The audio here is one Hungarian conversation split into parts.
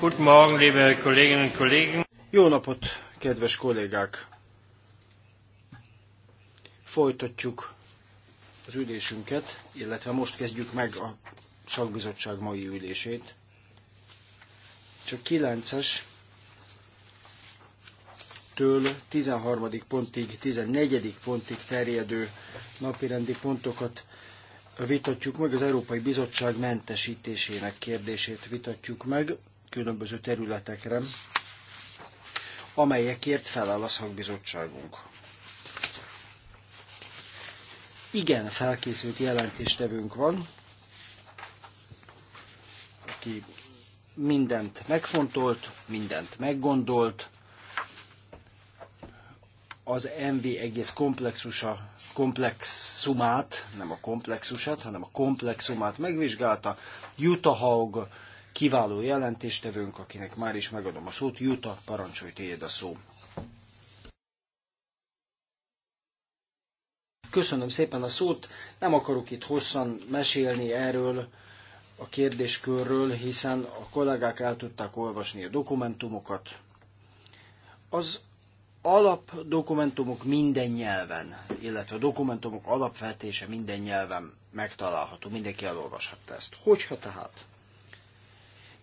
Guten Morgen, liebe Kolleginnen und Kollegen. Jó napot, kedves kollégák! Folytatjuk az ülésünket, illetve most kezdjük meg a szakbizottság mai ülését. Csak 9-es től 13. pontig, 14. pontig terjedő napirendi pontokat vitatjuk meg, az Európai Bizottság mentesítésének kérdését vitatjuk meg különböző területekre, amelyekért felel a szakbizottságunk. Igen, felkészült jelentéstevünk van, aki mindent megfontolt, mindent meggondolt, az MV egész komplexusa, komplexumát, nem a komplexusát, hanem a komplexumát megvizsgálta, Jutahaug, Haug kiváló jelentéstevőnk, akinek már is megadom a szót. Juta, parancsolj tiéd a szó. Köszönöm szépen a szót. Nem akarok itt hosszan mesélni erről a kérdéskörről, hiszen a kollégák el tudták olvasni a dokumentumokat. Az alapdokumentumok minden nyelven, illetve a dokumentumok alapvetése minden nyelven megtalálható, mindenki elolvashatta ezt. Hogyha tehát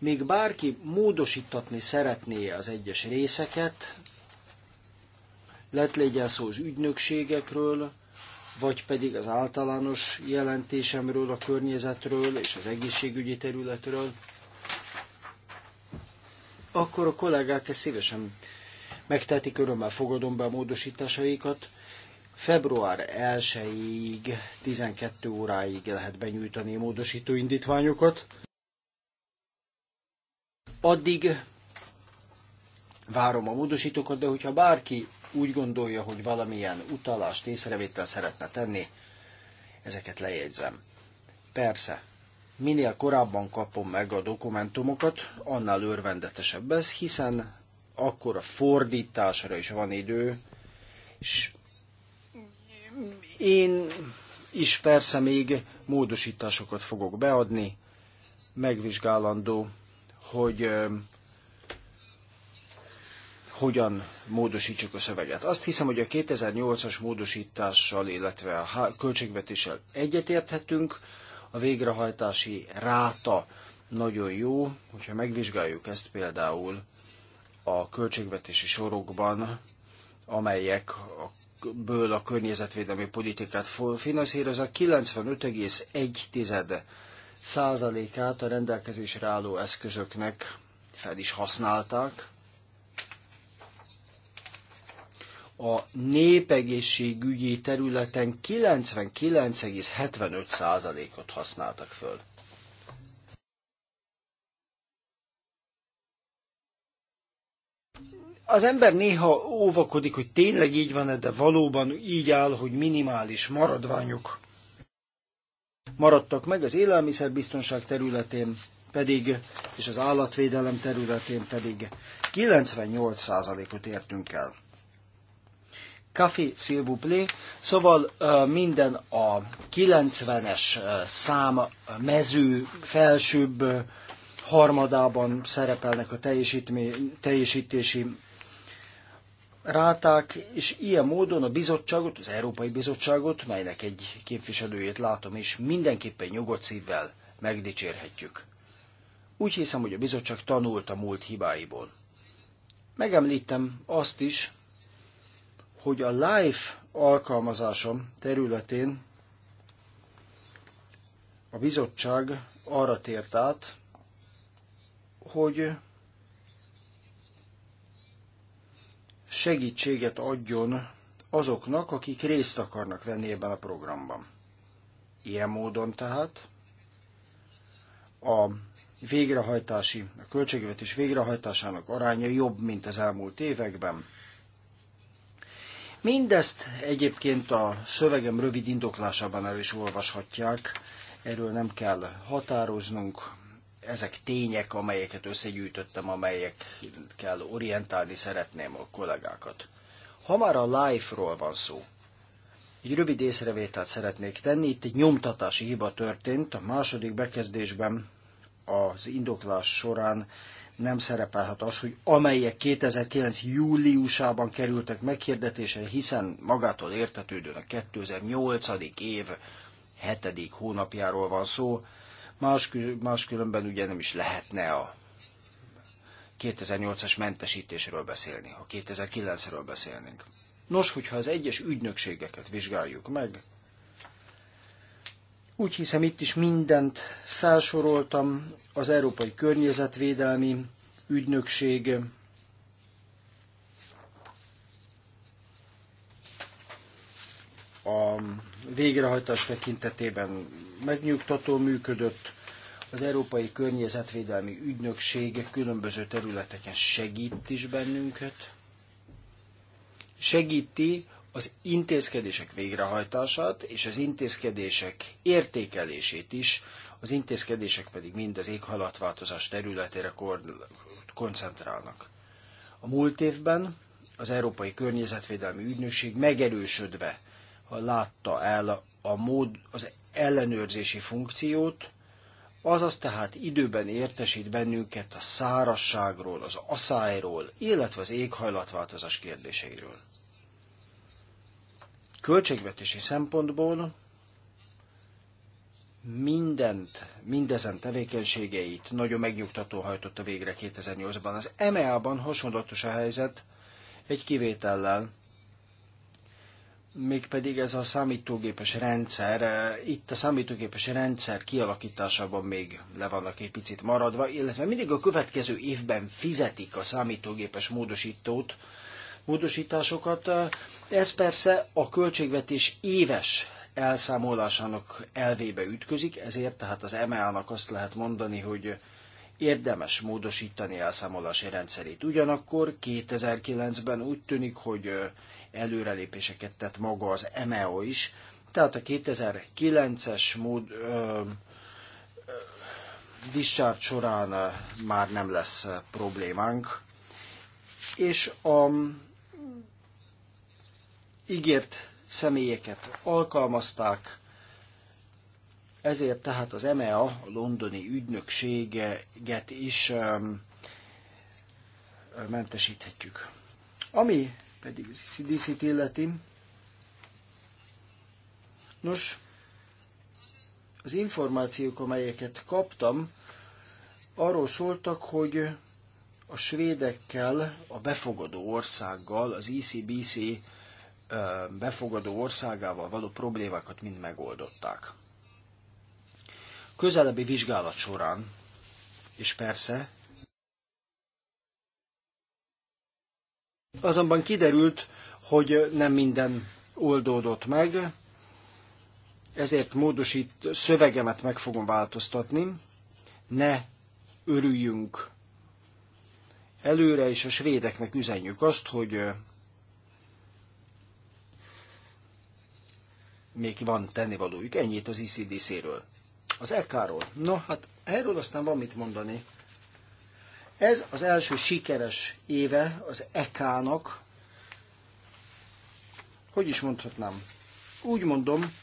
még bárki módosítatni szeretné az egyes részeket, lett legyen szó az ügynökségekről, vagy pedig az általános jelentésemről, a környezetről és az egészségügyi területről, akkor a kollégák ezt szívesen megtetik, örömmel fogadom be a módosításaikat. Február 1-ig, 12 óráig lehet benyújtani a módosító indítványokat. Addig várom a módosítókat, de hogyha bárki úgy gondolja, hogy valamilyen utalást, észrevétel szeretne tenni, ezeket lejegyzem. Persze, minél korábban kapom meg a dokumentumokat, annál örvendetesebb ez, hiszen akkor a fordításra is van idő, és én is persze még módosításokat fogok beadni, megvizsgálandó hogy hogyan módosítsuk a szöveget. Azt hiszem, hogy a 2008-as módosítással, illetve a költségvetéssel egyetérthetünk, a végrehajtási ráta nagyon jó, hogyha megvizsgáljuk ezt például a költségvetési sorokban, amelyek a ből a környezetvédelmi politikát finanszírozza, 95,1 százalékát a rendelkezésre álló eszközöknek fel is használták. A népegészségügyi területen 99,75 százalékot használtak föl. az ember néha óvakodik, hogy tényleg így van -e, de valóban így áll, hogy minimális maradványok maradtak meg az élelmiszerbiztonság területén, pedig, és az állatvédelem területén pedig 98%-ot értünk el. Café, s'il vous plaît. Szóval minden a 90-es szám mező felsőbb harmadában szerepelnek a teljesítési ráták, és ilyen módon a bizottságot, az Európai Bizottságot, melynek egy képviselőjét látom, és mindenképpen nyugodt szívvel megdicsérhetjük. Úgy hiszem, hogy a bizottság tanult a múlt hibáiból. Megemlítem azt is, hogy a Life alkalmazásom területén a bizottság arra tért át, hogy segítséget adjon azoknak, akik részt akarnak venni ebben a programban. Ilyen módon tehát a végrehajtási, a költségvetés végrehajtásának aránya jobb, mint az elmúlt években. Mindezt egyébként a szövegem rövid indoklásában el is olvashatják, erről nem kell határoznunk, ezek tények, amelyeket összegyűjtöttem, amelyekkel orientálni szeretném a kollégákat. Ha már a life-ról van szó, egy rövid észrevételt szeretnék tenni. Itt egy nyomtatási hiba történt. A második bekezdésben az indoklás során nem szerepelhet az, hogy amelyek 2009. júliusában kerültek meghirdetésre, hiszen magától értetődően a 2008. év 7. hónapjáról van szó, Máskül, máskülönben ugye nem is lehetne a 2008-as mentesítésről beszélni, ha 2009-ről beszélnénk. Nos, hogyha az egyes ügynökségeket vizsgáljuk meg, úgy hiszem itt is mindent felsoroltam, az Európai Környezetvédelmi Ügynökség, a végrehajtás tekintetében megnyugtató működött, az Európai Környezetvédelmi Ügynökség különböző területeken segít is bennünket. Segíti az intézkedések végrehajtását és az intézkedések értékelését is, az intézkedések pedig mind az éghajlatváltozás területére koncentrálnak. A múlt évben az Európai Környezetvédelmi Ügynökség megerősödve látta el a mód, az ellenőrzési funkciót, azaz tehát időben értesít bennünket a szárasságról, az aszályról, illetve az éghajlatváltozás kérdéseiről. Költségvetési szempontból mindent, mindezen tevékenységeit nagyon megnyugtató hajtotta végre 2008-ban. Az MEA-ban hasonlatos a helyzet, egy kivétellel, mégpedig ez a számítógépes rendszer, eh, itt a számítógépes rendszer kialakításában még le vannak egy picit maradva, illetve mindig a következő évben fizetik a számítógépes módosítót, módosításokat. Eh, ez persze a költségvetés éves elszámolásának elvébe ütközik, ezért tehát az MEA-nak azt lehet mondani, hogy érdemes módosítani elszámolási rendszerét. Ugyanakkor 2009-ben úgy tűnik, hogy eh, előrelépéseket tett maga az e MEO is, tehát a 2009-es mód ö, discharge során már nem lesz problémánk, és a ígért személyeket alkalmazták, ezért tehát az EMEA, a londoni ügynökséget is mentesíthetjük. Ami pedig az ICDC-t illeti. Nos, az információk, amelyeket kaptam, arról szóltak, hogy a svédekkel, a befogadó országgal, az ECBC befogadó országával való problémákat mind megoldották. Közelebbi vizsgálat során, és persze Azonban kiderült, hogy nem minden oldódott meg, ezért módosít szövegemet meg fogom változtatni. Ne örüljünk előre, és a svédeknek üzenjük azt, hogy még van tennivalójuk. Ennyit az ICDC-ről. E az EK-ról. Na, hát erről aztán van mit mondani. Ez az első sikeres éve az EK-nak, hogy is mondhatnám? Úgy mondom,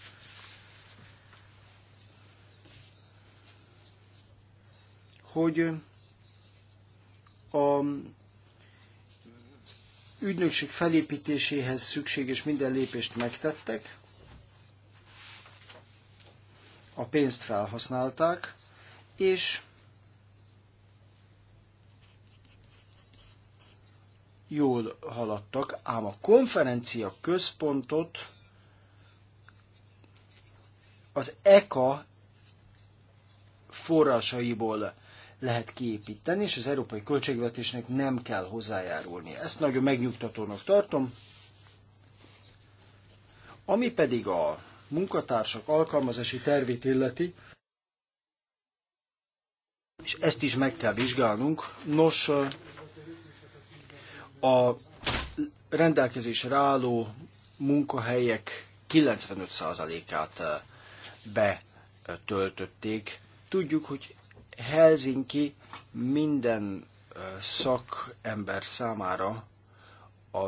hogy a ügynökség felépítéséhez szükséges minden lépést megtettek, a pénzt felhasználták, és jól haladtak, ám a konferencia központot az ECA forrásaiból lehet kiépíteni, és az európai költségvetésnek nem kell hozzájárulni. Ezt nagyon megnyugtatónak tartom. Ami pedig a munkatársak alkalmazási tervét illeti, és ezt is meg kell vizsgálnunk. Nos, a rendelkezésre álló munkahelyek 95%-át eh, betöltötték. Tudjuk, hogy Helsinki minden eh, szakember számára, a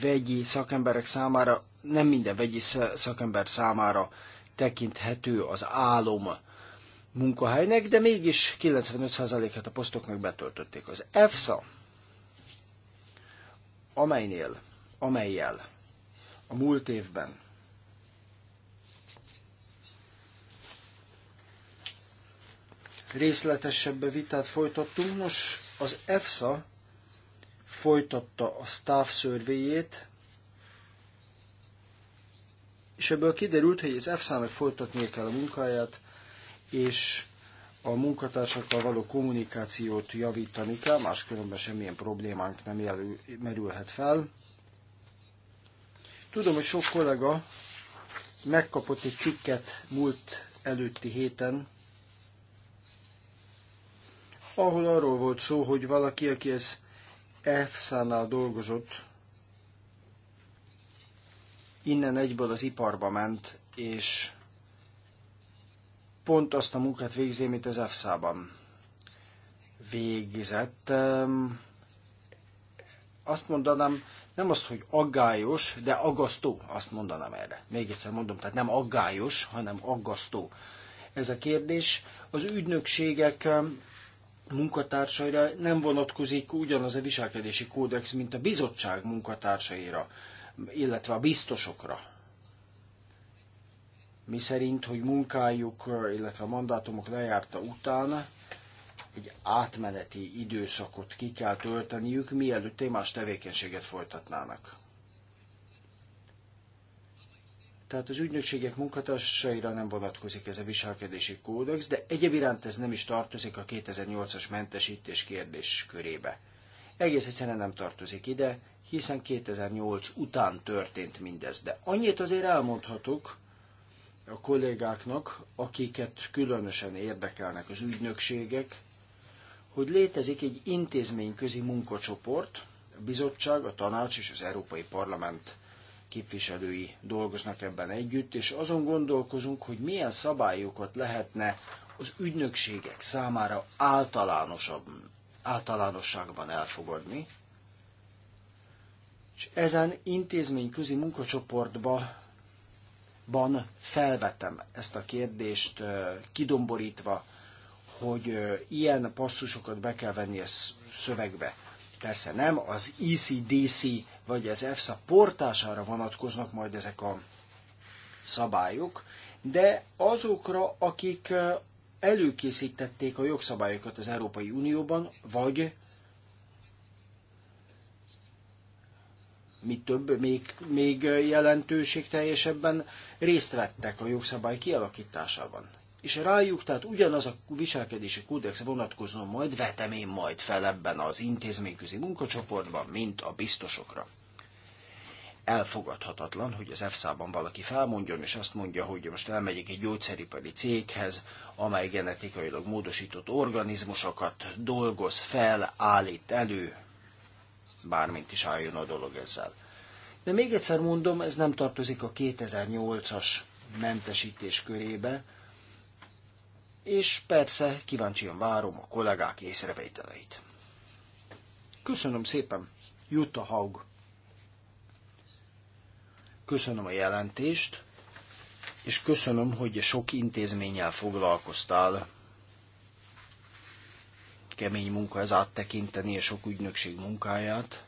vegyi szakemberek számára, nem minden vegyi szakember számára tekinthető az álom munkahelynek, de mégis 95%-át a posztoknak betöltötték. Az EFSA amelynél, amelyel a múlt évben részletesebb vitát folytattunk. Nos, az EFSA folytatta a staff szörvéjét, és ebből kiderült, hogy az EFSA-nak folytatnia kell a munkáját, és a munkatársakkal való kommunikációt javítani kell, máskülönben semmilyen problémánk nem jelül, merülhet fel. Tudom, hogy sok kollega megkapott egy cikket múlt előtti héten, ahol arról volt szó, hogy valaki, aki ez EFSA-nál dolgozott, innen egyből az iparba ment, és pont azt a munkát végzi, mint az EFSA-ban végzett. Azt mondanám, nem azt, hogy aggályos, de aggasztó, azt mondanám erre. Még egyszer mondom, tehát nem aggályos, hanem aggasztó ez a kérdés. Az ügynökségek munkatársaira nem vonatkozik ugyanaz a viselkedési kódex, mint a bizottság munkatársaira, illetve a biztosokra mi szerint, hogy munkájuk, illetve a mandátumok lejárta után egy átmeneti időszakot ki kell tölteniük, mielőtt egy más tevékenységet folytatnának. Tehát az ügynökségek munkatársaira nem vonatkozik ez a viselkedési kódex, de egyébiránt ez nem is tartozik a 2008-as mentesítés kérdés körébe. Egész egyszerűen nem tartozik ide, hiszen 2008 után történt mindez. De annyit azért elmondhatok, a kollégáknak, akiket különösen érdekelnek az ügynökségek, hogy létezik egy intézményközi munkacsoport, a bizottság, a tanács és az Európai Parlament képviselői dolgoznak ebben együtt, és azon gondolkozunk, hogy milyen szabályokat lehetne az ügynökségek számára általánosabb, általánosságban elfogadni. És ezen intézményközi munkacsoportba ban felvetem ezt a kérdést, kidomborítva, hogy ilyen passzusokat be kell venni a szövegbe. Persze nem, az ECDC vagy az EFSA portására vonatkoznak majd ezek a szabályok, de azokra, akik előkészítették a jogszabályokat az Európai Unióban, vagy mi több, még, még jelentőségteljesebben részt vettek a jogszabály kialakításában. És rájuk, tehát ugyanaz a viselkedési kódex vonatkozó majd vetem én majd fel ebben az intézményközi munkacsoportban, mint a biztosokra. Elfogadhatatlan, hogy az EFSA-ban valaki felmondjon, és azt mondja, hogy most elmegyek egy gyógyszeripari céghez, amely genetikailag módosított organizmusokat dolgoz fel, állít elő, bármint is álljon a dolog ezzel. De még egyszer mondom, ez nem tartozik a 2008-as mentesítés körébe, és persze kíváncsian várom a kollégák észrevételeit. Köszönöm szépen, Jutta Haug. Köszönöm a jelentést, és köszönöm, hogy sok intézménnyel foglalkoztál, kemény munka ez áttekinteni a sok ügynökség munkáját.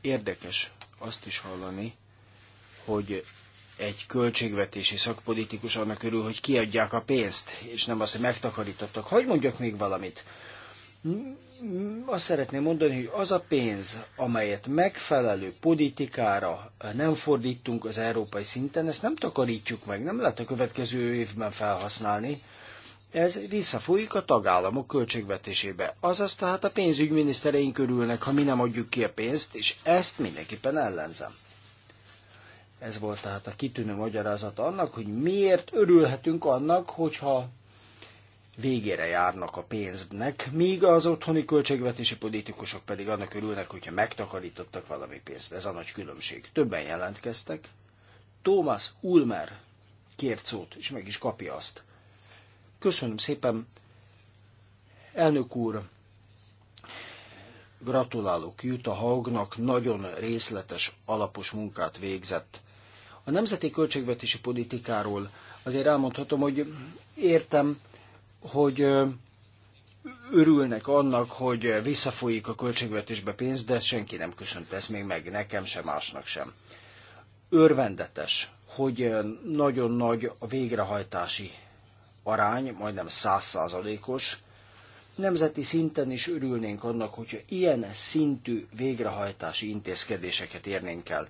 Érdekes azt is hallani, hogy egy költségvetési szakpolitikus annak örül, hogy kiadják a pénzt, és nem azt, hogy megtakarítottak. Hogy mondjak még valamit? azt szeretném mondani, hogy az a pénz, amelyet megfelelő politikára nem fordítunk az európai szinten, ezt nem takarítjuk meg, nem lehet a következő évben felhasználni. Ez visszafújik a tagállamok költségvetésébe. Azaz tehát a pénzügyminisztereink örülnek, ha mi nem adjuk ki a pénzt, és ezt mindenképpen ellenzem. Ez volt tehát a kitűnő magyarázat annak, hogy miért örülhetünk annak, hogyha végére járnak a pénznek, míg az otthoni költségvetési politikusok pedig annak örülnek, hogyha megtakarítottak valami pénzt. Ez a nagy különbség. Többen jelentkeztek. Thomas Ulmer kért szót, és meg is kapja azt. Köszönöm szépen, elnök úr, gratulálok Jutta Haugnak, nagyon részletes, alapos munkát végzett. A nemzeti költségvetési politikáról azért elmondhatom, hogy értem, hogy örülnek annak, hogy visszafolyik a költségvetésbe pénz, de senki nem köszönt ezt még meg, nekem sem, másnak sem. Örvendetes, hogy nagyon nagy a végrehajtási arány, majdnem százszázalékos. Nemzeti szinten is örülnénk annak, hogyha ilyen szintű végrehajtási intézkedéseket érnénk el.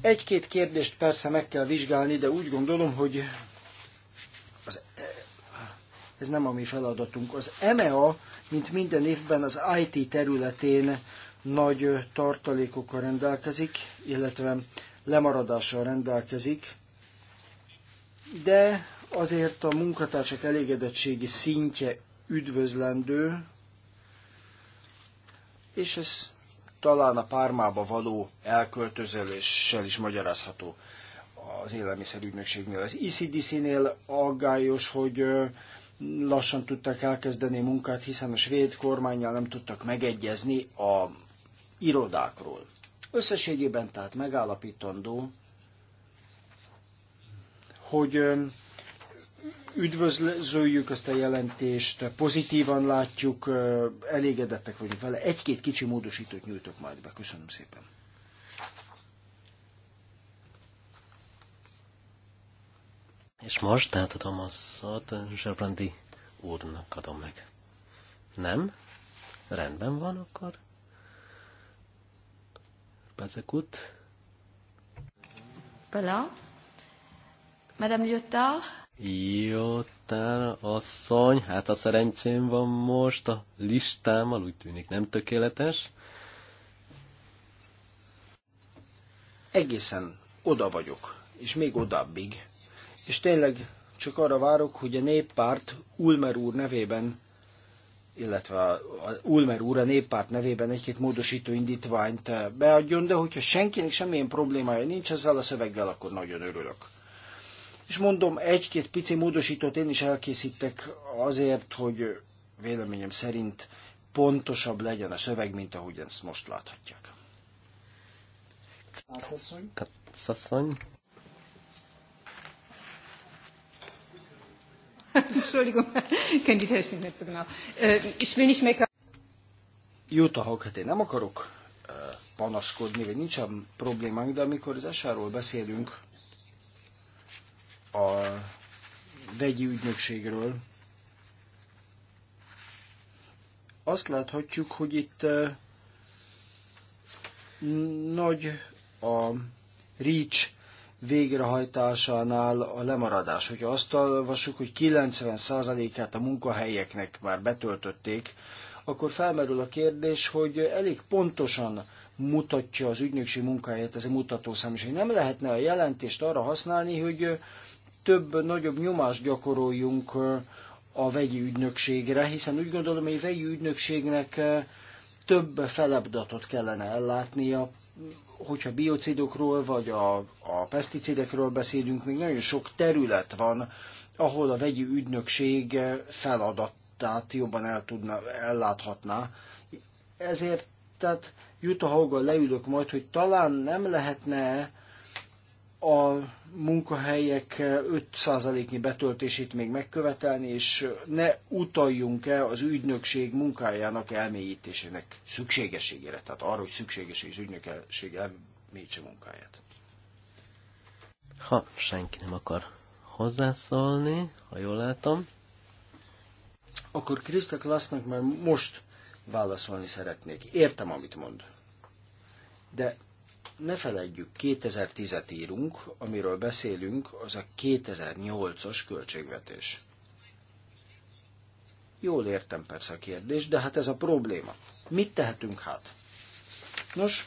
Egy-két kérdést persze meg kell vizsgálni, de úgy gondolom, hogy az, e- ez nem a mi feladatunk. Az EMEA, mint minden évben az IT területén nagy tartalékokkal rendelkezik, illetve lemaradással rendelkezik, de azért a munkatársak elégedettségi szintje üdvözlendő, és ez talán a pármába való elköltözéssel is magyarázható az élelmiszerügynökségnél. Az ECDC-nél aggályos, hogy lassan tudtak elkezdeni munkát, hiszen a svéd kormányjal nem tudtak megegyezni a irodákról. Összességében tehát megállapítandó, hogy üdvözlőjük ezt a jelentést, pozitívan látjuk, elégedettek vagyunk vele. Egy-két kicsi módosítót nyújtok majd be. Köszönöm szépen. És most átadom a szót Zsebrandi úrnak adom meg. Nem? Rendben van akkor. Bezekut. Voilà. Madame Lyotard. Jótára asszony, hát a szerencsém van most a listámmal, úgy tűnik nem tökéletes. Egészen oda vagyok, és még odabbig. És tényleg csak arra várok, hogy a néppárt Ulmer úr nevében, illetve a Ulmer úr a néppárt nevében egy-két módosító indítványt beadjon, de hogyha senkinek semmilyen problémája nincs ezzel a szöveggel, akkor nagyon örülök. És mondom, egy-két pici módosítót én is elkészítek azért, hogy véleményem szerint pontosabb legyen a szöveg, mint ahogy ezt most láthatják. Katszasszony. Katszasszony. Entschuldigung, ich die Technik nicht so genau. Ich will nicht Jut a hát én nem akarok panaszkodni, vagy nincs problémánk, de amikor az SR-ról beszélünk, a vegyi ügynökségről, azt láthatjuk, hogy itt nagy a REACH végrehajtásánál a lemaradás. Hogyha azt olvassuk, hogy 90%-át a munkahelyeknek már betöltötték, akkor felmerül a kérdés, hogy elég pontosan mutatja az ügynökség munkahelyet ez a mutatószám, és hogy nem lehetne a jelentést arra használni, hogy több, nagyobb nyomást gyakoroljunk a vegyi ügynökségre, hiszen úgy gondolom, hogy a vegyi ügynökségnek több feladatot kellene ellátnia, hogyha biocidokról vagy a, a peszticidekről beszélünk, még nagyon sok terület van, ahol a vegyi ügynökség feladatát jobban el tudna, elláthatná. Ezért tehát Jutta Haugal leülök majd, hogy talán nem lehetne a munkahelyek 5%-nyi betöltését még megkövetelni, és ne utaljunk el az ügynökség munkájának elmélyítésének szükségességére, tehát arra, hogy szükséges az ügynökség elmélyítse munkáját. Ha senki nem akar hozzászólni, ha jól látom, akkor Krisztek Klasznak már most válaszolni szeretnék. Értem, amit mond. De ne feledjük, 2010-et írunk, amiről beszélünk, az a 2008-as költségvetés. Jól értem persze a kérdést, de hát ez a probléma. Mit tehetünk hát? Nos,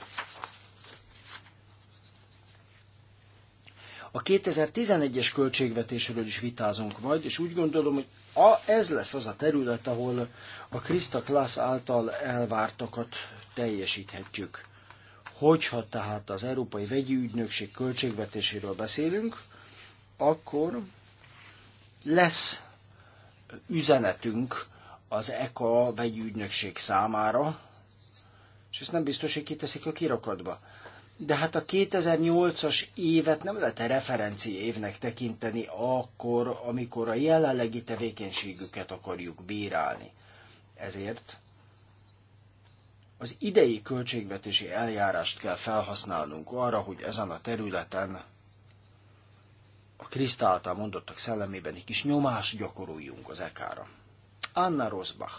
a 2011-es költségvetésről is vitázunk majd, és úgy gondolom, hogy a, ez lesz az a terület, ahol a Krista Klasz által elvártakat teljesíthetjük. Hogyha tehát az Európai Vegyi Ügynökség költségvetéséről beszélünk, akkor lesz üzenetünk az ECA vegyi ügynökség számára, és ezt nem biztos, hogy kiteszik a kirakatba. De hát a 2008-as évet nem lehet referenci évnek tekinteni akkor, amikor a jelenlegi tevékenységüket akarjuk bírálni. Ezért az idei költségvetési eljárást kell felhasználnunk arra, hogy ezen a területen a Kriszta által mondottak szellemében egy kis nyomást gyakoroljunk az ekára. Anna Rosbach.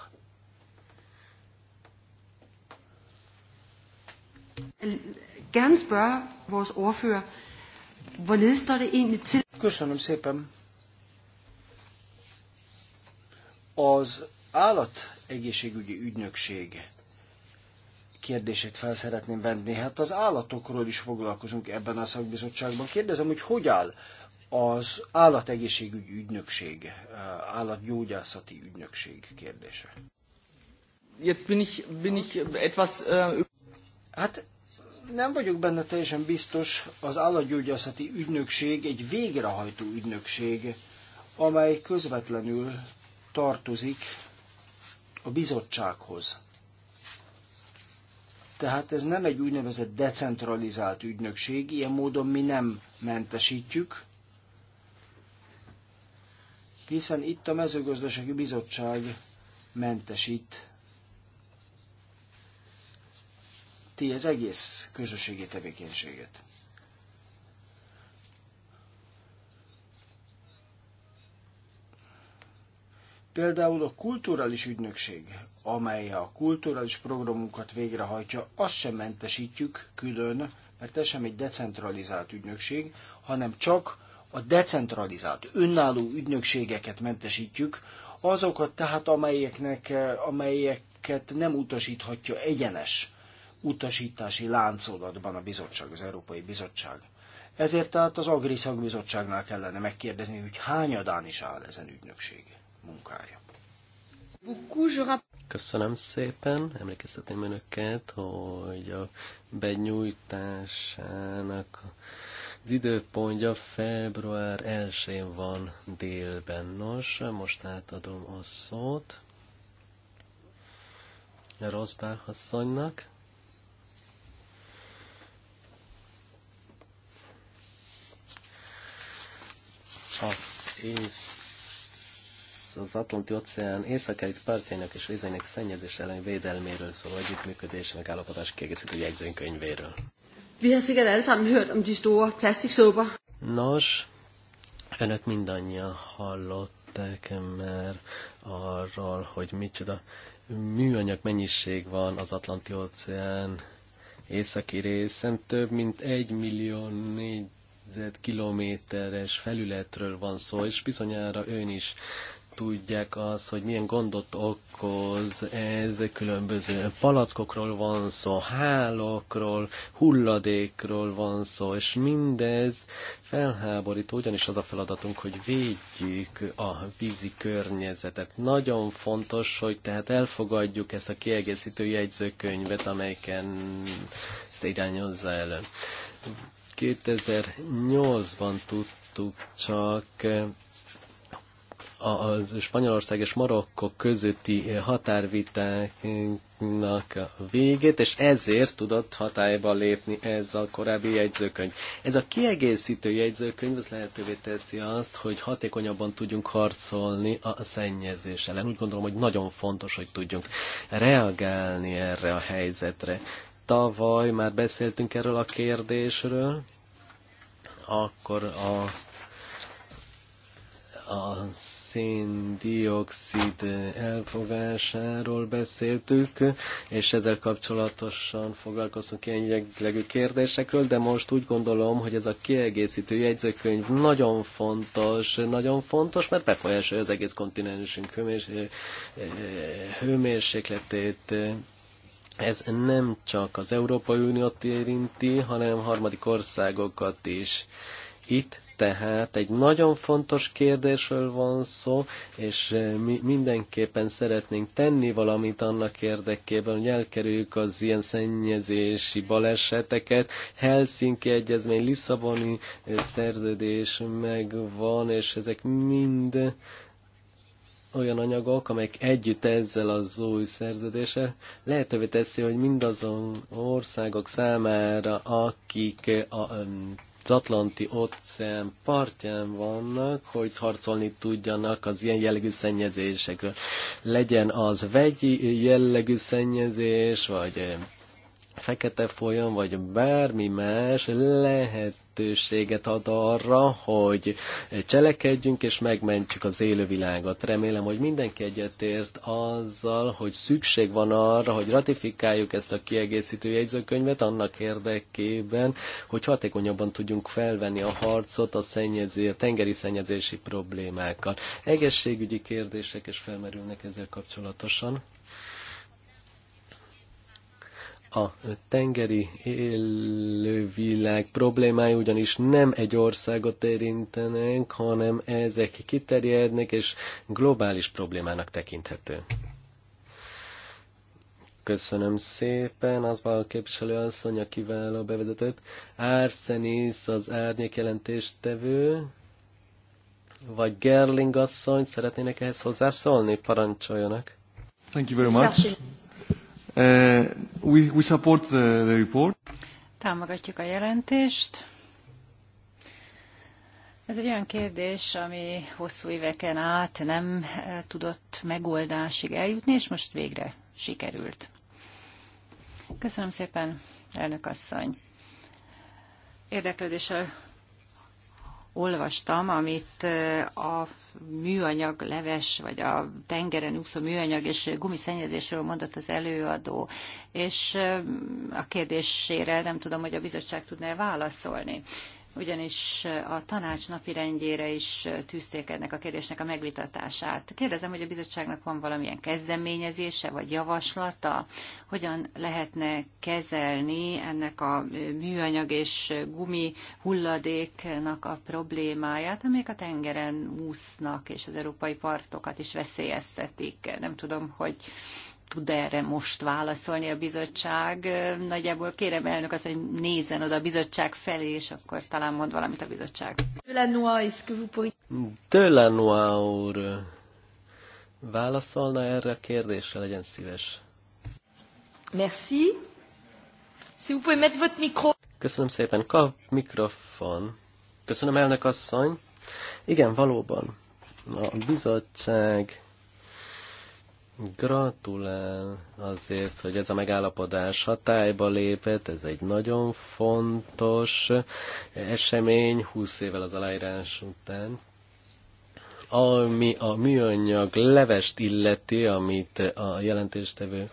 Köszönöm szépen. Az állat egészségügyi ügynökség kérdését fel szeretném venni. Hát az állatokról is foglalkozunk ebben a szakbizottságban. Kérdezem, hogy hogy áll az állategészségügyi ügynökség, állatgyógyászati ügynökség kérdése? Jetzt bin ich, bin ich etwas... Uh... Hát nem vagyok benne teljesen biztos, az állatgyógyászati ügynökség egy végrehajtó ügynökség, amely közvetlenül tartozik a bizottsághoz. Tehát ez nem egy úgynevezett decentralizált ügynökség, ilyen módon mi nem mentesítjük, hiszen itt a mezőgazdasági bizottság mentesít ti az egész közösségi tevékenységet. Például a kulturális ügynökség, amely a kulturális programunkat végrehajtja, azt sem mentesítjük külön, mert ez sem egy decentralizált ügynökség, hanem csak a decentralizált, önálló ügynökségeket mentesítjük, azokat tehát, amelyeknek, amelyeket nem utasíthatja egyenes utasítási láncolatban a bizottság, az Európai Bizottság. Ezért tehát az Agri Szakbizottságnál kellene megkérdezni, hogy hányadán is áll ezen ügynökség munkája. Köszönöm szépen, emlékeztetném önöket, hogy a benyújtásának az időpontja február 1-én van délben. Nos, most átadom a szót Rosbár asszonynak. A az Atlanti-óceán északeli partjainak és vizeinek szennyezés ellen védelméről szóló együttműködés megállapodás kiegészítő jegyzőkönyvéről. Vi har sikkert alle sammen hørt om de store plastiksåber. Nos, önök mindannyian hallották már arról, hogy micsoda műanyag mennyiség van az Atlanti-óceán északi részen. Több mint egy millió négy kilométeres felületről van szó, és bizonyára ön is tudják az, hogy milyen gondot okoz ez, különböző palackokról van szó, hálókról, hulladékról van szó, és mindez felháborító, ugyanis az a feladatunk, hogy védjük a vízi környezetet. Nagyon fontos, hogy tehát elfogadjuk ezt a kiegészítő jegyzőkönyvet, amelyeken ezt irányozza elő. 2008-ban tudtuk csak az Spanyolország és Marokkó közötti határvitáknak a végét, és ezért tudott hatályba lépni ez a korábbi jegyzőkönyv. Ez a kiegészítő jegyzőkönyv az lehetővé teszi azt, hogy hatékonyabban tudjunk harcolni a szennyezés ellen. Úgy gondolom, hogy nagyon fontos, hogy tudjunk reagálni erre a helyzetre. Tavaly már beszéltünk erről a kérdésről, akkor a, az széndiokszid elfogásáról beszéltük, és ezzel kapcsolatosan foglalkoztunk ilyen legű kérdésekről, de most úgy gondolom, hogy ez a kiegészítő jegyzőkönyv nagyon fontos, nagyon fontos, mert befolyásolja az egész kontinensünk hőmérs eh, eh, hőmérsékletét, ez nem csak az Európai Uniót érinti, hanem harmadik országokat is. Itt tehát egy nagyon fontos kérdésről van szó, és eh, mi mindenképpen szeretnénk tenni valamit annak érdekében, hogy elkerüljük az ilyen szennyezési baleseteket. Helsinki Egyezmény, Lisszaboni eh, szerződés megvan, és ezek mind olyan anyagok, amelyek együtt ezzel az új szerződése lehetővé teszi, hogy mindazon országok számára, akik a Atlanti óceán partján vannak, hogy harcolni tudjanak az ilyen jellegű szennyezésekről. Legyen az vegyi jellegű szennyezés, vagy eh, fekete folyam, vagy bármi más lehetőséget ad arra, hogy cselekedjünk és megmentjük az élővilágot. Remélem, hogy mindenki egyetért azzal, hogy szükség van arra, hogy ratifikáljuk ezt a kiegészítő jegyzőkönyvet annak érdekében, hogy hatékonyabban tudjunk felvenni a harcot a, szennyező, a tengeri szennyezési problémákkal. Egészségügyi kérdések is felmerülnek ezzel kapcsolatosan. A tengeri élővilág problémái ugyanis nem egy országot érintenek, hanem ezek kiterjednek, és globális problémának tekinthető. Köszönöm szépen, az a képviselő asszony, a kiváló bevezetőt. Árszenisz az árnyék jelentéstevő, vagy Gerling asszony, szeretnének ehhez hozzászólni? Parancsoljanak. Thank you very much. Uh, we, we support the, the report. Támogatjuk a jelentést. Ez egy olyan kérdés, ami hosszú éveken át nem eh, tudott megoldásig eljutni, és most végre sikerült. Köszönöm szépen, elnök asszony. Érdeklődéssel olvastam, amit eh, a műanyag leves, vagy a tengeren úszó műanyag és gumiszennyezésről mondott az előadó, és a kérdésére nem tudom, hogy a bizottság tudná -e válaszolni ugyanis a tanács rendjére is tűzték ennek a kérdésnek a megvitatását. Kérdezem, hogy a bizottságnak van valamilyen kezdeményezése vagy javaslata, hogyan lehetne kezelni ennek a műanyag és gumi hulladéknak a problémáját, amelyek a tengeren úsznak, és az európai partokat is veszélyeztetik. Nem tudom, hogy tud erre most válaszolni a bizottság. Nagyjából kérem elnök azt, hogy nézzen oda a bizottság felé, és akkor talán mond valamit a bizottság. Delanoa úr, válaszolna erre a kérdésre, legyen szíves. Merci. Si vous pouvez mettre votre micro. Köszönöm szépen. Kap mikrofon. Köszönöm, elnök asszony. Igen, valóban. A bizottság Gratulál azért, hogy ez a megállapodás hatályba lépett, ez egy nagyon fontos esemény 20 évvel az aláírás után. Ami a műanyag levest illeti, amit a jelentéstevő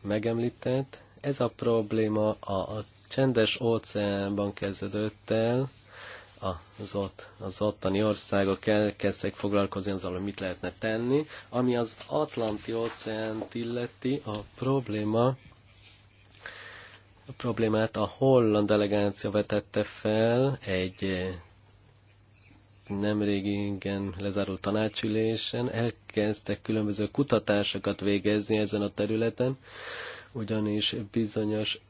megemlített, ez a probléma a csendes óceánban kezdődött el, az, ott, az ottani országok elkezdtek foglalkozni azzal, hogy mit lehetne tenni. Ami az Atlanti óceánt illeti, a probléma a problémát a holland delegáció vetette fel egy eh, nemrég igen lezárult tanácsülésen, elkezdtek különböző kutatásokat végezni ezen a területen, ugyanis bizonyos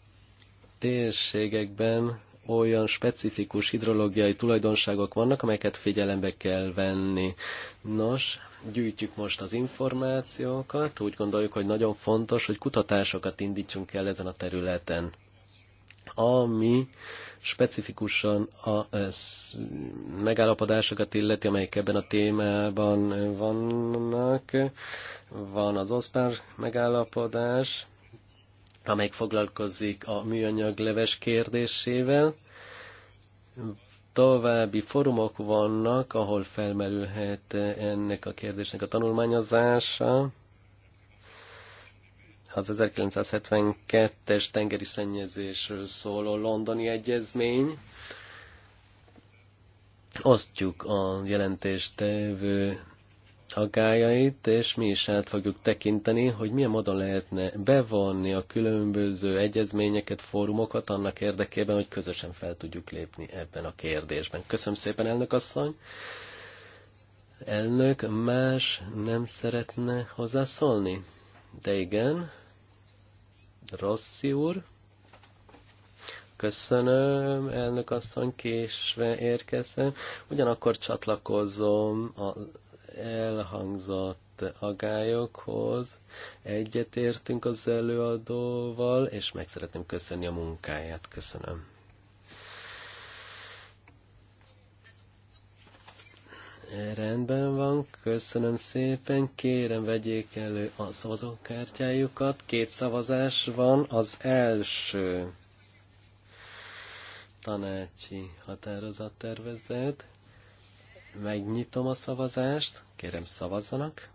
térségekben olyan specifikus hidrológiai tulajdonságok vannak, amelyeket figyelembe kell venni. Nos, gyűjtjük most az információkat, úgy gondoljuk, hogy nagyon fontos, hogy kutatásokat indítsunk el ezen a területen ami specifikusan a megállapodásokat illeti, amelyek ebben a témában vannak. Van az OSPAR megállapodás, amelyik foglalkozik a műanyagleves kérdésével. További fórumok vannak, ahol felmerülhet ennek a kérdésnek a tanulmányozása. Az 1972-es tengeri szennyezésről szóló londoni egyezmény. Osztjuk a tevő aggájait, és mi is át fogjuk tekinteni, hogy milyen módon lehetne bevonni a különböző egyezményeket, fórumokat annak érdekében, hogy közösen fel tudjuk lépni ebben a kérdésben. Köszönöm szépen, elnök asszony! Elnök más nem szeretne hozzászólni? De igen. Rossi úr? köszönöm, elnök asszony, késve érkeztem. Ugyanakkor csatlakozom a elhangzott agályokhoz. Egyetértünk az előadóval, és meg szeretném köszönni a munkáját. Köszönöm. Rendben van, köszönöm szépen. Kérem, vegyék elő a szavazókártyájukat. Két szavazás van. Az első tanácsi határozattervezet. Megnyitom a szavazást, kérem szavazzanak.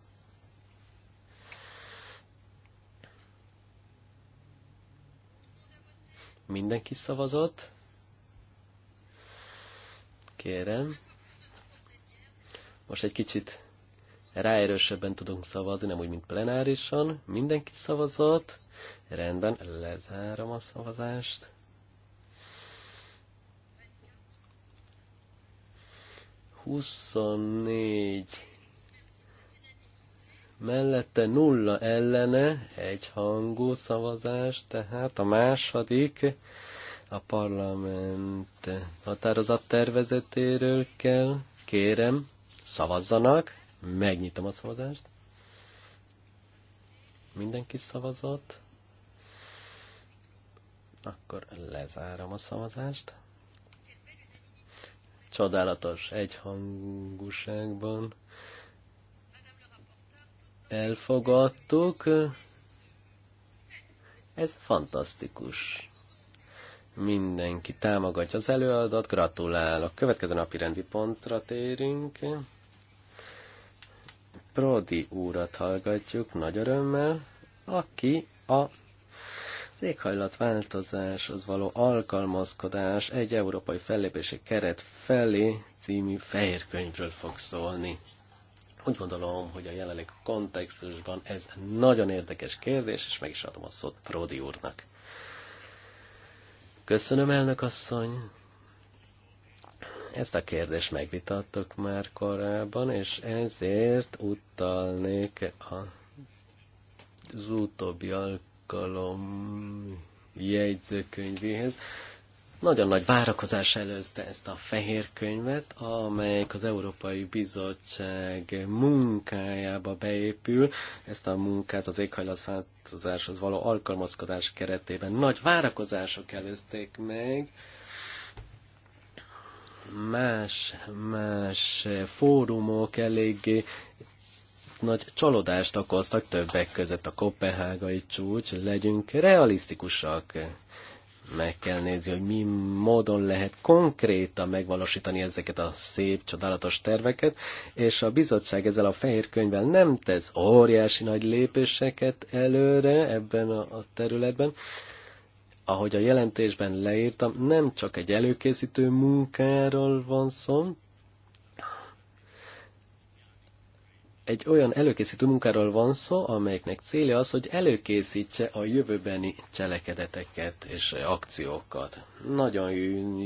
Mindenki szavazott. Kérem. Most egy kicsit ráerősebben tudunk szavazni, nem úgy, mint plenárisan. Mindenki szavazott. Rendben, lezárom a szavazást. 24 mellette nulla ellene, egy hangú szavazás, tehát a második a parlament tervezetéről kell, kérem, szavazzanak, megnyitom a szavazást. Mindenki szavazott. Akkor lezárom a szavazást csodálatos egyhangúságban elfogadtuk. Ez fantasztikus. Mindenki támogatja az előadat, gratulálok. Következő napi rendi pontra térünk. Prodi úrat hallgatjuk nagy örömmel, aki a az éghajlatváltozás az való alkalmazkodás egy európai fellépési keret felé című fehér könyvről fog szólni. Úgy gondolom, hogy a jelenleg kontextusban ez nagyon érdekes kérdés, és meg is adom a szót Pródi úrnak. Köszönöm, elnök asszony! Ezt a kérdést megvitattuk már korábban, és ezért utalnék a az utóbbi alkalom jegyzőkönyvéhez. Nagyon nagy várakozás előzte ezt a fehér könyvet, amelyik az Európai Bizottság munkájába beépül. Ezt a munkát az éghajlatváltozáshoz való alkalmazkodás keretében nagy várakozások előzték meg más, más fórumok eléggé nagy csalódást okoztak többek között a kopenhágai csúcs, legyünk realisztikusak. Meg kell nézni, hogy mi módon lehet konkrétan megvalósítani ezeket a szép, csodálatos terveket, és a bizottság ezzel a fehér könyvvel nem tesz óriási nagy lépéseket előre ebben a területben. Ahogy a jelentésben leírtam, nem csak egy előkészítő munkáról van szó, egy olyan előkészítő munkáról van szó, amelyiknek célja az, hogy előkészítse a jövőbeni cselekedeteket és akciókat. Nagyon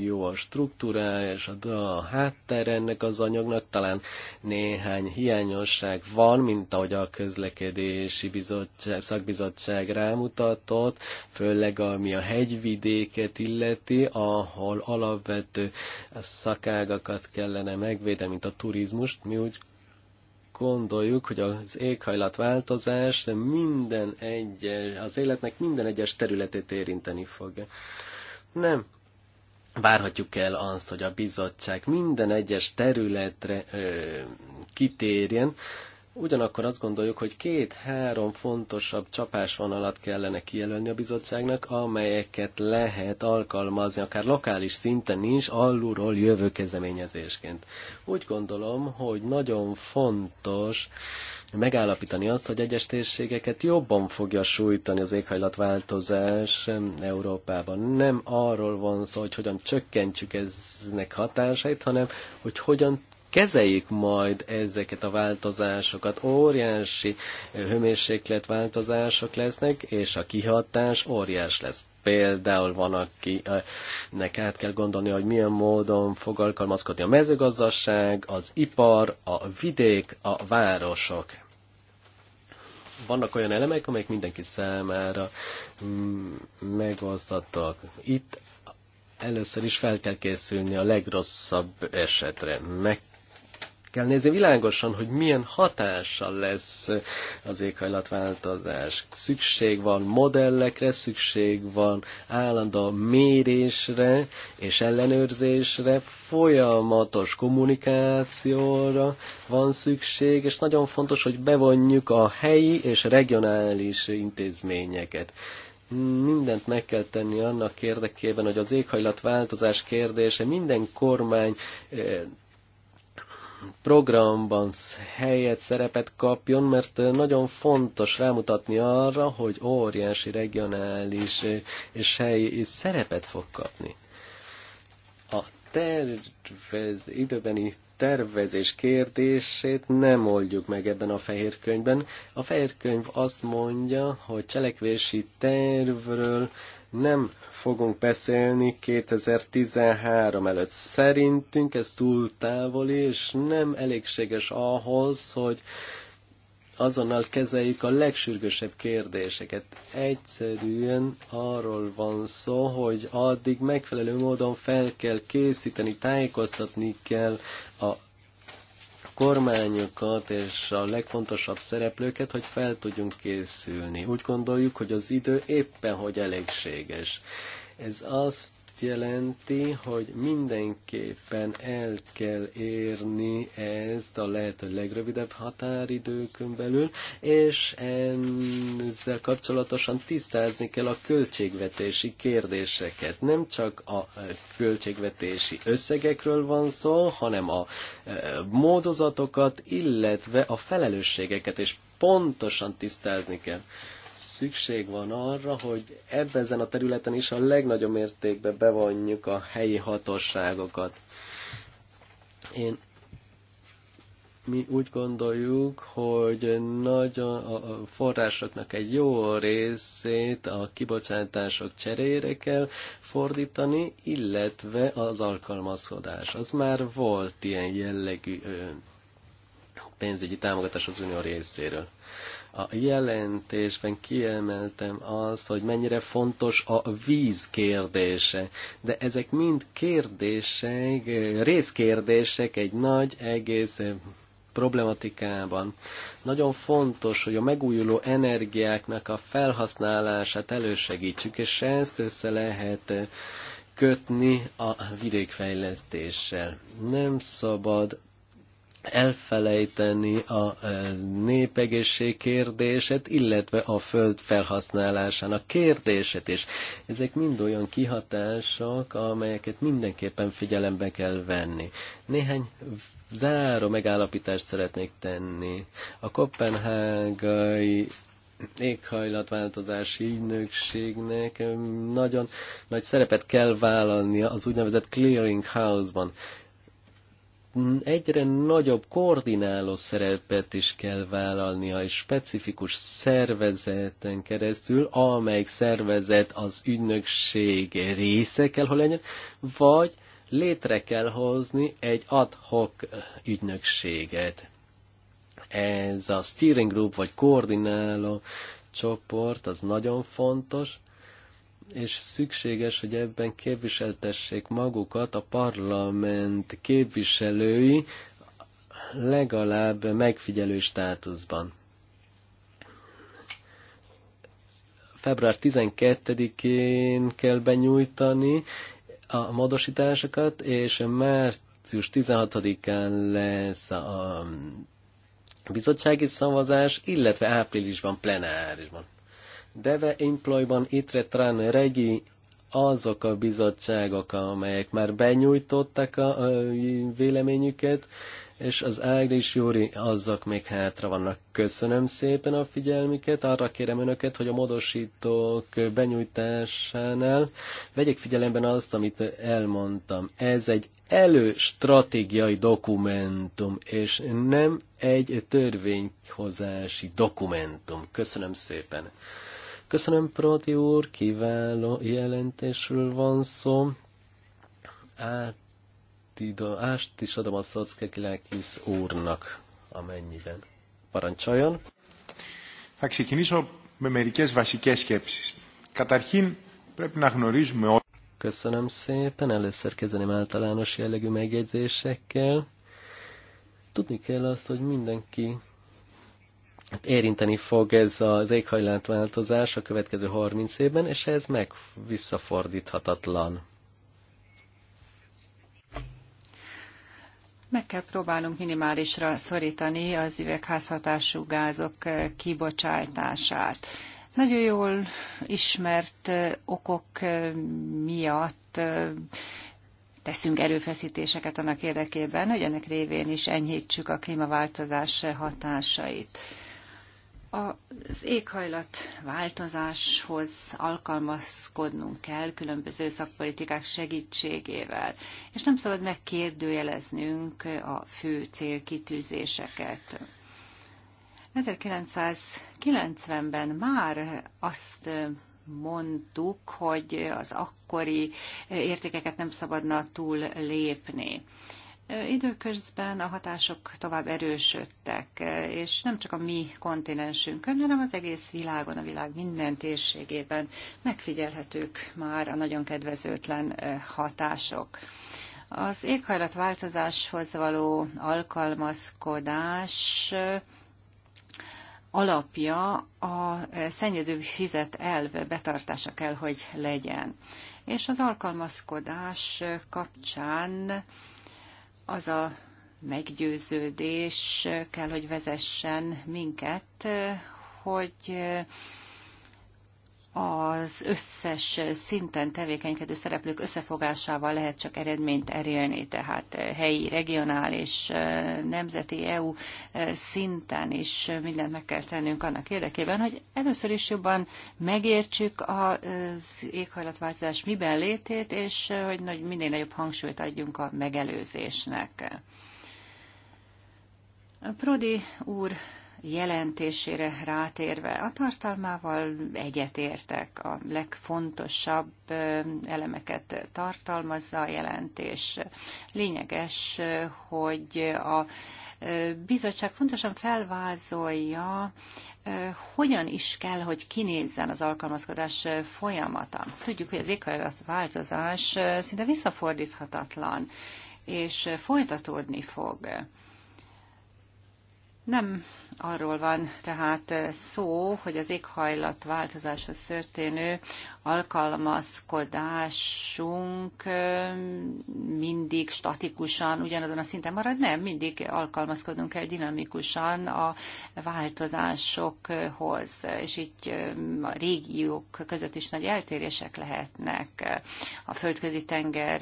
jó a struktúrája és a, a háttér ennek az anyagnak, talán néhány hiányosság van, mint ahogy a közlekedési bizottság, szakbizottság rámutatott, főleg ami a hegyvidéket illeti, ahol alapvető szakágakat kellene megvédeni, mint a turizmust. Mi úgy gondoljuk, hogy az éghajlatváltozás minden egyes, az életnek minden egyes területét érinteni fog. Nem, várhatjuk el azt, hogy a bizottság minden egyes területre ö, kitérjen, Ugyanakkor azt gondoljuk, hogy két-három fontosabb csapásvonalat kellene kijelölni a bizottságnak, amelyeket lehet alkalmazni, akár lokális szinten is, alulról jövő kezdeményezésként. Úgy gondolom, hogy nagyon fontos megállapítani azt, hogy egyes térségeket jobban fogja sújtani az éghajlatváltozás Európában. Nem arról van szó, hogy hogyan csökkentjük eznek hatásait, hanem hogy hogyan kezeljük majd ezeket a változásokat. Óriási hőmérsékletváltozások lesznek, és a kihatás óriás lesz például van, akinek át kell gondolni, hogy milyen módon fog alkalmazkodni a mezőgazdaság, az ipar, a vidék, a városok. Vannak olyan elemek, amelyek mindenki számára mm, megosztottak. Itt először is fel kell készülni a legrosszabb esetre. Meg kell nézni világosan, hogy milyen hatással lesz az éghajlatváltozás. Szükség van modellekre, szükség van állandó mérésre és ellenőrzésre, folyamatos kommunikációra van szükség, és nagyon fontos, hogy bevonjuk a helyi és regionális intézményeket mindent meg kell tenni annak érdekében, hogy az éghajlatváltozás kérdése minden kormány eh, programban helyet, szerepet kapjon, mert nagyon fontos rámutatni arra, hogy óriási regionális és helyi szerepet fog kapni. A tervez, időbeni tervezés kérdését nem oldjuk meg ebben a fehér könyvben. A fehér könyv azt mondja, hogy cselekvési tervről nem fogunk beszélni 2013 előtt. Szerintünk ez túl távoli, és nem elégséges ahhoz, hogy azonnal kezeljük a legsürgősebb kérdéseket. Egyszerűen arról van szó, hogy addig megfelelő módon fel kell készíteni, tájékoztatni kell kormányokat és a legfontosabb szereplőket, hogy fel tudjunk készülni. Úgy gondoljuk, hogy az idő éppen hogy elégséges. Ez azt jelenti, hogy mindenképpen el kell érni ezt a lehető legrövidebb határidőkön belül, és ezzel kapcsolatosan tisztázni kell a költségvetési kérdéseket. Nem csak a költségvetési összegekről van szó, hanem a módozatokat, illetve a felelősségeket, és pontosan tisztázni kell szükség van arra, hogy ebben a területen is a legnagyobb mértékben bevonjuk a helyi hatóságokat. Én mi úgy gondoljuk, hogy nagyon a forrásoknak egy jó részét a kibocsátások cserére kell fordítani, illetve az alkalmazkodás. Az már volt ilyen jellegű pénzügyi támogatás az unió részéről. A jelentésben kiemeltem azt, hogy mennyire fontos a víz kérdése, de ezek mind kérdések, részkérdések egy nagy egész problematikában. Nagyon fontos, hogy a megújuló energiáknak a felhasználását elősegítsük, és ezt össze lehet kötni a vidékfejlesztéssel. Nem szabad elfelejteni a e, népegészség kérdését, illetve a föld felhasználásának kérdését is. Ezek mind olyan kihatások, amelyeket mindenképpen figyelembe kell venni. Néhány záró megállapítást szeretnék tenni. A kopenhágai éghajlatváltozási ügynökségnek nagyon nagy szerepet kell vállalnia az úgynevezett clearing house-ban egyre nagyobb koordináló szerepet is kell vállalnia egy specifikus szervezeten keresztül, amelyik szervezet az ügynökség része kell, hogy legyen, vagy létre kell hozni egy ad hoc ügynökséget. Ez a steering group, vagy koordináló csoport, az nagyon fontos, és szükséges, hogy ebben képviseltessék magukat a parlament képviselői legalább megfigyelő státuszban. Február 12-én kell benyújtani a módosításokat, és március 16-án lesz a bizottsági szavazás, illetve áprilisban plenárisban. Deve Employban Itre trán Regi azok a bizottságok, amelyek már benyújtották a véleményüket, és az Ágris Júri azok még hátra vannak. Köszönöm szépen a figyelmüket, arra kérem önöket, hogy a módosítók benyújtásánál vegyék figyelemben azt, amit elmondtam. Ez egy előstratégiai dokumentum, és nem egy törvényhozási dokumentum. Köszönöm szépen. Köszönöm, Prodi úr, kiváló jelentésről van szó. Át, is adom a Szocke Kilákis úrnak, amennyiben. Parancsoljon. Θα ξεκινήσω με μερικές βασικές σκέψεις. Καταρχήν, πρέπει να γνωρίζουμε όλοι. Köszönöm szépen, először kezdeném általános jellegű megjegyzésekkel. Tudni kell azt, hogy mindenki Hát érinteni fog ez az éghajlatváltozás a következő 30 évben, és ez meg visszafordíthatatlan. Meg kell próbálnunk minimálisra szorítani az üvegházhatású gázok kibocsátását. Nagyon jól ismert okok miatt teszünk erőfeszítéseket annak érdekében, hogy ennek révén is enyhítsük a klímaváltozás hatásait. Az éghajlat változáshoz alkalmazkodnunk kell különböző szakpolitikák segítségével, és nem szabad megkérdőjeleznünk a fő célkitűzéseket. 1990-ben már azt mondtuk, hogy az akkori értékeket nem szabadna túl lépni. Időközben a hatások tovább erősödtek, és nem csak a mi kontinensünkön, hanem az egész világon, a világ minden térségében megfigyelhetők már a nagyon kedvezőtlen hatások. Az éghajlatváltozáshoz való alkalmazkodás alapja a szennyező fizet elv betartása kell, hogy legyen. És az alkalmazkodás kapcsán az a meggyőződés kell, hogy vezessen minket, hogy az összes szinten tevékenykedő szereplők összefogásával lehet csak eredményt elérni, tehát helyi, regionális, nemzeti, EU szinten is mindent meg kell tennünk annak érdekében, hogy először is jobban megértsük az éghajlatváltozás miben létét, és hogy minél nagyobb hangsúlyt adjunk a megelőzésnek. Prodi úr jelentésére rátérve, a tartalmával egyetértek. A legfontosabb elemeket tartalmazza a jelentés. Lényeges, hogy a bizottság fontosan felvázolja, hogyan is kell, hogy kinézzen az alkalmazkodás folyamata. Tudjuk, hogy az változás, szinte visszafordíthatatlan, és folytatódni fog. Nem Arról van tehát eh, szó, hogy az változáshoz történő alkalmazkodásunk eh, mindig statikusan ugyanazon a szinten marad, nem, mindig alkalmazkodunk kell dinamikusan a változásokhoz, és így eh, a régiók között is nagy eltérések lehetnek. A földközi tenger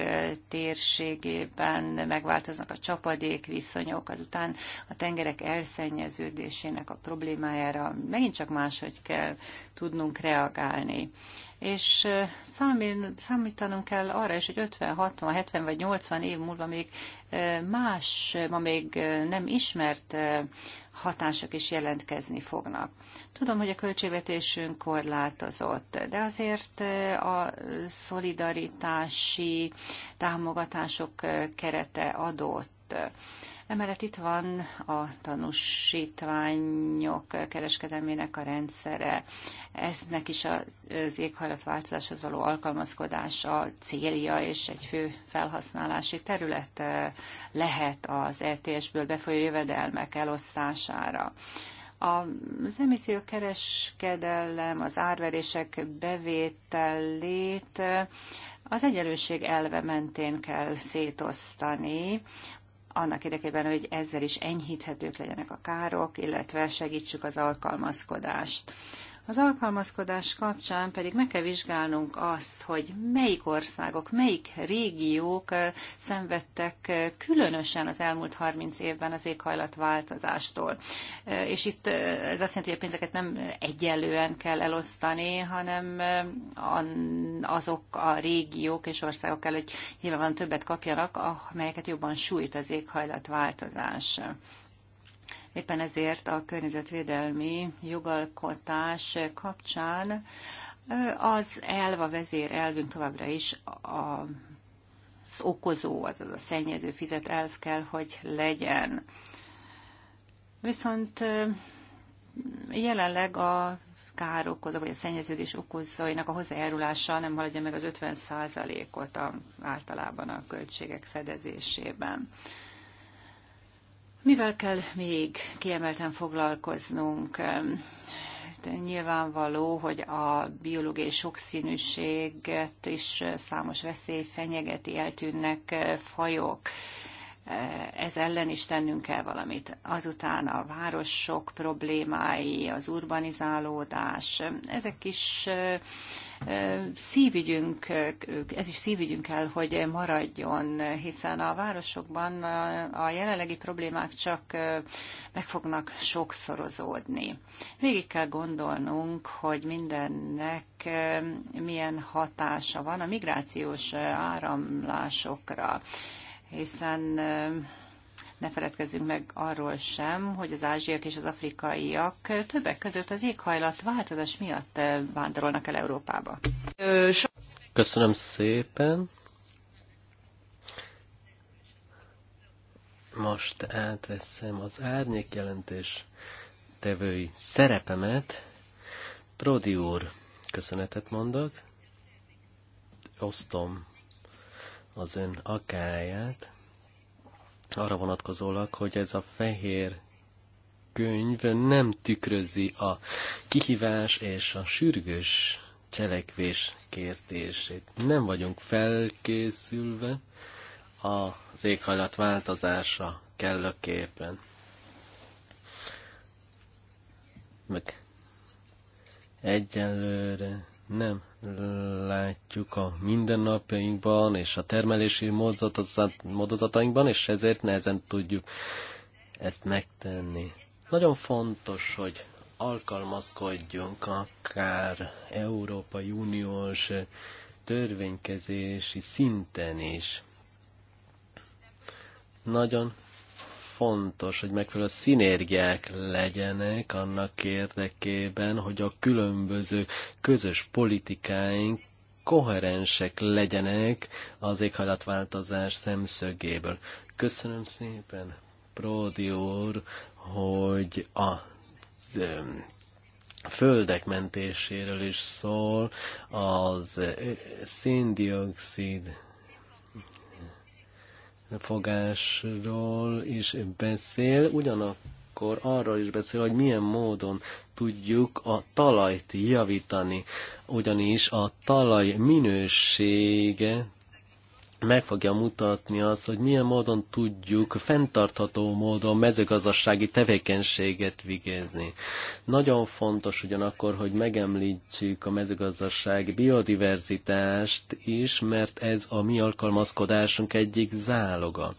térségében megváltoznak a csapadék viszonyok, azután a tengerek elszennyeződik, kérdésének a problémájára megint csak máshogy kell tudnunk reagálni. És számítanunk kell arra is, hogy 50, 60, 70 vagy 80 év múlva még más, ma még nem ismert hatások is jelentkezni fognak. Tudom, hogy a költségvetésünk korlátozott, de azért a szolidaritási támogatások kerete adott, között. Emellett itt van a tanúsítványok kereskedelmének a rendszere. Eznek is az éghajlatváltozáshoz való alkalmazkodás a célja, és egy fő felhasználási terület lehet az ETS-ből befolyó jövedelmek elosztására. Az kereskedelem, az árverések bevételét az egyenlőség elve mentén kell szétosztani, annak érdekében, hogy ezzel is enyhíthetők legyenek a károk, illetve segítsük az alkalmazkodást. Az alkalmazkodás kapcsán pedig meg kell vizsgálnunk azt, hogy melyik országok, melyik régiók szenvedtek különösen az elmúlt 30 évben az éghajlatváltozástól. És itt ez azt jelenti, hogy a pénzeket nem egyenlően kell elosztani, hanem azok a régiók és országok kell, hogy nyilván többet kapjanak, amelyeket jobban sújt az éghajlatváltozás. Éppen ezért a környezetvédelmi jogalkotás kapcsán az elv, a vezér elvünk továbbra is a az okozó, azaz a szennyező fizet elv kell, hogy legyen. Viszont jelenleg a kár okozó, vagy a szennyeződés okozóinak a hozzájárulása nem haladja meg az 50 ot a, általában a költségek fedezésében. Mivel kell még kiemelten foglalkoznunk? nyilvánvaló, hogy a biológiai sokszínűséget is számos veszély fenyegeti, eltűnnek fajok ez ellen is tennünk kell valamit. Azután a városok problémái, az urbanizálódás, ezek is szívügyünk, ez is szívügyünk kell, hogy maradjon, hiszen a városokban a jelenlegi problémák csak meg fognak sokszorozódni. Végig kell gondolnunk, hogy mindennek milyen hatása van a migrációs áramlásokra hiszen ne feledkezzünk meg arról sem, hogy az ázsiak és az afrikaiak többek között az éghajlat változás miatt vándorolnak el Európába. Köszönöm szépen. Most átveszem az árnyék jelentés tevői szerepemet. Prodi úr, köszönetet mondok. Osztom az ön akáját, arra vonatkozólag, hogy ez a fehér könyv nem tükrözi a kihívás és a sürgős cselekvés kértését. Nem vagyunk felkészülve az éghajlat változása kellőképpen. Meg egyenlőre nem látjuk a mindennapjainkban és a termelési módozatainkban, és ezért nehezen tudjuk ezt megtenni. Nagyon fontos, hogy alkalmazkodjunk akár Európai Uniós törvénykezési szinten is. Nagyon fontos, hogy megfelelő szinergiák legyenek annak érdekében, hogy a különböző közös politikáink koherensek legyenek az éghajlatváltozás szemszögéből. Köszönöm szépen, Pródi úr, hogy a földek mentéséről is szól, az széndiokszid fogásról is beszél, ugyanakkor arról is beszél, hogy milyen módon tudjuk a talajt javítani, ugyanis a talaj minősége meg fogja mutatni azt, hogy milyen módon tudjuk fenntartható módon mezőgazdasági tevékenységet végezni. Nagyon fontos ugyanakkor, hogy megemlítsük a mezőgazdasági biodiverzitást is, mert ez a mi alkalmazkodásunk egyik záloga.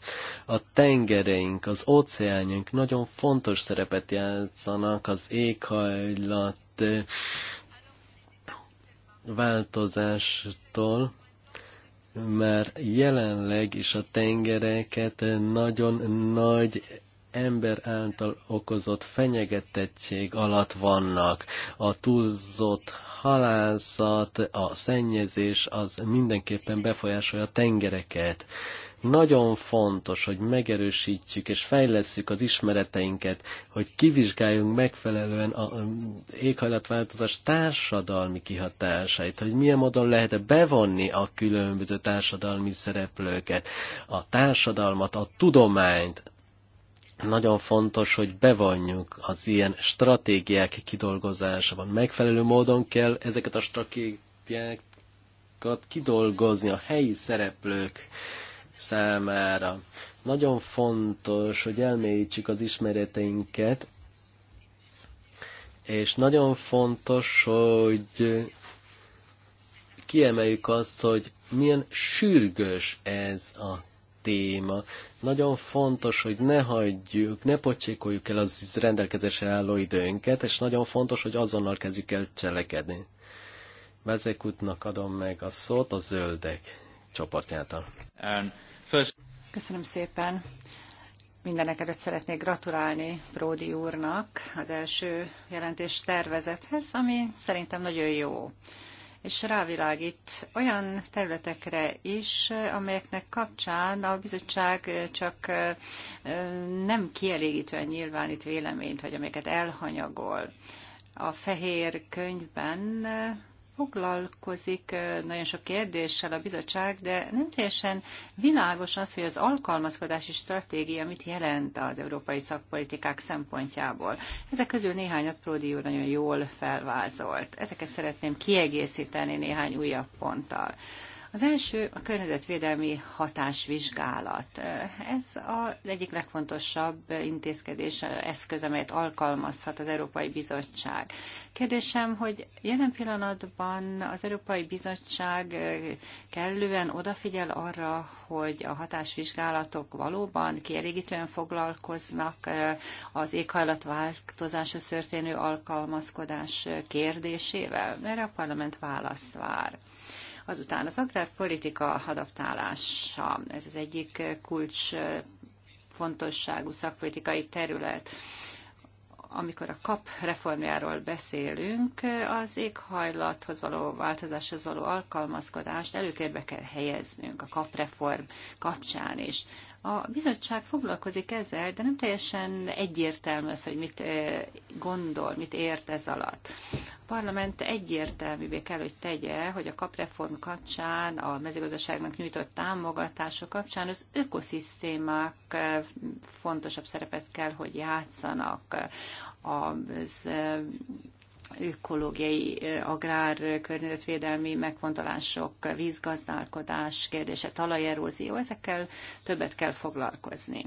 A tengereink, az óceánjunk nagyon fontos szerepet játszanak az éghajlat változástól, már jelenleg is a tengereket nagyon nagy ember által okozott fenyegetettség alatt vannak. A túlzott halászat, a szennyezés az mindenképpen befolyásolja a tengereket. Nagyon fontos, hogy megerősítjük és fejlesszük az ismereteinket, hogy kivizsgáljunk megfelelően a um, éghajlatváltozás társadalmi kihatásait, hogy milyen módon lehet -e bevonni a különböző társadalmi szereplőket, a társadalmat, a tudományt, nagyon fontos, hogy bevonjuk az ilyen stratégiák kidolgozásában. Megfelelő módon kell ezeket a stratégiákat kidolgozni a helyi szereplők számára. Nagyon fontos, hogy elmélyítsük az ismereteinket, és nagyon fontos, hogy kiemeljük azt, hogy milyen sürgős ez a téma. Nagyon fontos, hogy ne hagyjuk, ne pocsékoljuk el az rendelkezésre álló időnket, és nagyon fontos, hogy azonnal kezdjük el cselekedni. Vezekutnak adom meg a szót a zöldek csoportjától. And First... Köszönöm szépen. Mindenek szeretnék gratulálni Pródi úrnak az első jelentés tervezethez, ami szerintem nagyon jó és rávilágít olyan területekre is, amelyeknek kapcsán a bizottság csak nem kielégítően nyilvánít véleményt, vagy amelyeket elhanyagol. A fehér könyvben foglalkozik nagyon sok kérdéssel a bizottság, de nem teljesen világos az, hogy az alkalmazkodási stratégia mit jelent az európai szakpolitikák szempontjából. Ezek közül néhányat Pródi úr nagyon jól felvázolt. Ezeket szeretném kiegészíteni néhány újabb ponttal. Az első a környezetvédelmi hatásvizsgálat. Ez az egyik legfontosabb intézkedés, eszköz, amelyet alkalmazhat az Európai Bizottság. Kérdésem, hogy jelen pillanatban az Európai Bizottság kellően odafigyel arra, hogy a hatásvizsgálatok valóban kielégítően foglalkoznak eh, az éghajlatváltozáshoz történő alkalmazkodás kérdésével? mert a parlament választ vár. Azután az agrárpolitika adaptálása, ez az egyik kulcs eh, fontosságú szakpolitikai terület amikor a kap reformjáról beszélünk, az éghajlathoz való változáshoz való alkalmazkodást előtérbe kell helyeznünk a kap reform kapcsán is. A bizottság foglalkozik ezzel, de nem teljesen egyértelmű az, hogy mit gondol, mit ért ez alatt. A parlament egyértelművé kell, hogy tegye, hogy a kapreform kapcsán, a mezőgazdaságnak nyújtott támogatások kapcsán az ökoszisztémák fontosabb szerepet kell, hogy játszanak. Az ökológiai, agrár, környezetvédelmi megfontolások, vízgazdálkodás kérdése, talajerózió, ezekkel többet kell foglalkozni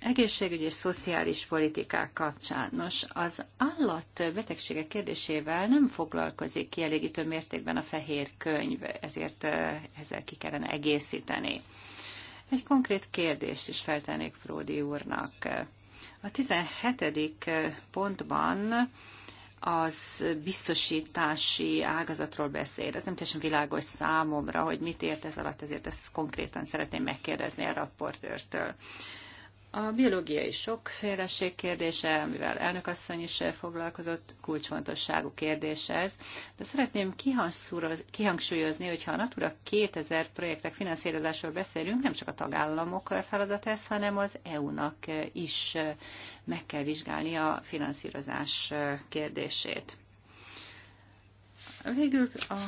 egészségügyi és szociális politikák kapcsán. Nos, az betegségek kérdésével nem foglalkozik kielégítő mértékben a fehér könyv, ezért ezzel ki kellene egészíteni. Egy konkrét kérdést is feltennék Pródi úrnak. A 17. pontban az biztosítási ágazatról beszél. Ez nem teljesen világos számomra, hogy mit ért ez alatt, ezért ezt konkrétan szeretném megkérdezni a rapportőrtől. A biológiai sokféleség kérdése, amivel elnökasszony is foglalkozott, kulcsfontosságú kérdés ez. De szeretném kihangsúlyozni, ha a Natura 2000 projektek finanszírozásról beszélünk, nem csak a tagállamok feladat ez, hanem az EU-nak is meg kell vizsgálni a finanszírozás kérdését. Végül a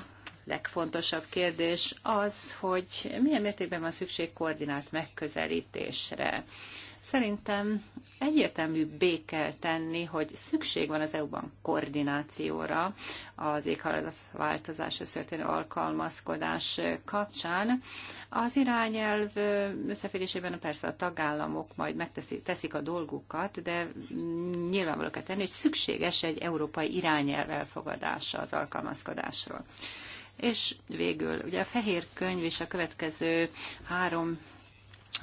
legfontosabb kérdés az, hogy milyen mértékben van szükség koordinált megközelítésre. Szerintem egyértelmű kell tenni, hogy szükség van az EU-ban koordinációra az éghajlatváltozáshoz történő alkalmazkodás kapcsán. Az irányelv összeférésében persze a tagállamok majd megteszik a dolgukat, de nyilvánvaló kell tenni, hogy szükséges egy európai irányelv elfogadása az alkalmazkodásról. És végül, ugye a fehér könyv és a következő három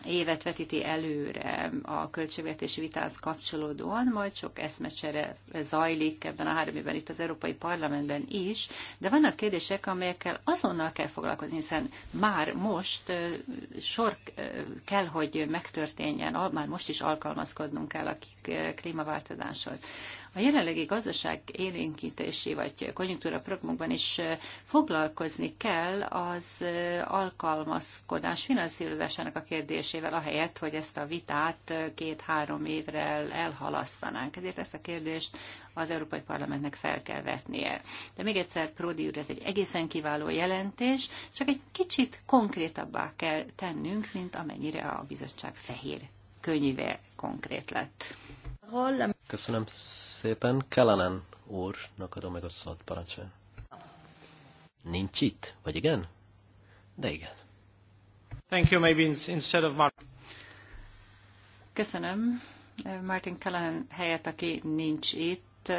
évet vetíti előre a költségvetési vitához kapcsolódóan, majd sok eszmecsere zajlik ebben a három évben itt az Európai Parlamentben is, de vannak kérdések, amelyekkel azonnal kell foglalkozni, hiszen már most sor kell, hogy megtörténjen, már most is alkalmazkodnunk kell a klímaváltozáshoz. A jelenlegi gazdaság élénkítési vagy konjunktúra programokban is foglalkozni kell az alkalmazkodás finanszírozásának a kérdés kérdésével, ahelyett, hogy ezt a vitát két-három évre elhalasztanánk. Ezért ezt a kérdést az Európai Parlamentnek fel kell vetnie. De még egyszer, Prodi úr, ez egy egészen kiváló jelentés, csak egy kicsit konkrétabbá kell tennünk, mint amennyire a bizottság fehér könyve konkrét lett. Köszönöm szépen. Kalanen úrnak adom meg a szót, parancsolja. Nincs itt, vagy igen? De igen. Köszönöm. Martin Callahan helyett, aki nincs itt,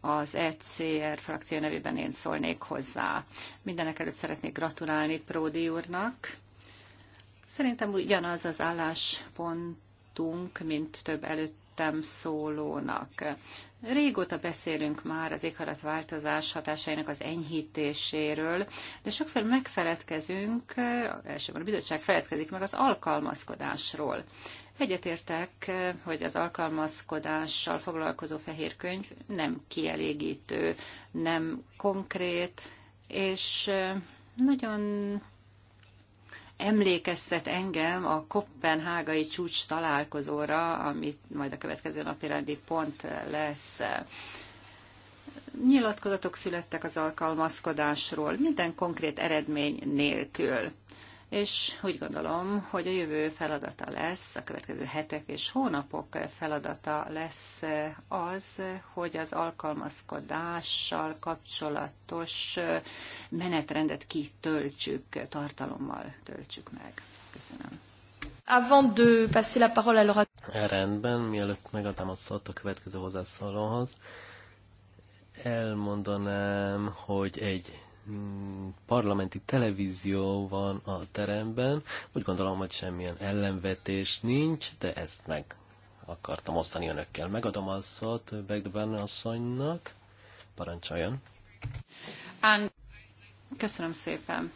az ECR frakció nevében én szólnék hozzá. Mindenek előtt szeretnék gratulálni Pródi úrnak. Szerintem ugyanaz az álláspontunk, mint több előtt előttem szólónak. Régóta beszélünk már az éghajlatváltozás hatásainak az enyhítéséről, de sokszor megfeledkezünk, elsősorban a bizottság feledkezik meg az alkalmazkodásról. Egyetértek, hogy az alkalmazkodással foglalkozó fehér könyv nem kielégítő, nem konkrét, és nagyon emlékeztet engem a kopenhágai csúcs találkozóra, amit majd a következő napi rendi pont lesz. Nyilatkozatok születtek az alkalmazkodásról, minden konkrét eredmény nélkül és úgy gondolom, hogy a jövő feladata lesz, a következő hetek és hónapok feladata lesz az, hogy az alkalmazkodással kapcsolatos menetrendet kitöltsük, tartalommal töltsük meg. Köszönöm. Avant de passer la parole à Laura. Rendben, mielőtt megadtam a szót a következő hozzászólóhoz, elmondanám, hogy egy Mm, parlamenti televízió van a teremben. Úgy gondolom, hogy semmilyen ellenvetés nincs, de ezt meg akartam osztani önökkel. Megadom a szót Begdobán asszonynak. Parancsoljon. Köszönöm szépen.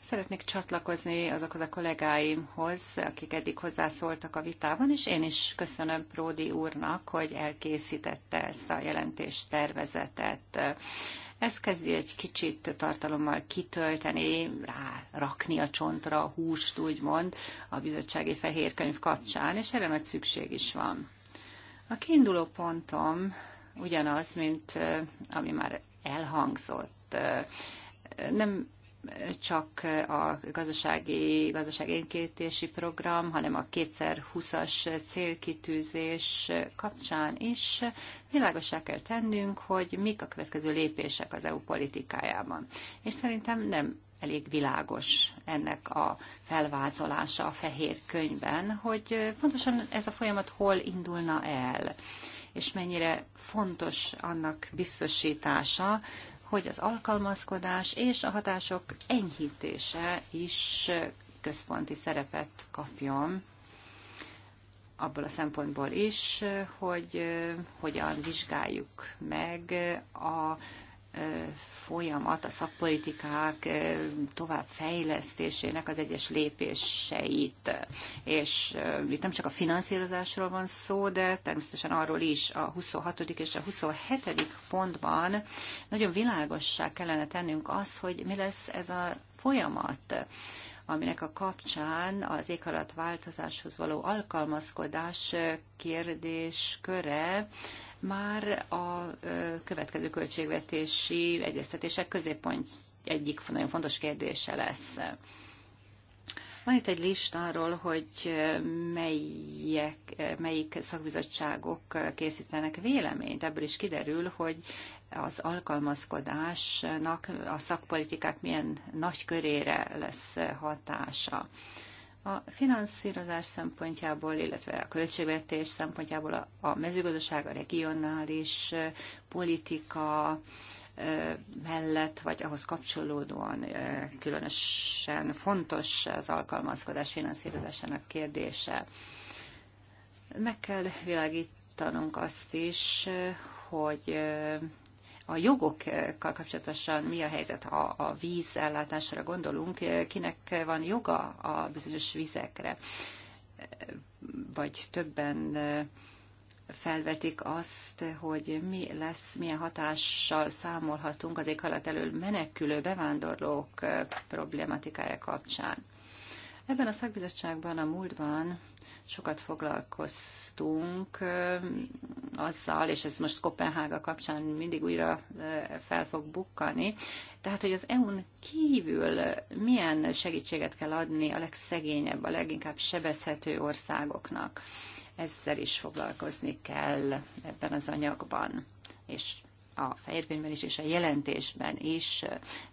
Szeretnék csatlakozni azokhoz a kollégáimhoz, akik eddig hozzászóltak a vitában, és én is köszönöm Pródi úrnak, hogy elkészítette ezt a jelentéstervezetet. tervezetet. Ez kezdi egy kicsit tartalommal kitölteni, rá rakni a csontra a húst, úgymond, a bizottsági fehérkönyv kapcsán, és erre nagy szükség is van. A kiinduló pontom ugyanaz, mint eh, ami már elhangzott. Eh, nem csak a gazdasági, gazdasági gazdaságénkétési program, hanem a 2020-as célkitűzés kapcsán is világosá kell tennünk, hogy mik a következő lépések az EU politikájában. És szerintem nem elég világos ennek a felvázolása a fehér könyvben, hogy pontosan ez a folyamat hol indulna el, és mennyire fontos annak biztosítása, hogy az alkalmazkodás és a hatások enyhítése is központi szerepet kapjon abból a szempontból is, hogy eh, hogyan vizsgáljuk meg a folyamat, a szakpolitikák továbbfejlesztésének az egyes lépéseit. És itt nem csak a finanszírozásról van szó, de természetesen arról is a 26. és a 27. pontban nagyon világossá kellene tennünk azt, hogy mi lesz ez a folyamat aminek a kapcsán az éghajlatváltozáshoz való alkalmazkodás kérdésköre már a következő költségvetési egyeztetések középpont egyik nagyon fontos kérdése lesz. Van itt egy lista arról, hogy melyek, melyik szakbizottságok készítenek véleményt. Ebből is kiderül, hogy az alkalmazkodásnak a szakpolitikák milyen nagy körére lesz hatása. A finanszírozás szempontjából, illetve a költségvetés szempontjából a, a mezőgazdaság, a regionális politika mellett, vagy ahhoz kapcsolódóan különösen fontos az alkalmazkodás finanszírozásának kérdése. Meg kell világítanunk azt is, hogy a jogokkal kapcsolatosan mi a helyzet, ha a vízellátásra gondolunk, kinek van joga a bizonyos vizekre, vagy többen felvetik azt, hogy mi lesz, milyen hatással számolhatunk az éghajlat elől menekülő bevándorlók problématikája kapcsán. Ebben a szakbizottságban a múltban sokat foglalkoztunk azzal, és ez most Kopenhága kapcsán mindig újra fel fog bukkani, tehát, hogy az EU-n kívül milyen segítséget kell adni a legszegényebb, a leginkább sebezhető országoknak. Ezzel is foglalkozni kell ebben az anyagban, és a fehérkönyvben is, és a jelentésben is.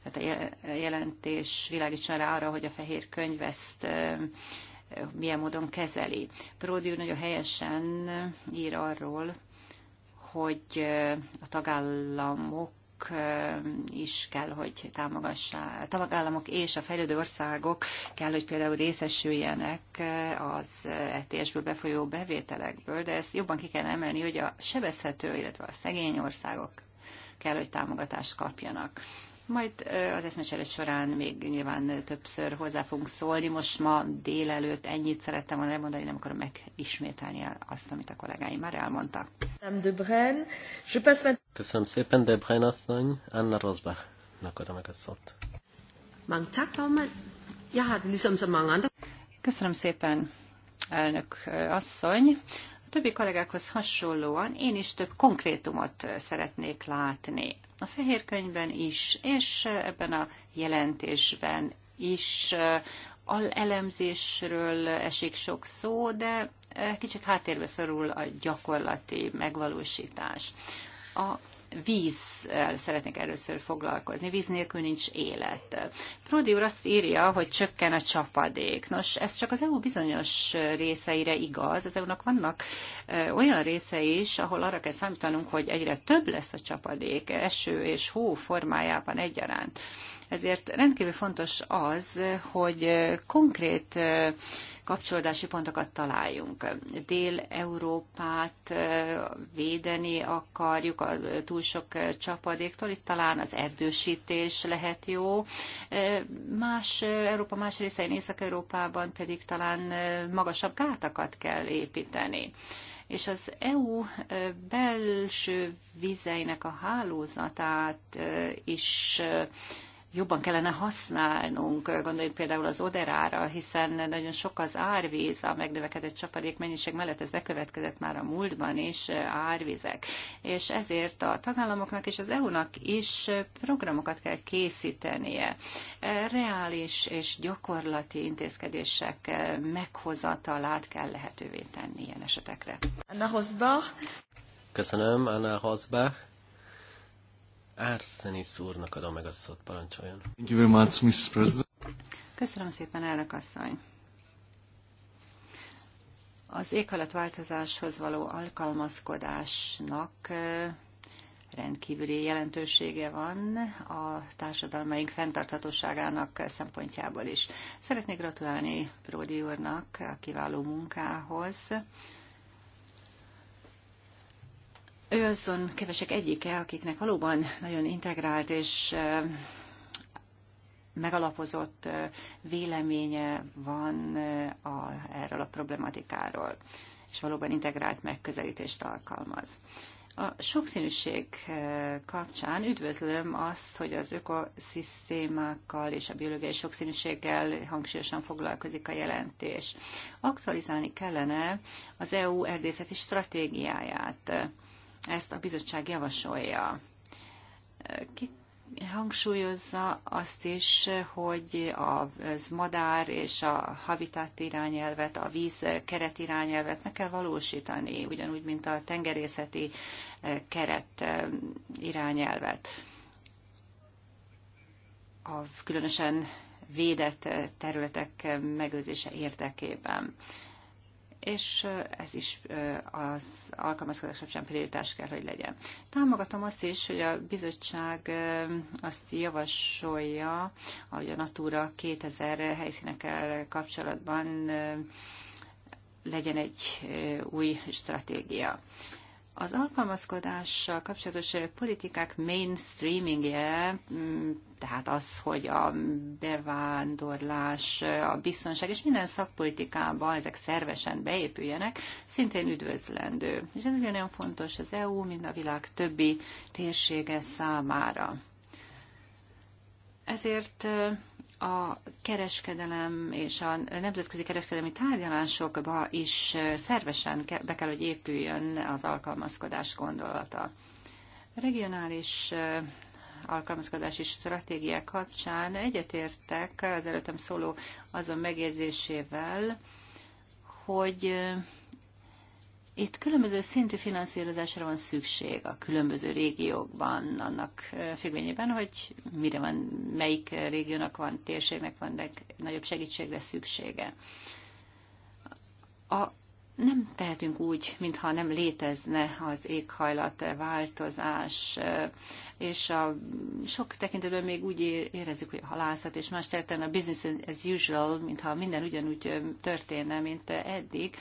Tehát a jelentés világítson rá arra, hogy a fehér könyv ezt milyen módon kezeli. Pródi nagyon helyesen ír arról, hogy a tagállamok is kell, hogy támogassák. A tagállamok és a fejlődő országok kell, hogy például részesüljenek az ETS-ből befolyó bevételekből, de ezt jobban ki kell emelni, hogy a sebezhető, illetve a szegény országok kell, hogy támogatást kapjanak. Majd az eszmecsere során még nyilván többször hozzá fogunk szólni. Most ma délelőtt ennyit szerettem volna elmondani, nem akarom megismételni azt, amit a kollégáim már elmondtak. Köszönöm szépen, Debren asszony. Anna Rosbachnak adom meg a szót. Hát Köszönöm szépen, elnök asszony többi kollégákhoz hasonlóan én is több konkrétumot szeretnék látni. A fehér könyvben is, és ebben a jelentésben is eh, elemzésről esik sok szó, de eh, kicsit háttérbe szorul a gyakorlati megvalósítás. A vízzel szeretnék először foglalkozni. Víz nélkül nincs élet. Prodi úr azt írja, hogy csökken a csapadék. Nos, ez csak az EU bizonyos részeire igaz. Az EU-nak vannak olyan része is, ahol arra kell számítanunk, hogy egyre több lesz a csapadék, eső és hó formájában egyaránt. Ezért rendkívül fontos az, hogy konkrét kapcsolódási pontokat találjunk. Dél-Európát védeni akarjuk a túl sok csapadéktól, itt talán az erdősítés lehet jó. Más Európa más részein, Észak-Európában pedig talán magasabb gátakat kell építeni és az EU belső vizeinek a hálózatát is jobban kellene használnunk, gondoljuk például az Oderára, hiszen nagyon sok az árvíz, a megnövekedett csapadék mennyiség mellett ez bekövetkezett már a múltban is, árvizek. És ezért a tagállamoknak és az EU-nak is programokat kell készítenie. Reális és gyakorlati intézkedések meghozatalát kell lehetővé tenni ilyen esetekre. Anna Hosbach. Köszönöm, Anna Hosbach. Arsenis úrnak adom meg a szót, parancsoljon. Thank you very much, Mrs. President. Köszönöm szépen, elnök asszony. Az éghajlatváltozáshoz való alkalmazkodásnak rendkívüli jelentősége van a társadalmaink fenntarthatóságának szempontjából is. Szeretnék gratulálni Pródi úrnak a kiváló munkához. Ő azon kevesek egyike, akiknek valóban nagyon integrált és megalapozott véleménye van a, erről a problematikáról, és valóban integrált megközelítést alkalmaz. A sokszínűség kapcsán üdvözlöm azt, hogy az ökoszisztémákkal és a biológiai sokszínűséggel hangsúlyosan foglalkozik a jelentés. Aktualizálni kellene az EU erdészeti stratégiáját ezt a bizottság javasolja. Ki hangsúlyozza azt is, hogy a madár és a habitat irányelvet, a víz keret irányelvet meg kell valósítani, ugyanúgy, mint a tengerészeti e, keret e, irányelvet. A különösen védett e, területek megőrzése érdekében és ez is az alkalmazkodás kapcsán prioritás kell, hogy legyen. Támogatom azt is, hogy a bizottság azt javasolja, hogy a Natura 2000 helyszínekkel kapcsolatban legyen egy új stratégia. Az alkalmazkodással kapcsolatos politikák mainstreamingje, mm, tehát az, hogy a bevándorlás, a biztonság és minden szakpolitikába ezek szervesen beépüljenek, szintén üdvözlendő. És ez nagyon fontos az EU, mint a világ többi térsége számára. Ezért a kereskedelem és a nemzetközi kereskedelmi tárgyalásokba is szervesen be kell, hogy épüljön az alkalmazkodás gondolata. Regionális alkalmazkodási stratégiák kapcsán egyetértek az előttem szóló azon megjegyzésével, hogy itt különböző szintű finanszírozásra van szükség a különböző régiókban, annak függvényében, hogy mire van, melyik régiónak van, térségnek van nagyobb segítségre szüksége. A nem tehetünk úgy, mintha nem létezne az éghajlat változás, és a sok tekintetben még úgy érezzük, hogy a halászat és más területen a business as usual, mintha minden ugyanúgy történne, mint eddig.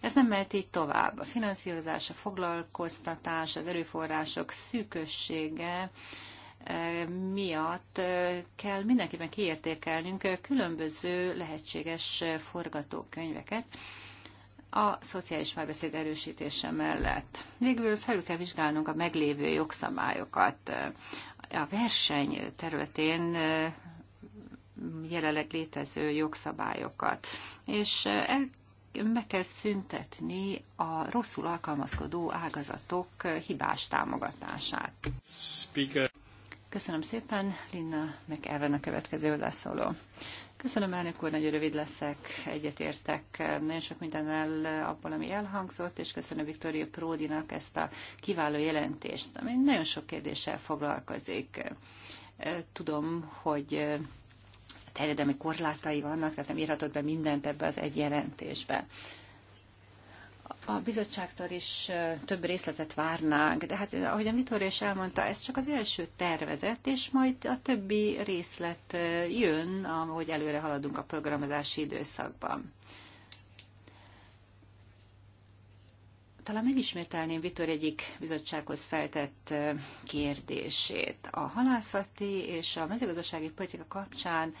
Ez nem mehet így tovább. A finanszírozás, a foglalkoztatás, az erőforrások szűkössége, miatt kell mindenképpen kiértékelnünk különböző lehetséges forgatókönyveket, a szociális párbeszéd erősítése mellett. Végül felül kell vizsgálnunk a meglévő jogszabályokat. A verseny területén eh, jelenleg létező jogszabályokat, és eh, el meg kell szüntetni a rosszul alkalmazkodó ágazatok eh, hibás támogatását. Speaker. Köszönöm szépen, Linna meg Elven a következő hozzászóló. Köszönöm, elnök úr, nagyon rövid leszek, egyetértek nagyon sok mindennel abból, ami elhangzott, és köszönöm Viktória Pródinak ezt a kiváló jelentést, ami nagyon sok kérdéssel foglalkozik. Tudom, hogy terjedelmi korlátai vannak, tehát nem írhatott be mindent ebbe az egy jelentésbe a bizottságtól is több részletet várnánk, de hát ahogy a Mitor is elmondta, ez csak az első tervezet, és majd a többi részlet jön, ahogy előre haladunk a programozási időszakban. Talán megismételném Vitor egyik bizottsághoz feltett kérdését. A halászati és a mezőgazdasági politika kapcsán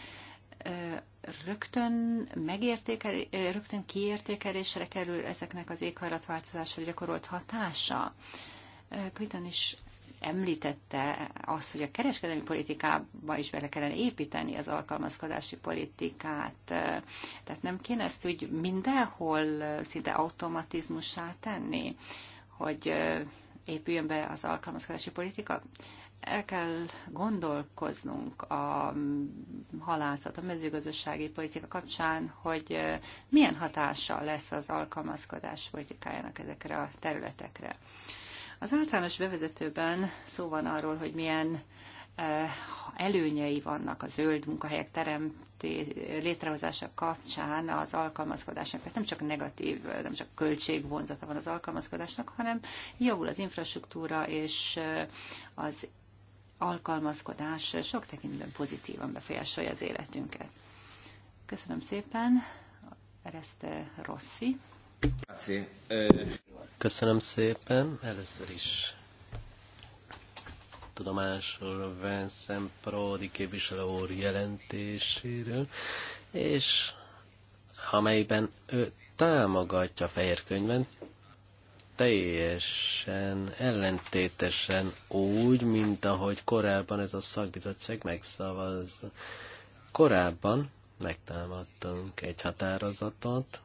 rögtön, megértékel, rögtön kiértékelésre kerül ezeknek az éghajlatváltozásra gyakorolt hatása. Kvitan is említette azt, hogy a kereskedelmi politikába is bele kellene építeni az alkalmazkodási politikát. Tehát nem kéne ezt úgy mindenhol szinte automatizmussá tenni, hogy épüljön be az alkalmazkodási politika el kell gondolkoznunk a halászat, a mezőgazdasági politika kapcsán, hogy milyen hatással lesz az alkalmazkodás politikájának ezekre a területekre. Az általános bevezetőben szó van arról, hogy milyen előnyei vannak a zöld munkahelyek teremté, létrehozása kapcsán az alkalmazkodásnak. Tehát nem csak negatív, nem csak költségvonzata van az alkalmazkodásnak, hanem javul az infrastruktúra és az alkalmazkodás sok tekintetben pozitívan befolyásolja az életünket. Köszönöm szépen, Ereszte Rossi. Köszönöm szépen, először is tudomásul veszem Prodi képviselő úr jelentéséről, és amelyben ő támogatja a fehér könyvet, teljesen ellentétesen úgy, mint ahogy korábban ez a szakbizottság megszavaz. Korábban megtámadtunk egy határozatot,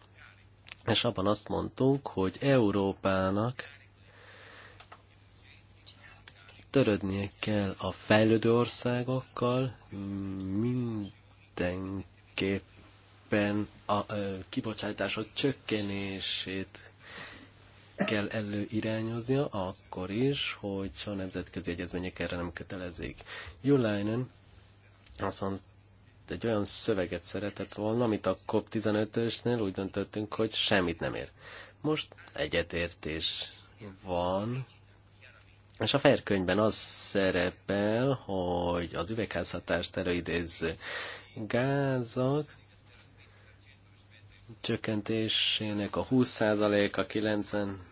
és abban azt mondtunk, hogy Európának törödnie kell a fejlődő országokkal, mindenképpen a kibocsátások csökkenését kell előirányoznia, akkor is, hogy a nemzetközi egyezmények erre nem kötelezik. Julainen azt mondta, egy olyan szöveget szeretett volna, amit a COP15-ösnél úgy döntöttünk, hogy semmit nem ér. Most egyetértés van, és a fehér az szerepel, hogy az üvegházhatást előidéző gázak csökkentésének a 20%-a 90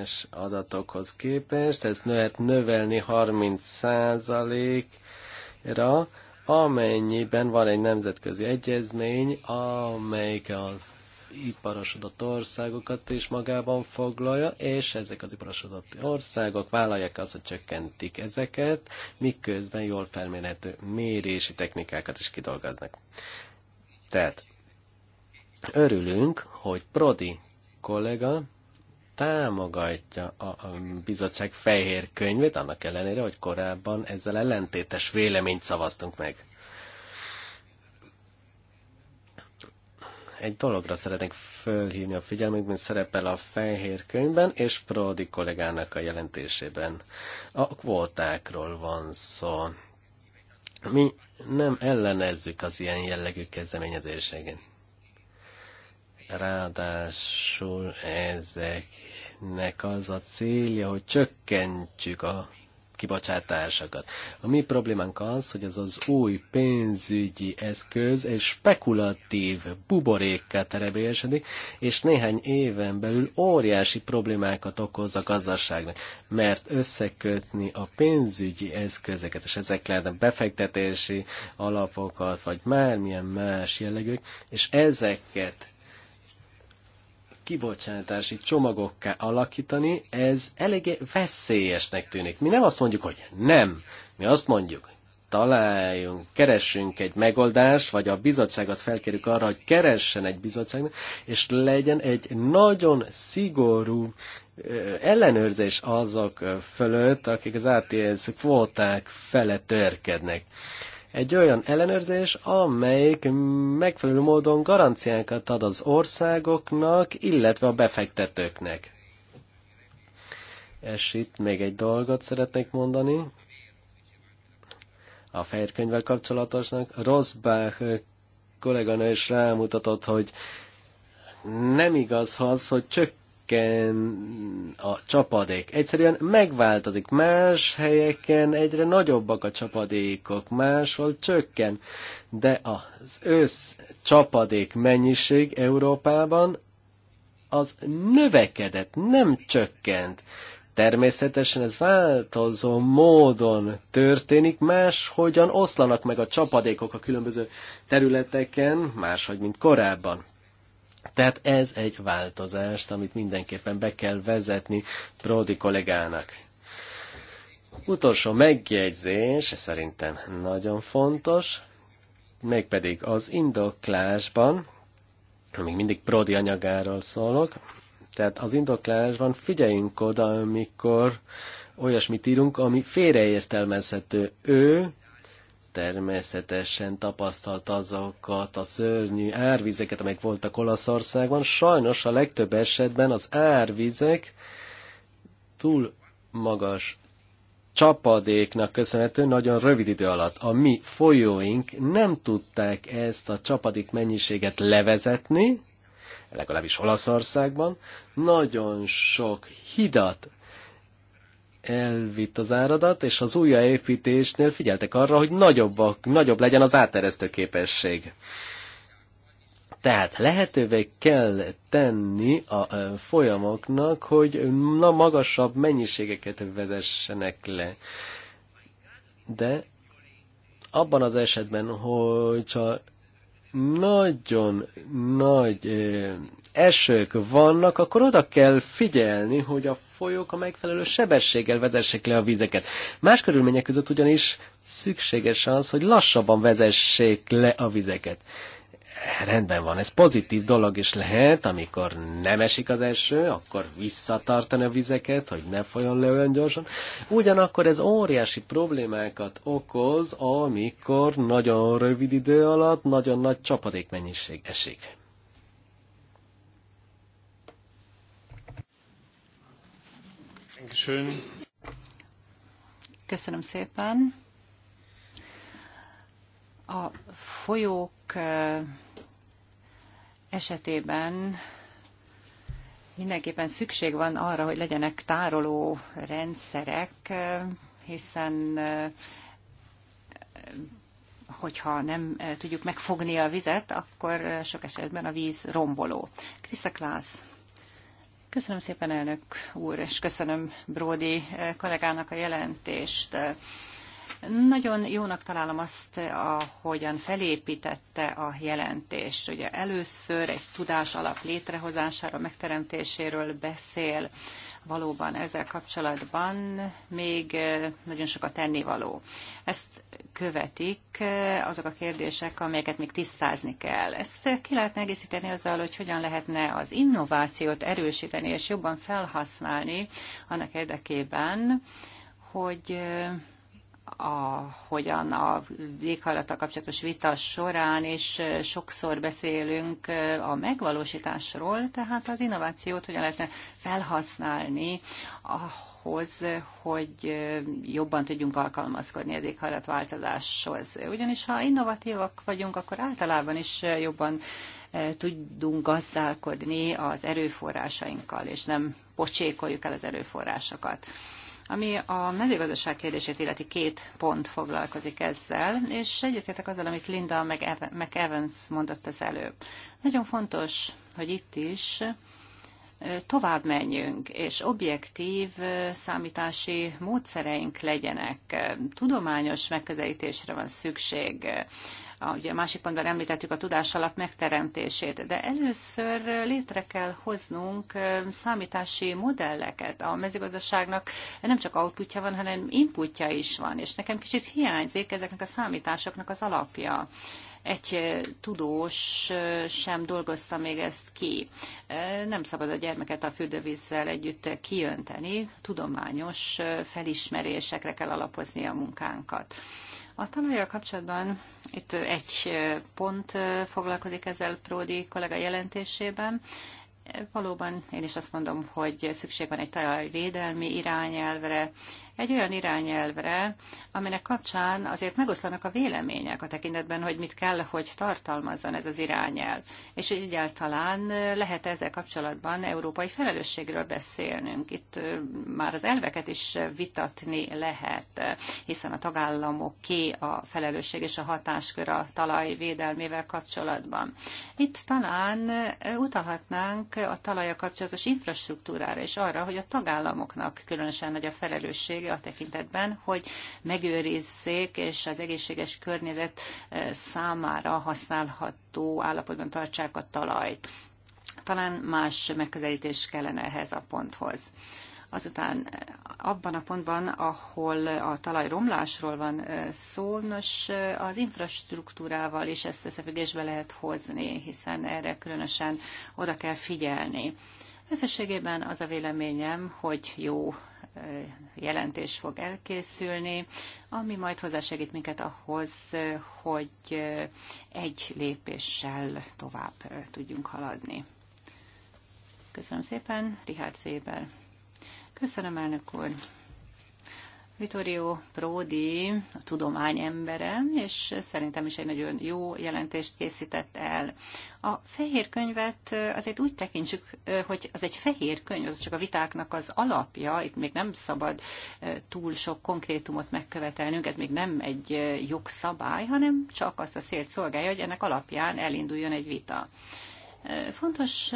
es adatokhoz képest, ez lehet növelni 30%-ra, amennyiben van egy nemzetközi egyezmény, amelyik a iparosodott országokat is magában foglalja, és ezek az iparosodott országok vállalják azt, hogy csökkentik ezeket, miközben jól felmérhető mérési technikákat is kidolgoznak. Tehát örülünk, hogy Prodi kollega támogatja a bizottság fehér könyvét, annak ellenére, hogy korábban ezzel ellentétes véleményt szavaztunk meg. Egy dologra szeretnék fölhívni a figyelmet, mint szerepel a fehér könyvben és Prodi kollégának a jelentésében. A kvótákról van szó. Mi nem ellenezzük az ilyen jellegű kezdeményezéseket Ráadásul ezeknek az a célja, hogy csökkentsük a kibocsátásokat. A mi problémánk az, hogy ez az új pénzügyi eszköz egy spekulatív buborékká terebélyesedik, és néhány éven belül óriási problémákat okoz a gazdaságnak, mert összekötni a pénzügyi eszközeket, és ezek lehetnek befektetési alapokat, vagy mármilyen más jellegűek, és ezeket kibocsátási csomagokká alakítani, ez eléggé veszélyesnek tűnik. Mi nem azt mondjuk, hogy nem. Mi azt mondjuk, találjunk, keressünk egy megoldást, vagy a bizottságot felkérjük arra, hogy keressen egy bizottságnak, és legyen egy nagyon szigorú ellenőrzés azok fölött, akik az ATS kvóták fele törkednek egy olyan ellenőrzés, amelyik megfelelő módon garanciákat ad az országoknak, illetve a befektetőknek. És itt még egy dolgot szeretnék mondani. A fehér könyvvel kapcsolatosnak Rosbach kolléganő is rámutatott, hogy nem igaz az, hogy csökkent helyeken a csapadék egyszerűen megváltozik, más helyeken egyre nagyobbak a csapadékok, máshol csökken, de az össz csapadék mennyiség Európában az növekedett, nem csökkent. Természetesen ez változó módon történik, más, hogyan oszlanak meg a csapadékok a különböző területeken, máshogy, mint korábban. Tehát ez egy változást, amit mindenképpen be kell vezetni Pródi kollégának. Utolsó megjegyzés, szerintem nagyon fontos, mégpedig az indoklásban, még mindig Prodi anyagáról szólok, tehát az indoklásban figyeljünk oda, amikor olyasmit írunk, ami félreértelmezhető. Ő természetesen tapasztalt azokat a szörnyű árvizeket, amelyek voltak Olaszországban. Sajnos a legtöbb esetben az árvizek túl magas csapadéknak köszönhető nagyon rövid idő alatt. A mi folyóink nem tudták ezt a csapadék mennyiséget levezetni, legalábbis Olaszországban, nagyon sok hidat elvitt az áradat, és az újjáépítésnél figyeltek arra, hogy nagyobb, a, nagyobb legyen az áteresztő képesség. Tehát lehetővé kell tenni a folyamoknak, hogy na magasabb mennyiségeket vezessenek le. De abban az esetben, hogyha nagyon nagy esők vannak, akkor oda kell figyelni, hogy a folyók a megfelelő sebességgel vezessék le a vizeket. Más körülmények között ugyanis szükséges az, hogy lassabban vezessék le a vizeket. Rendben van, ez pozitív dolog is lehet, amikor nem esik az eső, akkor visszatartani a vizeket, hogy ne folyjon le olyan gyorsan. Ugyanakkor ez óriási problémákat okoz, amikor nagyon rövid idő alatt nagyon nagy csapadékmennyiség esik. Dankeschön. Köszönöm szépen. A folyók esetében mindenképpen szükség van arra, hogy legyenek tároló rendszerek, hiszen hogyha nem tudjuk megfogni a vizet, akkor sok esetben a víz romboló. Krista Klász. Köszönöm szépen, elnök úr, és köszönöm Bródi eh, kollégának a jelentést. Nagyon jónak találom azt, ahogyan felépítette a jelentést. Ugye először egy tudás alap létrehozására, megteremtéséről beszél, valóban ezzel kapcsolatban még nagyon sokat tennivaló. Ezt követik azok a kérdések, amelyeket még tisztázni kell. Ezt ki lehetne egészíteni azzal, hogy hogyan lehetne az innovációt erősíteni és jobban felhasználni annak érdekében, hogy ahogyan a véghajlata kapcsolatos vita során is sokszor beszélünk a megvalósításról, tehát az innovációt hogyan lehetne felhasználni ahhoz, hogy jobban tudjunk alkalmazkodni az változáshoz. Ugyanis ha innovatívak vagyunk, akkor általában is jobban tudunk gazdálkodni az erőforrásainkkal, és nem pocsékoljuk el az erőforrásokat. Ami a mezőgazdaság kérdését illeti két pont foglalkozik ezzel, és egyetértek azzal, amit Linda meg Evans mondott az előbb. Nagyon fontos, hogy itt is tovább menjünk, és objektív számítási módszereink legyenek. Tudományos megközelítésre van szükség ugye a másik pontban említettük a tudás alap megteremtését, de először létre kell hoznunk számítási modelleket. A mezőgazdaságnak nem csak outputja van, hanem inputja is van, és nekem kicsit hiányzik ezeknek a számításoknak az alapja egy tudós sem dolgozta még ezt ki. Nem szabad a gyermeket a fürdővízzel együtt kiönteni, tudományos felismerésekre kell alapozni a munkánkat. A tanulja kapcsolatban itt egy pont foglalkozik ezzel Pródi kollega jelentésében, valóban én is azt mondom, hogy szükség van egy talajvédelmi irányelvre, egy olyan irányelvre, aminek kapcsán azért megoszlanak a vélemények a tekintetben, hogy mit kell, hogy tartalmazzon ez az irányelv. És egyáltalán lehet ezzel kapcsolatban európai felelősségről beszélnünk. Itt már az elveket is vitatni lehet, hiszen a tagállamok ki a felelősség és a hatáskör a talaj védelmével kapcsolatban. Itt talán utalhatnánk a talaja kapcsolatos infrastruktúrára és arra, hogy a tagállamoknak különösen nagy a felelősség kötelezettsége a tekintetben, hogy megőrizzék és az egészséges környezet eh, számára használható állapotban tartsák a talajt. Talán más megközelítés kellene ehhez a ponthoz azután eh, abban a pontban, ahol a talaj romlásról van eh, szó, nos az infrastruktúrával is ezt összefüggésbe lehet hozni, hiszen erre különösen oda kell figyelni. Összességében az a véleményem, hogy jó jelentés fog elkészülni, ami majd hozzásegít minket ahhoz, hogy egy lépéssel tovább tudjunk haladni. Köszönöm szépen, Richard Széber. Köszönöm, elnök úr. Vittorio Prodi a tudomány embere, és szerintem is egy nagyon jó jelentést készített el. A fehér könyvet azért úgy tekintsük, hogy az egy fehér könyv, az csak a vitáknak az alapja, itt még nem szabad túl sok konkrétumot megkövetelnünk, ez még nem egy jogszabály, hanem csak azt a szélt szolgálja, hogy ennek alapján elinduljon egy vita. Fontos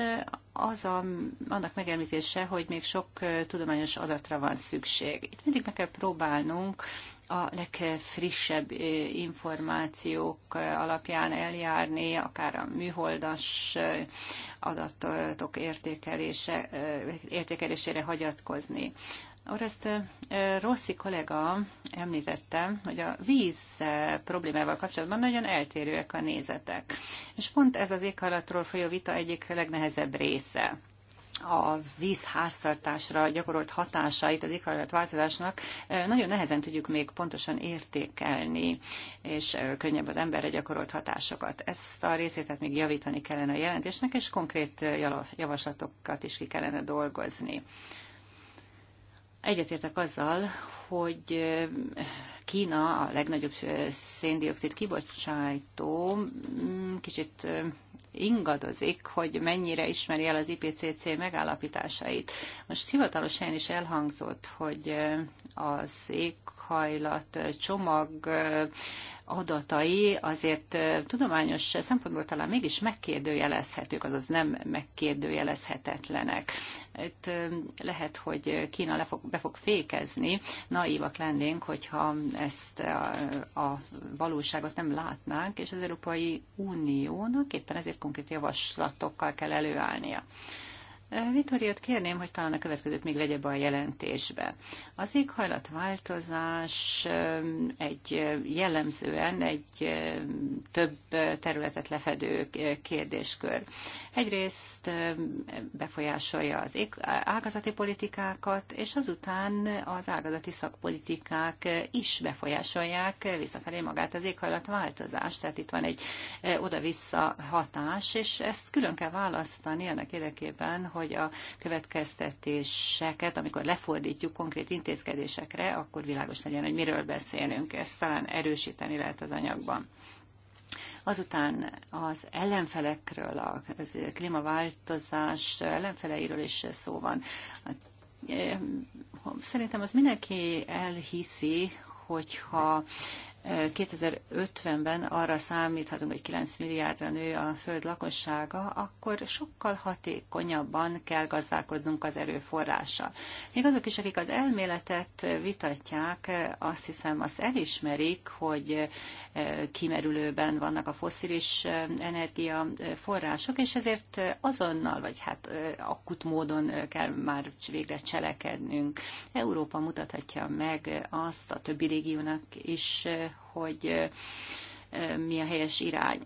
az a, annak megemlítése, hogy még sok tudományos adatra van szükség. Itt mindig meg kell próbálnunk a legfrissebb információk alapján eljárni, akár a műholdas adatok értékelése, értékelésére hagyatkozni. Orest Rossi kollega említette, hogy a víz problémával kapcsolatban nagyon eltérőek a nézetek. És pont ez az éghajlatról folyó vita egyik legnehezebb része a vízháztartásra gyakorolt hatásait az éghajlatváltozásnak nagyon nehezen tudjuk még pontosan értékelni, és könnyebb az emberre gyakorolt hatásokat. Ezt a részét még javítani kellene a jelentésnek, és konkrét javaslatokat is ki kellene dolgozni. Egyetértek azzal, hogy eh, Kína a legnagyobb eh, széndiokszid kibocsátó mm, kicsit eh, ingadozik, hogy mennyire ismeri el az IPCC megállapításait. Most hivatalosan is elhangzott, hogy az éghajlat csomag adatai azért tudományos szempontból talán mégis megkérdőjelezhetők, azaz nem megkérdőjelezhetetlenek. Itt lehet, hogy Kína le fog, be fog fékezni, naívak lennénk, hogyha ezt a, a valóságot nem látnánk, és az Európai Uniónak éppen ezért konkrét javaslatokkal kell előállnia. Vitoriot kérném, hogy talán a következőt még vegye be a jelentésbe. Az éghajlatváltozás egy jellemzően egy több területet lefedő kérdéskör. Egyrészt befolyásolja az ágazati politikákat, és azután az ágazati szakpolitikák is befolyásolják visszafelé magát az éghajlatváltozást. Tehát itt van egy oda-vissza hatás, és ezt külön kell választani annak érdekében, hogy a következtetéseket, amikor lefordítjuk konkrét intézkedésekre, akkor világos legyen, hogy miről beszélünk. Ezt talán erősíteni lehet az anyagban. Azután az ellenfelekről, a klímaváltozás ellenfeleiről is szó van. Szerintem az mindenki elhiszi, hogyha 2050-ben arra számíthatunk, hogy 9 milliárdra nő a föld lakossága, akkor sokkal hatékonyabban kell gazdálkodnunk az erőforrással. Még azok is, akik az elméletet vitatják, azt hiszem azt elismerik, hogy eh, kimerülőben vannak a foszilis eh, energiaforrások, és ezért eh, azonnal, vagy hát akut módon kell már végre cselekednünk. Európa mutathatja meg azt a többi régiónak is, hogy mi a helyes irány.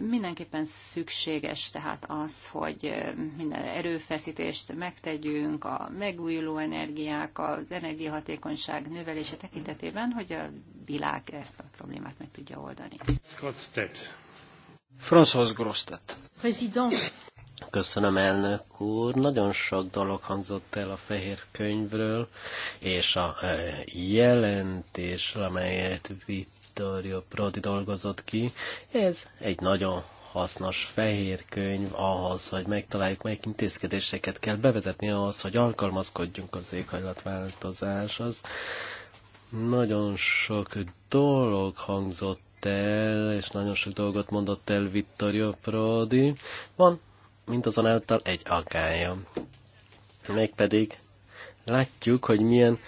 Mindenképpen szükséges tehát az, hogy minden erőfeszítést megtegyünk a megújuló energiák, az energiahatékonyság növelése tekintetében, hogy a világ ezt a problémát meg tudja oldani. François Grostet. President. Köszönöm, elnök úr. Nagyon sok dolog hangzott el a fehér könyvről, és a jelentés amelyet vit Vittorio Prodi dolgozott ki. Ez egy nagyon hasznos fehér könyv ahhoz, hogy megtaláljuk, melyik intézkedéseket kell bevezetni ahhoz, hogy alkalmazkodjunk az éghajlatváltozáshoz. Nagyon sok dolog hangzott el, és nagyon sok dolgot mondott el Vittorio Prodi. Van mint mindazonáltal egy akája. Mégpedig látjuk, hogy milyen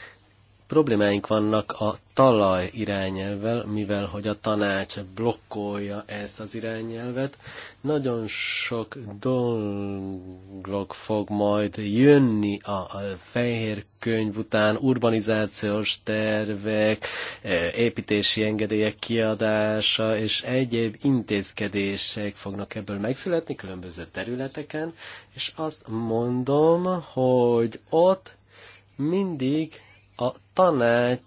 Problémáink vannak a talaj irányelvvel, mivel hogy a tanács blokkolja ezt az irányelvet. Nagyon sok dolog fog majd jönni a fehér könyv után, urbanizációs tervek, e, építési engedélyek kiadása és egyéb intézkedések fognak ebből megszületni különböző területeken, és azt mondom, hogy ott mindig a tanács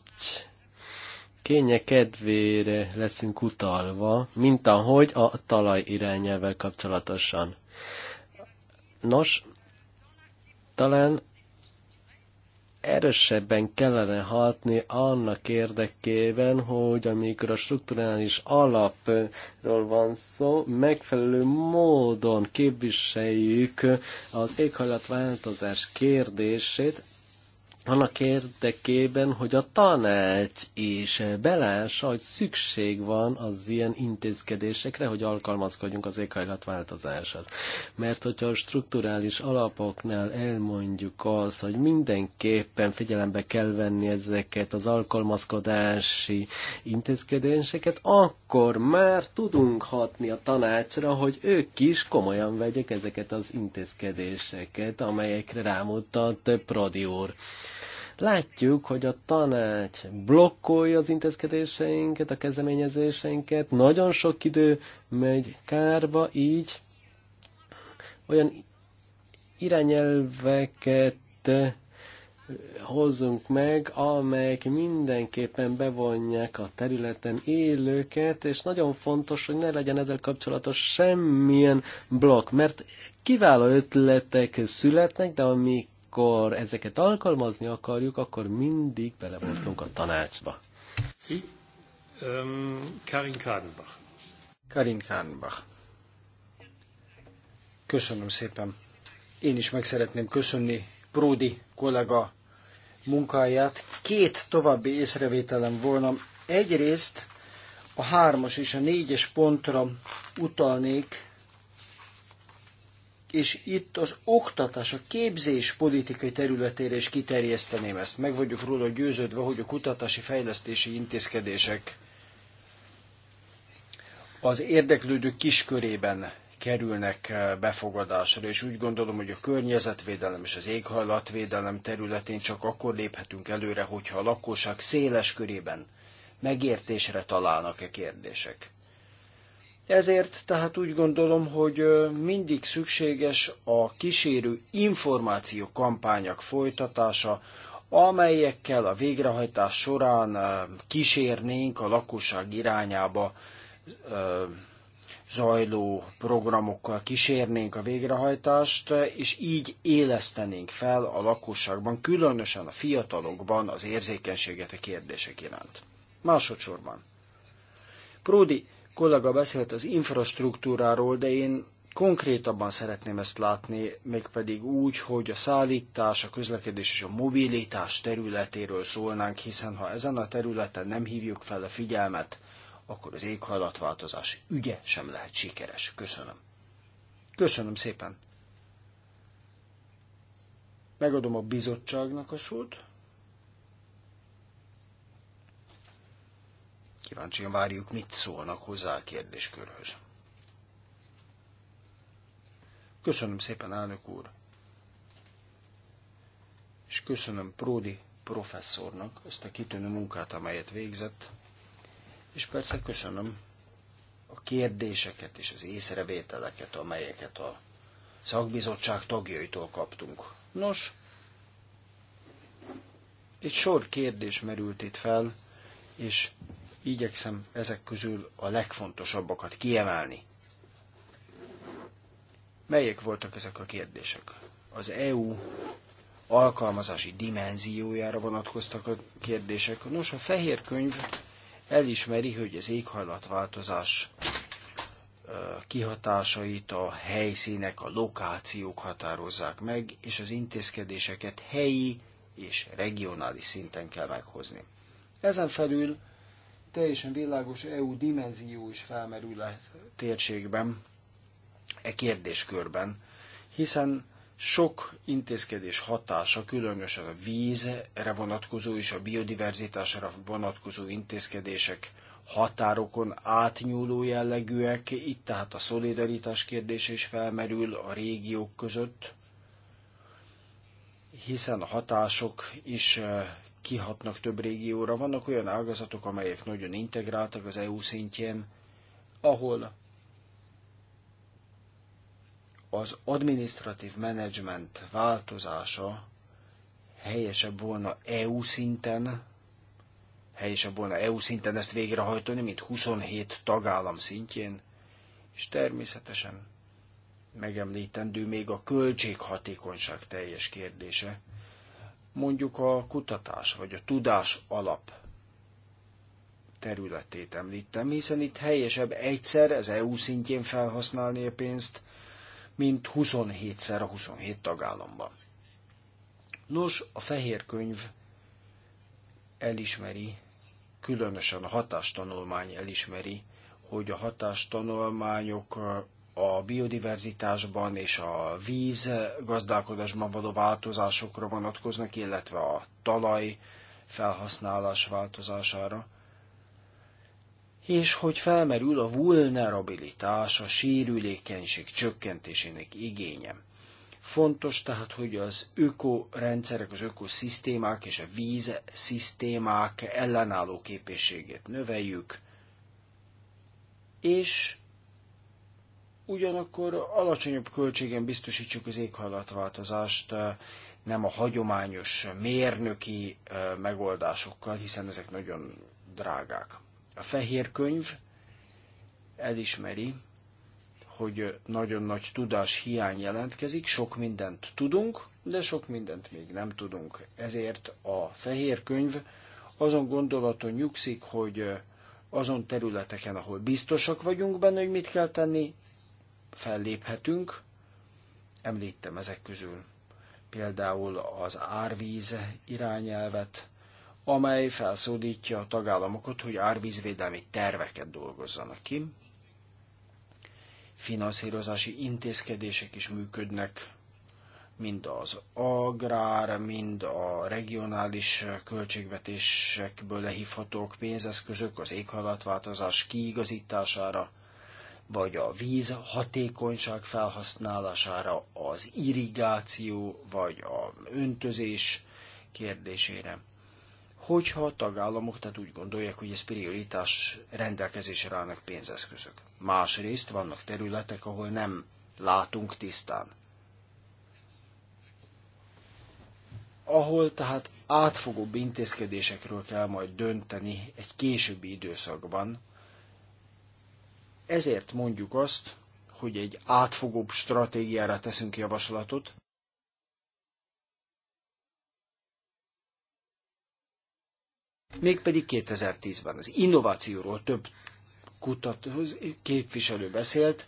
kénye kedvére leszünk utalva, mint ahogy a talaj irányelvel kapcsolatosan. Nos, talán erősebben kellene hatni annak érdekében, hogy amikor a strukturális alapról van szó, megfelelő módon képviseljük az éghajlatváltozás kérdését, annak érdekében, hogy a tanács is belássa, hogy szükség van az ilyen intézkedésekre, hogy alkalmazkodjunk az éghajlatváltozáshoz. Mert hogyha a strukturális alapoknál elmondjuk az, hogy mindenképpen figyelembe kell venni ezeket az alkalmazkodási intézkedéseket, akkor már tudunk hatni a tanácsra, hogy ők is komolyan vegyék ezeket az intézkedéseket, amelyekre rámutat Prodi úr. Látjuk, hogy a tanács blokkolja az intézkedéseinket, a kezdeményezéseinket, nagyon sok idő megy kárba, így olyan irányelveket hozzunk meg, amelyek mindenképpen bevonják a területen élőket, és nagyon fontos, hogy ne legyen ezzel kapcsolatos semmilyen blokk, mert kiváló ötletek születnek, de amik amikor ezeket alkalmazni akarjuk, akkor mindig belevoltunk a tanácsba. Sí. Um, Karin Kadenbach. Karin Kadenbach. Köszönöm szépen. Én is meg szeretném köszönni Pródi kollega munkáját. Két további észrevételem volna. Egyrészt a hármas és a négyes pontra utalnék, és itt az oktatás, a képzés politikai területére is kiterjeszteném ezt. Meg vagyok róla győződve, hogy a kutatási fejlesztési intézkedések az érdeklődők kiskörében kerülnek eh, befogadásra, és úgy gondolom, hogy a környezetvédelem és az éghajlatvédelem területén csak akkor léphetünk előre, hogyha a lakosság széles körében megértésre találnak a kérdések. Ezért tehát úgy gondolom, hogy mindig szükséges a kísérő információ kampányak folytatása, amelyekkel a végrehajtás során kísérnénk a lakosság irányába zajló programokkal kísérnénk a végrehajtást, és így élesztenénk fel a lakosságban, különösen a fiatalokban az érzékenységet a kérdések iránt. Másodszorban. Pródi kollega beszélt az infrastruktúráról, de én konkrétabban szeretném ezt látni, mégpedig úgy, hogy a szállítás, a közlekedés és a mobilitás területéről szólnánk, hiszen ha ezen a területen nem hívjuk fel a figyelmet, akkor az éghajlatváltozás ügye sem lehet sikeres. Köszönöm. Köszönöm szépen. Megadom a bizottságnak a szót. Kíváncsian várjuk, mit szólnak hozzá a kérdéskörhöz. Köszönöm szépen, elnök úr! És köszönöm Pródi professzornak ezt a kitűnő munkát, amelyet végzett, és persze köszönöm a kérdéseket és az észrevételeket, amelyeket a szakbizottság tagjaitól kaptunk. Nos, egy sor kérdés merült itt fel, és Igyekszem ezek közül a legfontosabbakat kiemelni. Melyek voltak ezek a kérdések? Az EU alkalmazási dimenziójára vonatkoztak a kérdések. Nos, a fehér könyv elismeri, hogy az éghajlatváltozás kihatásait a helyszínek, a lokációk határozzák meg, és az intézkedéseket helyi és regionális szinten kell meghozni. Ezen felül teljesen világos EU dimenzió is felmerül a térségben, e kérdéskörben, hiszen sok intézkedés hatása, különösen a vízre vonatkozó és a biodiverzitásra vonatkozó intézkedések határokon átnyúló jellegűek, itt tehát a szolidaritás kérdése is felmerül a régiók között, hiszen a hatások is eh, kihatnak több régióra. Vannak olyan ágazatok, amelyek nagyon integráltak az EU szintjén, ahol az administratív menedzsment változása helyesebb volna EU szinten, helyesebb volna EU szinten ezt végrehajtani, mint 27 tagállam szintjén, és természetesen megemlítendő még a költséghatékonyság teljes kérdése, mondjuk a kutatás vagy a tudás alap területét említem, hiszen itt helyesebb egyszer az EU szintjén felhasználni a pénzt, mint 27-szer a 27 tagállamban. Nos, a fehér könyv elismeri, különösen a hatástanulmány elismeri, hogy a hatástanulmányok a biodiverzitásban és a víz gazdálkodásban való változásokra vonatkoznak, illetve a talaj felhasználás változására. És hogy felmerül a vulnerabilitás, a sérülékenység csökkentésének igénye. Fontos tehát, hogy az ökorendszerek, az ökoszisztémák és a vízszisztémák ellenálló képességét növeljük, és ugyanakkor alacsonyabb költségen biztosítsuk az éghajlatváltozást, eh, nem a hagyományos mérnöki eh, megoldásokkal, hiszen ezek nagyon drágák. A fehér könyv elismeri, hogy nagyon nagy tudás hiány jelentkezik, sok mindent tudunk, de sok mindent még nem tudunk. Ezért a fehér könyv azon gondolaton nyugszik, hogy eh, azon területeken, ahol biztosak vagyunk benne, hogy mit kell tenni, felléphetünk, említem ezek közül például az árvíz irányelvet, amely felszólítja a tagállamokat, hogy árvízvédelmi terveket dolgozzanak ki. Finanszírozási intézkedések is működnek, mind az agrár, mind a regionális költségvetésekből lehívhatók pénzeszközök az éghajlatváltozás kiigazítására, vagy a víz hatékonyság felhasználására, az irrigáció, vagy a öntözés kérdésére. Hogyha a tagállamok tehát úgy gondolják, hogy ez prioritás rendelkezésre állnak pénzeszközök. Másrészt vannak területek, ahol nem látunk tisztán. Ahol tehát átfogóbb intézkedésekről kell majd dönteni egy későbbi időszakban, ezért mondjuk azt, hogy egy átfogóbb stratégiára teszünk javaslatot, mégpedig 2010-ben. Az innovációról több kutató képviselő beszélt.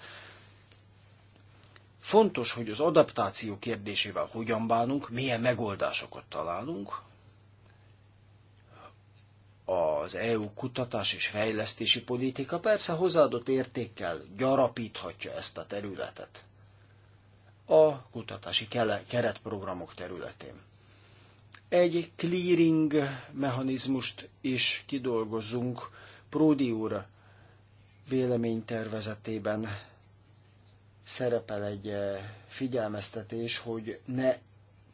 Fontos, hogy az adaptáció kérdésével hogyan bánunk, milyen megoldásokat találunk, az EU kutatás és fejlesztési politika persze hozzáadott értékkel gyarapíthatja ezt a területet a kutatási keretprogramok területén. Egy clearing mechanizmust is kidolgozunk Pródi úr véleménytervezetében szerepel egy eh, figyelmeztetés, hogy ne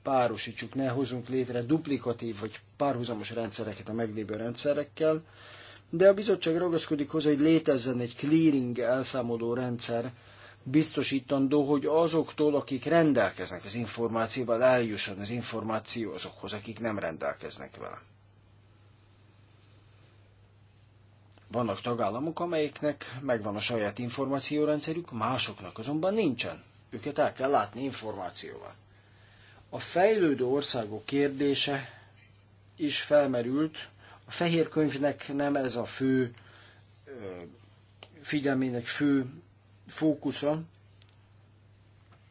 párosítsuk, ne hozunk létre duplikatív vagy párhuzamos rendszereket a meglévő rendszerekkel, de a bizottság ragaszkodik hozzá, hogy létezzen egy clearing elszámoló rendszer, biztosítandó, hogy azoktól, akik rendelkeznek az információval, eljusson az információ azokhoz, akik nem rendelkeznek vele. Vannak tagállamok, amelyeknek megvan a saját információrendszerük, másoknak azonban nincsen. Őket el kell látni információval. A fejlődő országok kérdése is felmerült. A fehér könyvnek nem ez a fő figyelmének fő fókusza,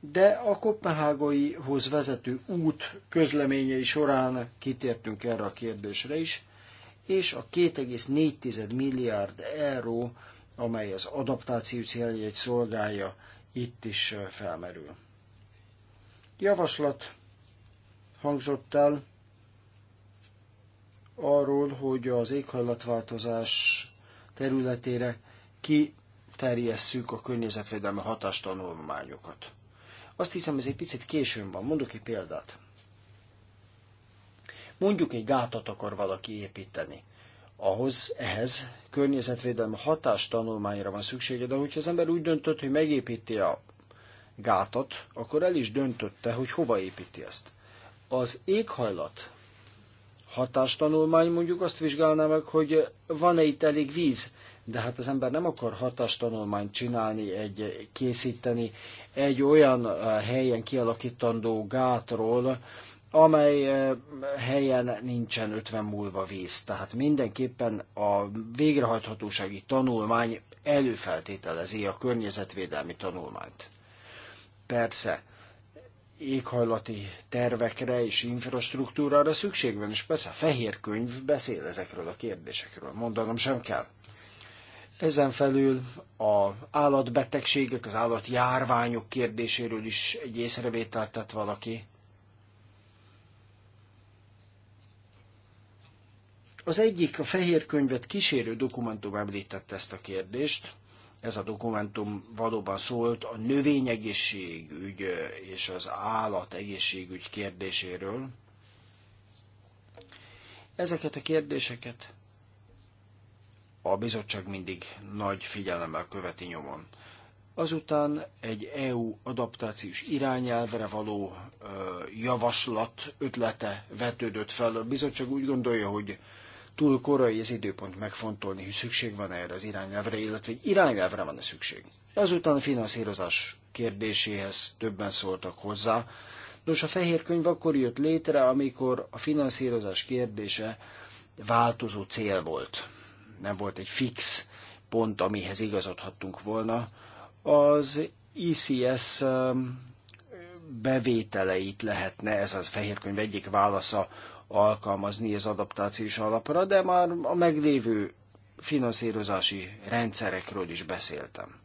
de a Kopenhágaihoz vezető út közleményei során kitértünk erre a kérdésre is, és a 2,4 milliárd euró, amely az adaptáció céljait szolgálja, itt is felmerül. Javaslat hangzott el arról, hogy az éghajlatváltozás területére kiterjesszük a környezetvédelmi hatástanulmányokat. Azt hiszem, ez egy picit későn van. Mondok egy példát. Mondjuk egy gátat akar valaki építeni. Ahhoz, ehhez környezetvédelmi hatástanulmányra van szüksége, de hogyha az ember úgy döntött, hogy megépíti a gátat, akkor el is döntötte, hogy hova építi ezt. Az éghajlat hatástanulmány mondjuk azt vizsgálná meg, hogy van-e itt elég víz, de hát az ember nem akar hatástanulmányt csinálni, egy, készíteni egy olyan eh, helyen kialakítandó gátról, amely eh, helyen nincsen 50 múlva víz. Tehát mindenképpen a végrehajthatósági tanulmány előfeltételezi a környezetvédelmi tanulmányt. Persze, éghajlati tervekre és infrastruktúrára szükség van, és persze a fehér könyv beszél ezekről a kérdésekről, mondanom sem kell. Ezen felül a állatbetegségek, az állatjárványok kérdéséről is egy észrevételt tett valaki. Az egyik a fehér könyvet kísérő dokumentum említette ezt a kérdést, ez a dokumentum valóban szólt a növényegészségügy és az állategészségügy kérdéséről. Ezeket a kérdéseket a bizottság mindig nagy figyelemmel követi nyomon. Azután egy EU adaptációs irányelvre való ö, javaslat ötlete vetődött fel. A bizottság úgy gondolja, hogy túl korai az időpont megfontolni, hogy szükség van erre az irányelvre, illetve egy irányelvre van-e szükség. Azután a finanszírozás kérdéséhez többen szóltak hozzá. Nos, a fehér könyv akkor jött létre, amikor a finanszírozás kérdése változó cél volt. Nem volt egy fix pont, amihez igazodhattunk volna. Az ICS um, bevételeit lehetne, ez a fehér könyv egyik válasza, alkalmazni az adaptációs alapra, de már a meglévő finanszírozási rendszerekről is beszéltem.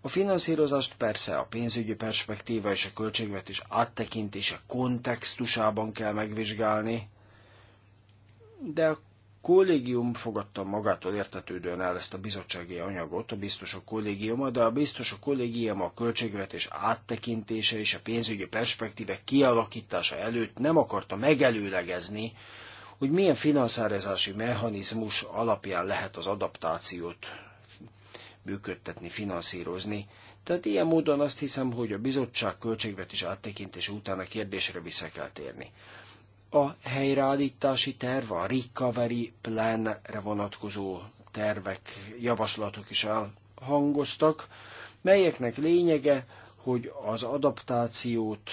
A finanszírozást persze a pénzügyi perspektíva és a költségvetés áttekintése kontextusában kell megvizsgálni, de a kollégium fogadta magától értetődően el ezt a bizottsági anyagot, a biztosok kollégiuma, de a biztosok kollégiuma a költségvetés áttekintése és a pénzügyi perspektívek kialakítása előtt nem akarta megelőlegezni, hogy milyen finanszározási mechanizmus alapján lehet az adaptációt működtetni, finanszírozni. Tehát ilyen módon azt hiszem, hogy a bizottság költségvetés áttekintése után a kérdésre vissza kell térni a helyreállítási terv, a recovery plan-re vonatkozó tervek, javaslatok is elhangoztak, melyeknek lényege, hogy az adaptációt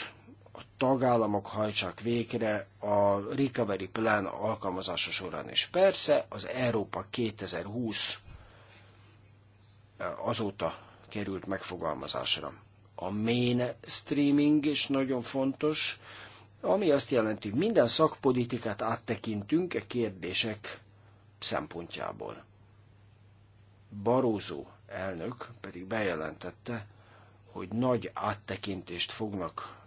a tagállamok hajtsák végre a recovery plan alkalmazása során. És persze az Európa 2020 azóta került megfogalmazásra. A mainstreaming is nagyon fontos, ami azt jelenti, hogy minden szakpolitikát áttekintünk e kérdések szempontjából. Barózó elnök pedig bejelentette, hogy nagy áttekintést fognak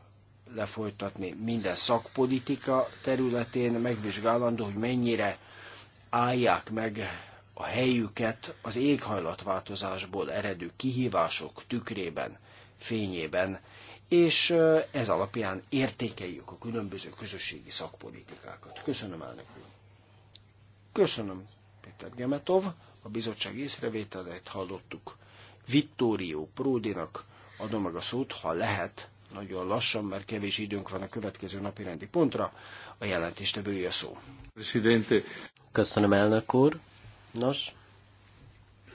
lefolytatni minden szakpolitika területén, megvizsgálandó, hogy mennyire állják meg a helyüket az éghajlatváltozásból eredő kihívások tükrében fényében, és ez alapján értékeljük a különböző közösségi szakpolitikákat. Köszönöm elnök úr. Köszönöm Péter Gemetov, a bizottság észrevételeit hallottuk. Vittorio Pródinak adom meg a szót, ha lehet, nagyon lassan, mert kevés időnk van a következő napi rendi pontra, a jelentéstevője a szó. Köszönöm, elnök úr. Nos,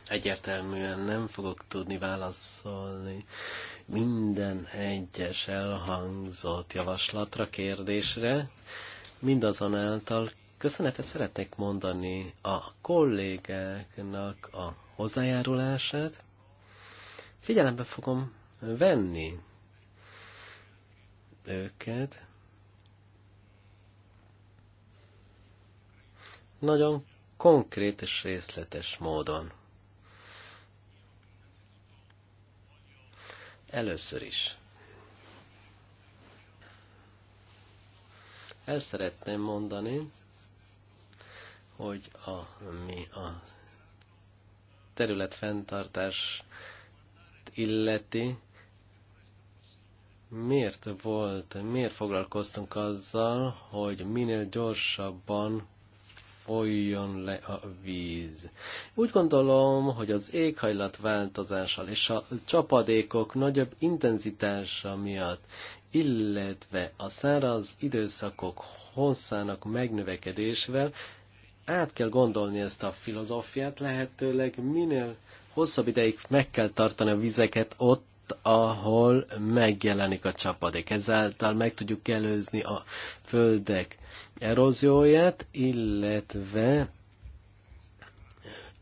egyértelműen nem fogok tudni válaszolni minden egyes elhangzott javaslatra, kérdésre. Mindazonáltal köszönetet szeretnék mondani a kollégáknak a hozzájárulását. Figyelembe fogom venni őket. Nagyon konkrét és részletes módon. Először is. El szeretném mondani, hogy a, mi a terület fenntartás illeti, miért volt, miért foglalkoztunk azzal, hogy minél gyorsabban folyjon le a víz. Úgy gondolom, hogy az változással és a csapadékok nagyobb intenzitása miatt, illetve a száraz időszakok hosszának megnövekedésével át kell gondolni ezt a filozófiát, lehetőleg minél hosszabb ideig meg kell tartani a vizeket ott, ahol megjelenik a csapadék. Ezáltal meg tudjuk előzni a földek erózióját, illetve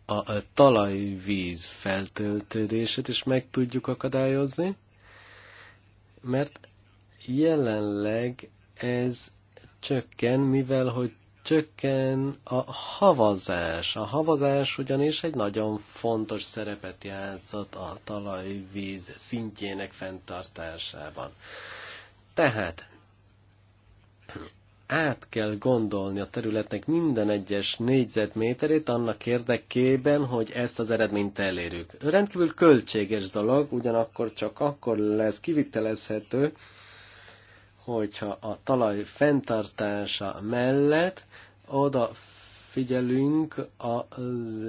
a, a talajvíz feltöltődését is meg tudjuk akadályozni, mert jelenleg ez csökken, mivel hogy csökken a havazás. A havazás ugyanis egy nagyon fontos szerepet játszott a talajvíz szintjének fenntartásában. Tehát át kell gondolni a területnek minden egyes négyzetméterét annak érdekében, hogy ezt az eredményt elérjük. Rendkívül költséges dolog, ugyanakkor csak akkor lesz kivitelezhető, hogyha a talaj fenntartása mellett oda figyelünk az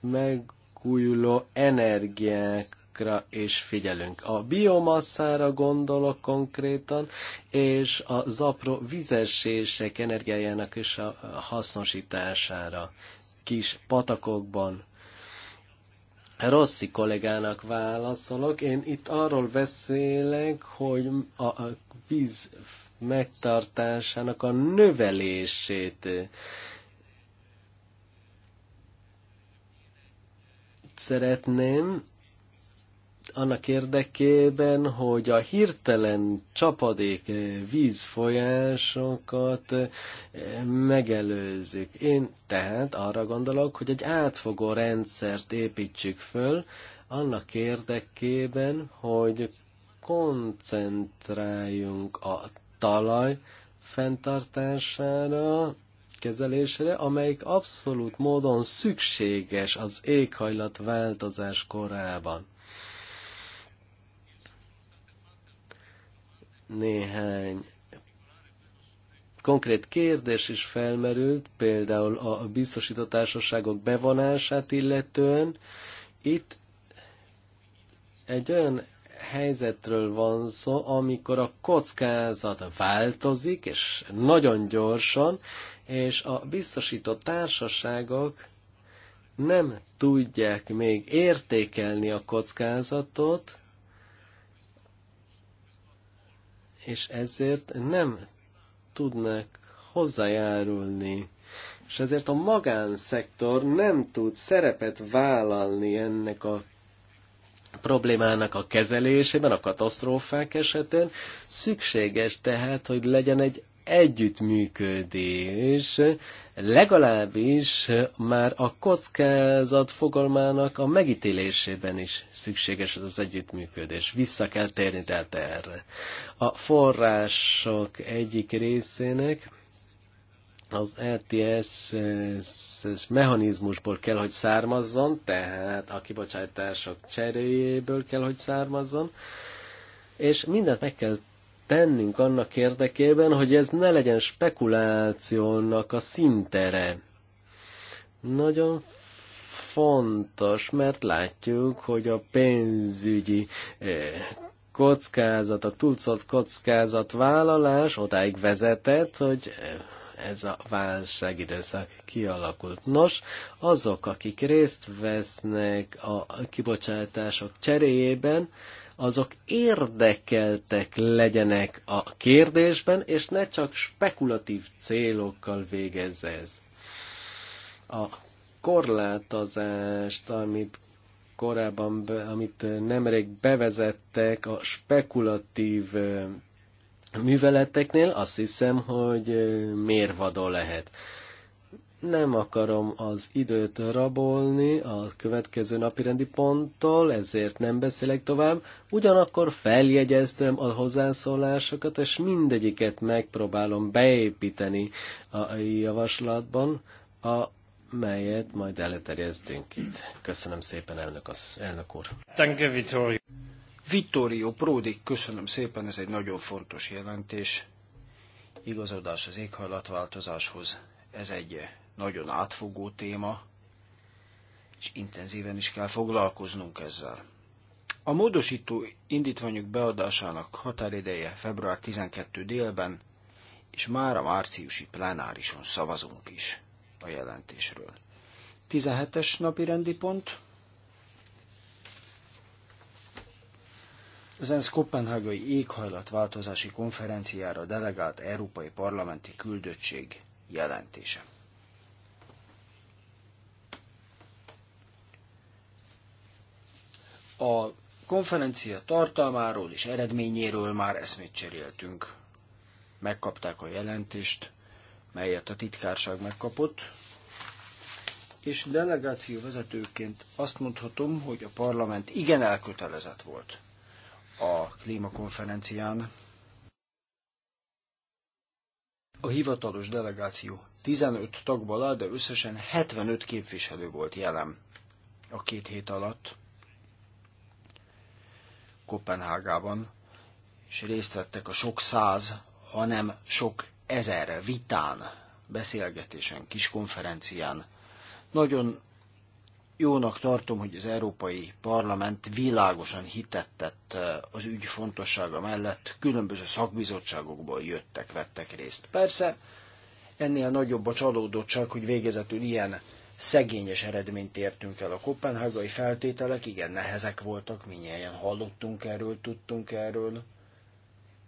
megújuló energiákra és figyelünk. A biomasszára gondolok konkrétan, és az apró vizesések energiájának is a hasznosítására kis patakokban Rossi kollégának válaszolok. Én itt arról beszélek, hogy a víz megtartásának a növelését. Szeretném annak érdekében, hogy a hirtelen csapadék vízfolyásokat megelőzzük. Én tehát arra gondolok, hogy egy átfogó rendszert építsük föl, annak érdekében, hogy koncentráljunk a talaj fenntartására, kezelésre, amelyik abszolút módon szükséges az éghajlat változás korában. Néhány konkrét kérdés is felmerült, például a biztosított társaságok bevonását illetően. Itt egy olyan helyzetről van szó, amikor a kockázat változik, és nagyon gyorsan, és a biztosító társaságok nem tudják még értékelni a kockázatot, és ezért nem tudnak hozzájárulni. És ezért a magánszektor nem tud szerepet vállalni ennek a problémának a kezelésében, a katasztrófák esetén szükséges tehát, hogy legyen egy együttműködés, legalábbis már a kockázat fogalmának a megítélésében is szükséges ez az együttműködés. Vissza kell térni tehát erre. A források egyik részének az RTS e mechanizmusból kell, hogy származzon, tehát a kibocsátások cseréjéből kell, hogy származzon, és mindent meg kell tennünk annak érdekében, hogy ez ne legyen spekulációnak a szintere. Nagyon fontos, mert látjuk, hogy a pénzügyi eh, kockázat, kockázatok, túlszott vállalás, odáig vezetett, hogy eh, ez a válságidőszak kialakult. Nos, azok, akik részt vesznek a kibocsátások cseréjében, azok érdekeltek legyenek a kérdésben, és ne csak spekulatív célokkal végezze ez. A korlátozást, amit korábban, amit nemrég bevezettek a spekulatív műveleteknél azt hiszem, hogy mérvadó lehet. Nem akarom az időt rabolni a következő napi rendi ponttól, ezért nem beszélek tovább. Ugyanakkor feljegyeztem a hozzászólásokat, és mindegyiket megpróbálom beépíteni a javaslatban, a melyet majd elterjesztünk itt. Köszönöm szépen, elnök, az, elnök úr. Danke, Vittorio. Vittorio Pródi, köszönöm szépen, ez egy nagyon fontos jelentés. Igazodás az éghajlatváltozáshoz, ez egy nagyon átfogó téma, és intenzíven is kell foglalkoznunk ezzel. A módosító indítványok beadásának határideje február 12 délben, és már a márciusi plenárison szavazunk is a jelentésről. 17-es napi rendi pont, az ENSZ Kopenhágai éghajlatváltozási konferenciára delegált Európai Parlamenti Küldöttség jelentése. A konferencia tartalmáról és eredményéről már eszmét cseréltünk. Megkapták a jelentést, melyet a titkárság megkapott, és delegáció vezetőként azt mondhatom, hogy a parlament igen elkötelezett volt a klímakonferencián. A hivatalos delegáció 15 tagból áll, de összesen 75 képviselő volt jelen a két hét alatt Kopenhágában, és részt vettek a sok száz, hanem sok ezer vitán, beszélgetésen, kis konferencián. Nagyon jónak tartom, hogy az Európai Parlament világosan hitettett eh, az ügy fontossága mellett, különböző szakbizottságokból jöttek, vettek részt. Persze, ennél nagyobb a csalódottság, hogy végezetül ilyen szegényes eredményt értünk el. A kopenhágai feltételek igen nehezek voltak, minnyien hallottunk erről, tudtunk erről,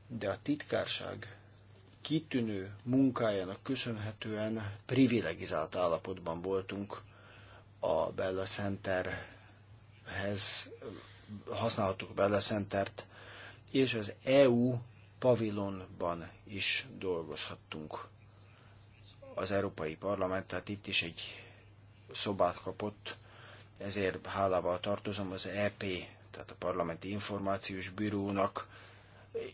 de a titkárság kitűnő munkájának köszönhetően privilegizált állapotban voltunk, a Bella Centerhez használhattuk Bella Centert, és az EU pavilonban is dolgozhattunk. Az Európai Parlament, tehát itt is egy szobát kapott, ezért hálával tartozom az EP, tehát a Parlamenti Információs Bürónak,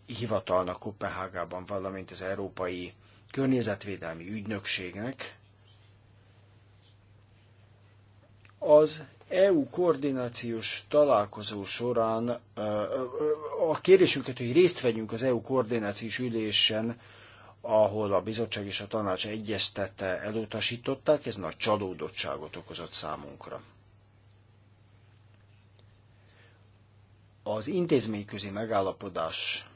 hivatalnak Kopenhágában, valamint az Európai Környezetvédelmi Ügynökségnek, Az EU koordinációs találkozó során a kérésünket, hogy részt vegyünk az EU koordinációs ülésen, ahol a bizottság és a tanács egyeztette, elutasították, ez nagy csalódottságot okozott számunkra. Az intézményközi megállapodás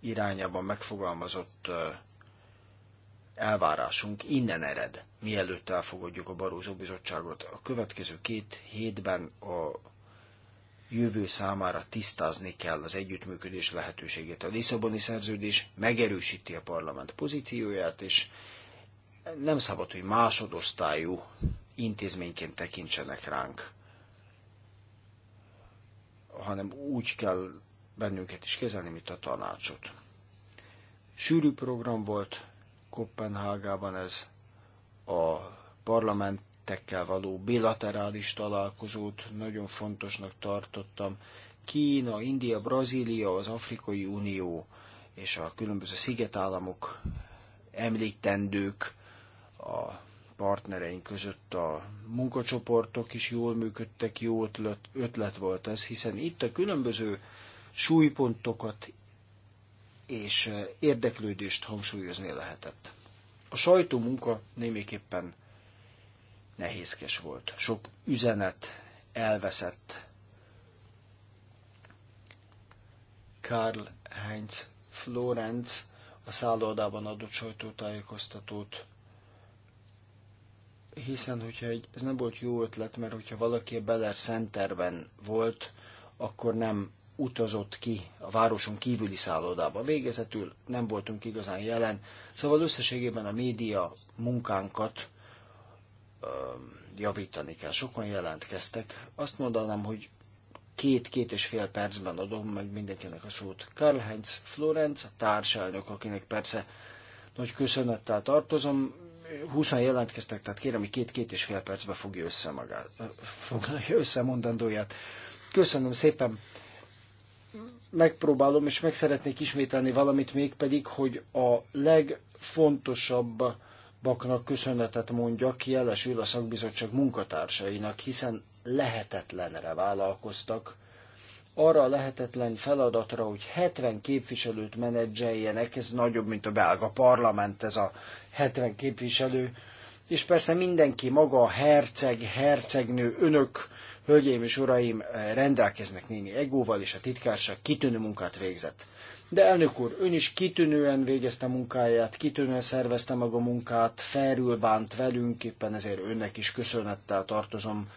irányában megfogalmazott elvárásunk innen ered, mielőtt elfogadjuk a Barózó Bizottságot. A következő két hétben a jövő számára tisztázni kell az együttműködés lehetőségét. A Lisszaboni szerződés megerősíti a parlament pozícióját, és nem szabad, hogy másodosztályú intézményként tekintsenek ránk, hanem úgy kell bennünket is kezelni, mint a tanácsot. Sűrű program volt, Kopenhágában ez a parlamentekkel való bilaterális találkozót nagyon fontosnak tartottam. Kína, India, Brazília, az Afrikai Unió és a különböző szigetállamok említendők a partnereink között a munkacsoportok is jól működtek, jó ötlet, ötlet volt ez, hiszen itt a különböző súlypontokat és eh, érdeklődést hangsúlyozni lehetett. A sajtó munka némiképpen nehézkes volt. Sok üzenet elveszett. Karl Heinz Florenz a szállodában adott sajtótájékoztatót hiszen hogyha egy, ez nem volt jó ötlet, mert hogyha valaki a Beller Centerben volt, akkor nem utazott ki a városon kívüli szállodába. Végezetül nem voltunk igazán jelen, szóval összességében a média munkánkat ö, javítani kell. Sokan jelentkeztek. Azt mondanám, hogy két-két és fél percben adom meg mindenkinek a szót. Karl Heinz Florenz, a társelnök, akinek persze nagy köszönettel tartozom. 20 jelentkeztek, tehát kérem, hogy két-két és fél percben fogja össze magát, fogja össze mondandóját. Köszönöm szépen! megpróbálom és meg szeretnék ismételni valamit mégpedig, hogy a legfontosabbaknak köszönetet mondjak jelesül a szakbizottság munkatársainak, hiszen lehetetlenre vállalkoztak, arra a lehetetlen feladatra, hogy 70 képviselőt menedzseljenek, ez nagyobb, mint a belga parlament, ez a 70 képviselő, és persze mindenki maga herceg, hercegnő, önök, Hölgyeim és uraim, rendelkeznek némi egóval, és a titkárság kitűnő munkát végzett. De elnök úr, ön is kitűnően végezte munkáját, kitűnően szervezte maga munkát, felül bánt velünk, éppen ezért önnek is köszönettel tartozom.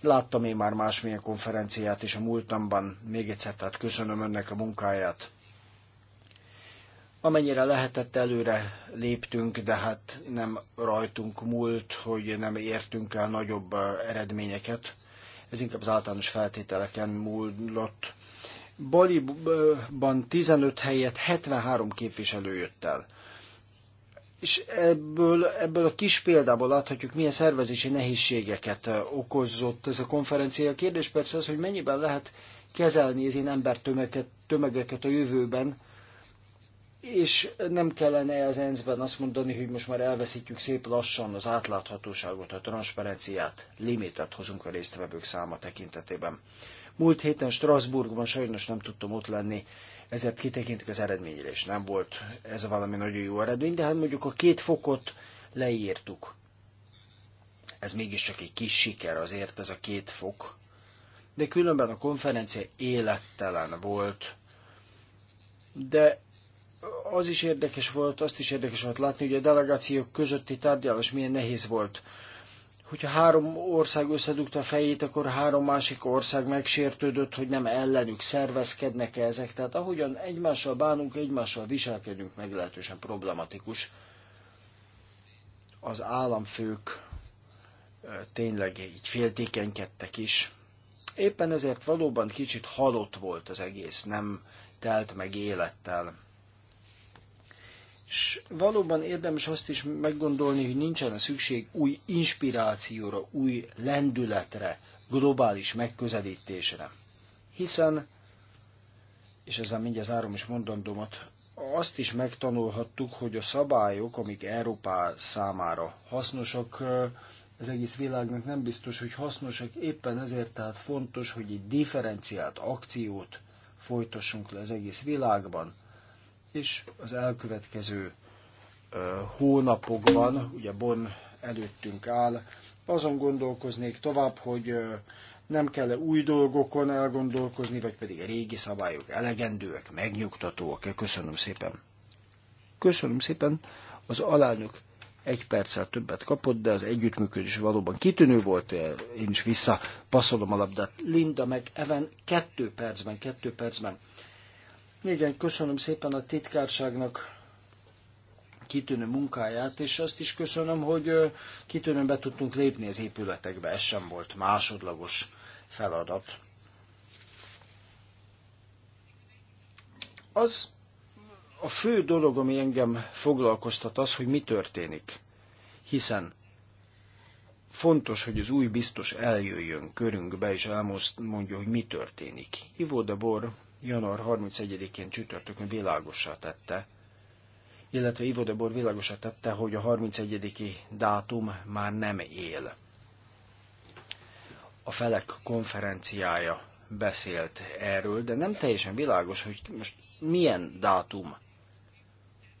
Láttam én már másmilyen konferenciát is a múltamban, még egyszer, tehát köszönöm önnek a munkáját. Amennyire lehetett előre léptünk, de hát nem rajtunk múlt, hogy nem értünk el nagyobb eh, eredményeket ez inkább az általános feltételeken múlott. Baliban 15 helyet 73 képviselő jött el. És ebből, ebből a kis példából láthatjuk, milyen szervezési nehézségeket okozott ez a konferencia. A kérdés persze az, hogy mennyiben lehet kezelni az én embertömegeket tömegeket a jövőben, és nem kellene az ENSZ-ben azt mondani, hogy most már elveszítjük szép lassan az átláthatóságot, a transzparenciát, limitet hozunk a résztvevők száma tekintetében. Múlt héten Strasbourgban sajnos nem tudtam ott lenni, ezért kitekintik az eredményre, és nem volt ez valami nagyon jó eredmény, de hát mondjuk a két fokot leírtuk. Ez mégiscsak egy kis siker azért, ez a két fok. De különben a konferencia élettelen volt, de az is érdekes volt, azt is érdekes volt látni, hogy a delegációk közötti tárgyalás milyen nehéz volt. Hogyha három ország összedugta a fejét, akkor három másik ország megsértődött, hogy nem ellenük szervezkednek-e ezek. Tehát ahogyan egymással bánunk, egymással viselkedünk, meglehetősen problematikus. Az államfők tényleg így féltékenykedtek is. Éppen ezért valóban kicsit halott volt az egész, nem telt meg élettel és valóban érdemes azt is meggondolni, hogy nincsen a szükség új inspirációra, új lendületre, globális megközelítésre. Hiszen, és ezzel mindjárt zárom is mondandómat, azt is megtanulhattuk, hogy a szabályok, amik Európá számára hasznosak, az egész világnak nem biztos, hogy hasznosak, éppen ezért tehát fontos, hogy egy differenciált akciót folytassunk le az egész világban, és az elkövetkező hónapokban, ugye Bonn előttünk áll, azon gondolkoznék tovább, hogy nem kell -e új dolgokon elgondolkozni, vagy pedig a régi szabályok elegendőek, megnyugtatóak. Köszönöm szépen. Köszönöm szépen. Az alelnök egy perccel többet kapott, de az együttműködés valóban kitűnő volt, én is vissza passzolom a labdát. Linda meg Evan kettő percben, kettő percben. Igen, köszönöm szépen a titkárságnak kitűnő munkáját, és azt is köszönöm, hogy kitűnően be tudtunk lépni az épületekbe, ez sem volt másodlagos feladat. Az a fő dolog, ami engem foglalkoztat, az, hogy mi történik. Hiszen fontos, hogy az új biztos eljöjjön körünkbe, és elmondja, hogy mi történik. Ivó de Bor január 31-én csütörtökön világosá tette, illetve Ivo Debor világosá tette, hogy a 31. dátum már nem él. A felek konferenciája beszélt erről, de nem teljesen világos, hogy most milyen dátum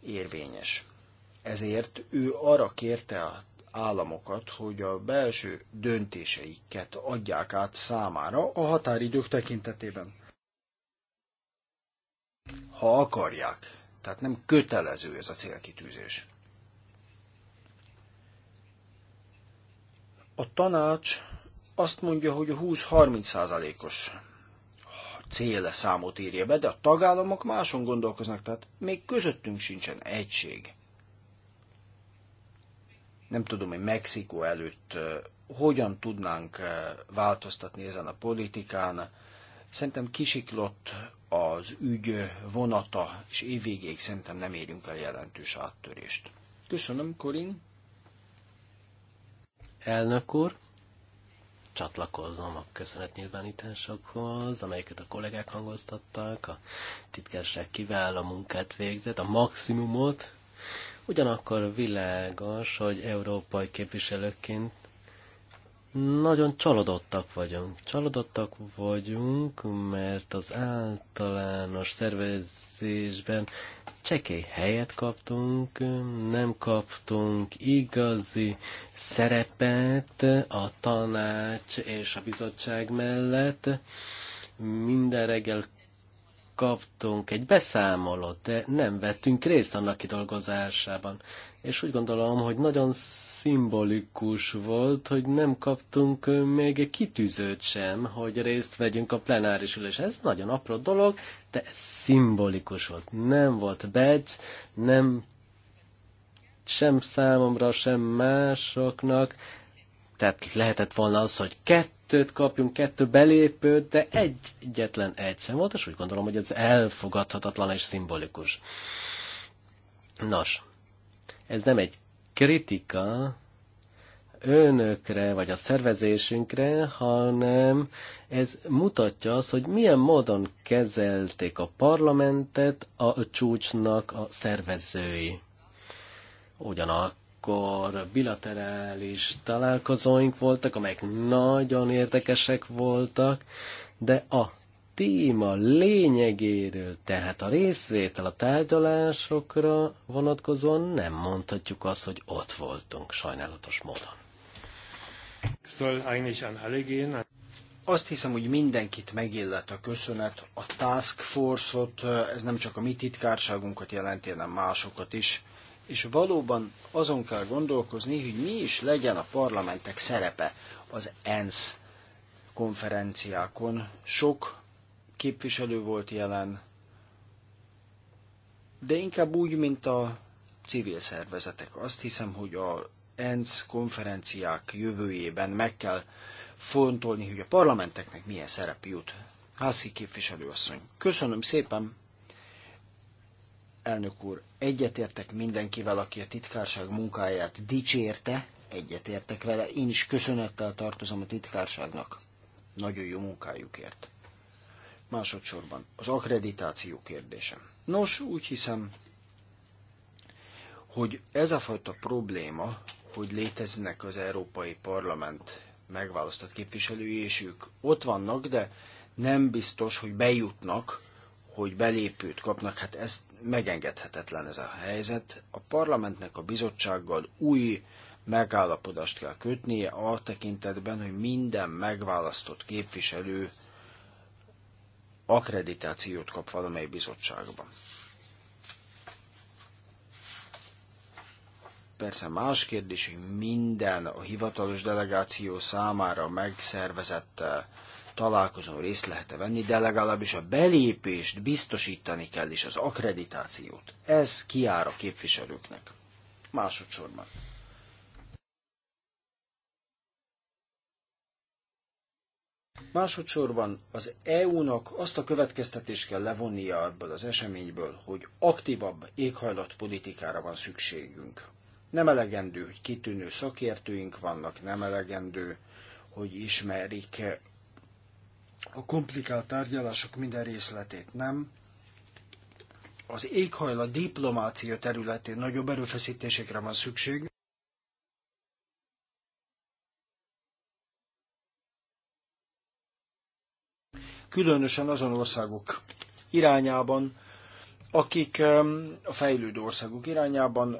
érvényes. Ezért ő arra kérte a államokat, hogy a belső döntéseiket adják át számára a határidők tekintetében. Ha akarják. Tehát nem kötelező ez a célkitűzés. A tanács azt mondja, hogy a 20-30%-os céle számot írja be, de a tagállamok máson gondolkoznak, tehát még közöttünk sincsen egység. Nem tudom, hogy Mexikó előtt hogyan tudnánk változtatni ezen a politikán. Szerintem kisiklott az ügy vonata, és évvégéig szerintem nem érjünk el jelentős áttörést. Köszönöm, Korin. Elnök úr, csatlakozom a köszönetnyilvánításokhoz, amelyeket a kollégák hangoztattak, a titkárság a munkát végzett, a maximumot, Ugyanakkor világos, hogy európai képviselőként nagyon csalódottak vagyunk. Csalódottak vagyunk, mert az általános szervezésben csekély helyet kaptunk, nem kaptunk igazi szerepet a tanács és a bizottság mellett. Minden reggel kaptunk egy beszámolót, de nem vettünk részt annak kidolgozásában és úgy gondolom, hogy nagyon szimbolikus volt, hogy nem kaptunk még egy kitűzőt sem, hogy részt vegyünk a plenáris ülés. Ez nagyon apró dolog, de ez szimbolikus volt. Nem volt begy, nem sem számomra, sem másoknak. Tehát lehetett volna az, hogy kettőt kapjunk, kettő belépőt, de egy, egyetlen egy sem volt, és úgy gondolom, hogy ez elfogadhatatlan és szimbolikus. Nos, ez nem egy kritika önökre, vagy a szervezésünkre, hanem ez mutatja azt, hogy milyen módon kezelték a parlamentet a csúcsnak a szervezői. Ugyanakkor bilaterális találkozóink voltak, amelyek nagyon érdekesek voltak, de a téma lényegéről, tehát a részvétel a tárgyalásokra vonatkozóan nem mondhatjuk azt, hogy ott voltunk sajnálatos módon. Azt hiszem, hogy mindenkit megillet a köszönet, a task force-ot, ez nem csak a mi titkárságunkat jelenti, hanem másokat is, és valóban azon kell gondolkozni, hogy mi is legyen a parlamentek szerepe az ENSZ konferenciákon. Sok képviselő volt jelen, de inkább úgy, mint a civil szervezetek. Azt hiszem, hogy a ENSZ konferenciák jövőjében meg kell fontolni, hogy a parlamenteknek milyen szerep jut. Hászi képviselőasszony. Köszönöm szépen, elnök úr. Egyetértek mindenkivel, aki a titkárság munkáját dicsérte, egyetértek vele. Én is köszönettel tartozom a titkárságnak. Nagyon jó munkájukért. Másodszorban az akkreditáció kérdése. Nos, úgy hiszem, hogy ez a fajta probléma, hogy léteznek az Európai Parlament megválasztott képviselői, és ők ott vannak, de nem biztos, hogy bejutnak, hogy belépőt kapnak, hát ez megengedhetetlen ez a helyzet. A parlamentnek a bizottsággal új megállapodást kell kötnie a tekintetben, hogy minden megválasztott képviselő akkreditációt kap valamely bizottságban. Persze más kérdés, hogy minden a hivatalos delegáció számára megszervezett eh, találkozón részt lehet -e venni, de legalábbis a belépést biztosítani kell, és az akkreditációt. Ez kiár a képviselőknek. Másodszorban. Másodszorban az EU-nak azt a következtetést kell levonnia ebből az eseményből, hogy aktívabb éghajlatpolitikára van szükségünk. Nem elegendő, hogy kitűnő szakértőink vannak, nem elegendő, hogy ismerik a komplikált tárgyalások minden részletét, nem. Az éghajlat diplomácia területén nagyobb erőfeszítésekre van szükség, különösen azon országok irányában, akik a fejlődő országok irányában,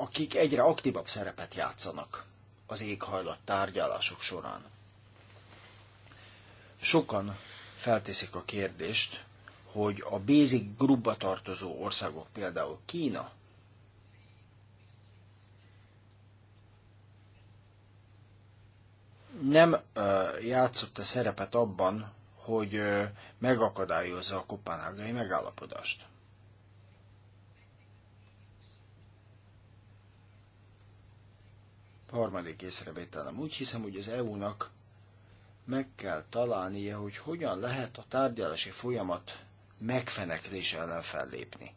akik egyre aktívabb szerepet játszanak az éghajlat tárgyalások során. Sokan felteszik a kérdést, hogy a basic grubba tartozó országok, például Kína, nem eh, játszott a szerepet abban, hogy megakadályozza a kopenhágai megállapodást. Harmadik észrevételem. Úgy hiszem, hogy az EU-nak meg kell találnia, hogy hogyan lehet a tárgyalási folyamat megfeneklés ellen fellépni.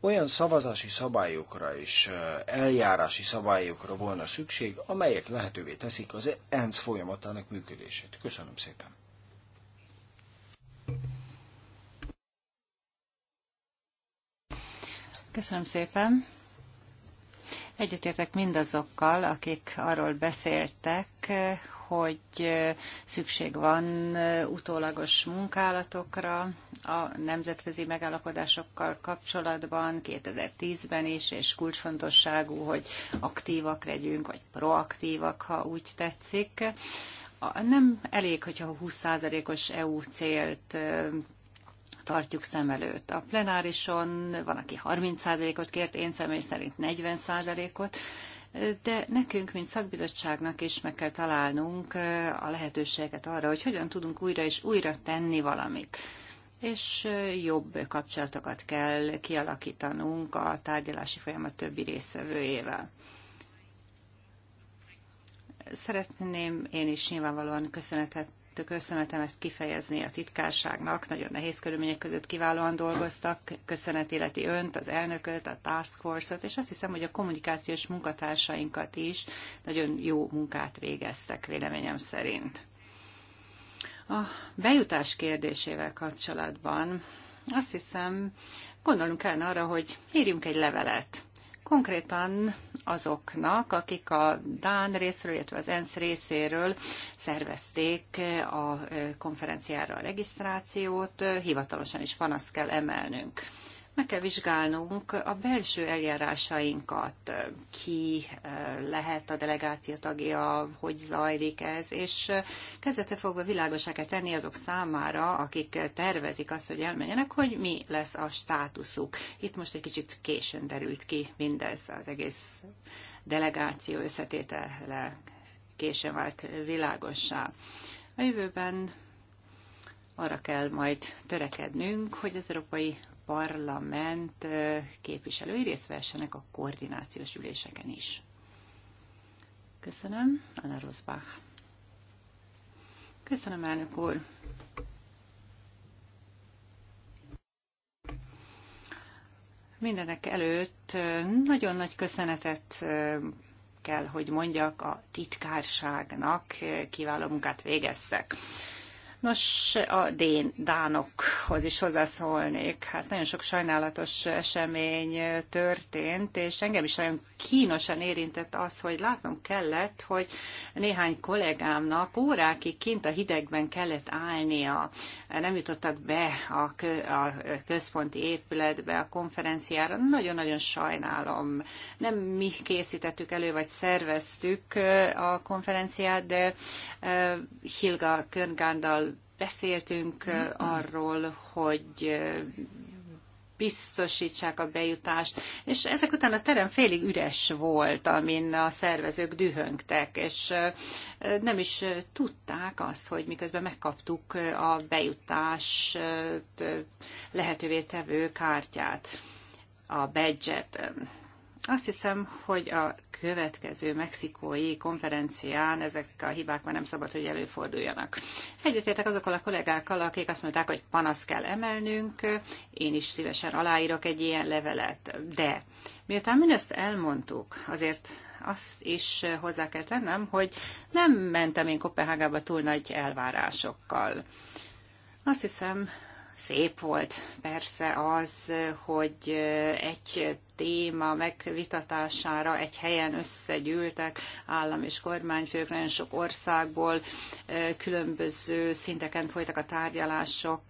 Olyan szavazási szabályokra és eljárási szabályokra volna szükség, amelyek lehetővé teszik az e ENSZ folyamatának működését. Köszönöm szépen! Köszönöm szépen. Egyetértek mindazokkal, akik arról beszéltek, hogy szükség van utólagos munkálatokra a nemzetközi megállapodásokkal kapcsolatban 2010-ben is, és kulcsfontosságú, hogy aktívak legyünk, vagy proaktívak, ha úgy tetszik nem elég, hogyha 20%-os EU célt tartjuk szem előtt. A plenárison van, aki 30%-ot kért, én személy szerint 40%-ot, de nekünk, mint szakbizottságnak is meg kell találnunk a lehetőséget arra, hogy hogyan tudunk újra és újra tenni valamit és jobb kapcsolatokat kell kialakítanunk a tárgyalási folyamat többi részvevőjével. Szeretném én is nyilvánvalóan köszönetet köszönetemet kifejezni a titkárságnak. Nagyon nehéz körülmények között kiválóan dolgoztak. Köszönet illeti önt, az elnököt, a task force-ot, és azt hiszem, hogy a kommunikációs munkatársainkat is nagyon jó munkát végeztek véleményem szerint. A bejutás kérdésével kapcsolatban azt hiszem, gondolnunk kellene arra, hogy írjunk egy levelet konkrétan azoknak, akik a Dán részről, illetve az ENSZ részéről szervezték a konferenciára a regisztrációt, hivatalosan is panaszt kell emelnünk meg kell vizsgálnunk a belső eljárásainkat, ki eh, lehet a delegáció tagja, hogy zajlik ez, és eh, kezdete fogva világosá kell tenni azok számára, akik tervezik azt, hogy elmenjenek, hogy mi lesz a státuszuk. Itt most egy kicsit későn derült ki mindez az egész delegáció összetétele későn vált világossá. A jövőben arra kell majd törekednünk, hogy az Európai Parlament képviselői részt vessenek a koordinációs üléseken is. Köszönöm, Anna Rosbach. Köszönöm, elnök úr. Mindenek előtt nagyon nagy köszönetet kell, hogy mondjak a titkárságnak, kiváló munkát végeztek. Nos, a Dén, Dánokhoz is hozzászólnék. Hát nagyon sok sajnálatos esemény történt, és engem is nagyon kínosan érintett az, hogy látnom kellett, hogy néhány kollégámnak órákig kint a hidegben kellett állnia. Nem jutottak be a, kö, a központi épületbe, a konferenciára. Nagyon-nagyon sajnálom. Nem mi készítettük elő, vagy szerveztük a konferenciát, de Hilga Körngándal Beszéltünk arról, hogy biztosítsák a bejutást, és ezek után a terem félig üres volt, amin a szervezők dühöngtek, és nem is tudták azt, hogy miközben megkaptuk a bejutás lehetővé tevő kártyát, a badge -et azt hiszem, hogy a következő mexikói konferencián ezek a hibák már nem szabad, hogy előforduljanak. Egyetértek azokkal a kollégákkal, akik azt mondták, hogy panaszt kell emelnünk, én is szívesen aláírok egy ilyen levelet, de miután mindezt elmondtuk, azért azt is hozzá kell tennem, hogy nem mentem én Kopenhágába túl nagy elvárásokkal. Azt hiszem, szép volt persze az, hogy egy téma megvitatására egy helyen összegyűltek állam és kormányfők nagyon sok országból, különböző szinteken folytak a tárgyalások,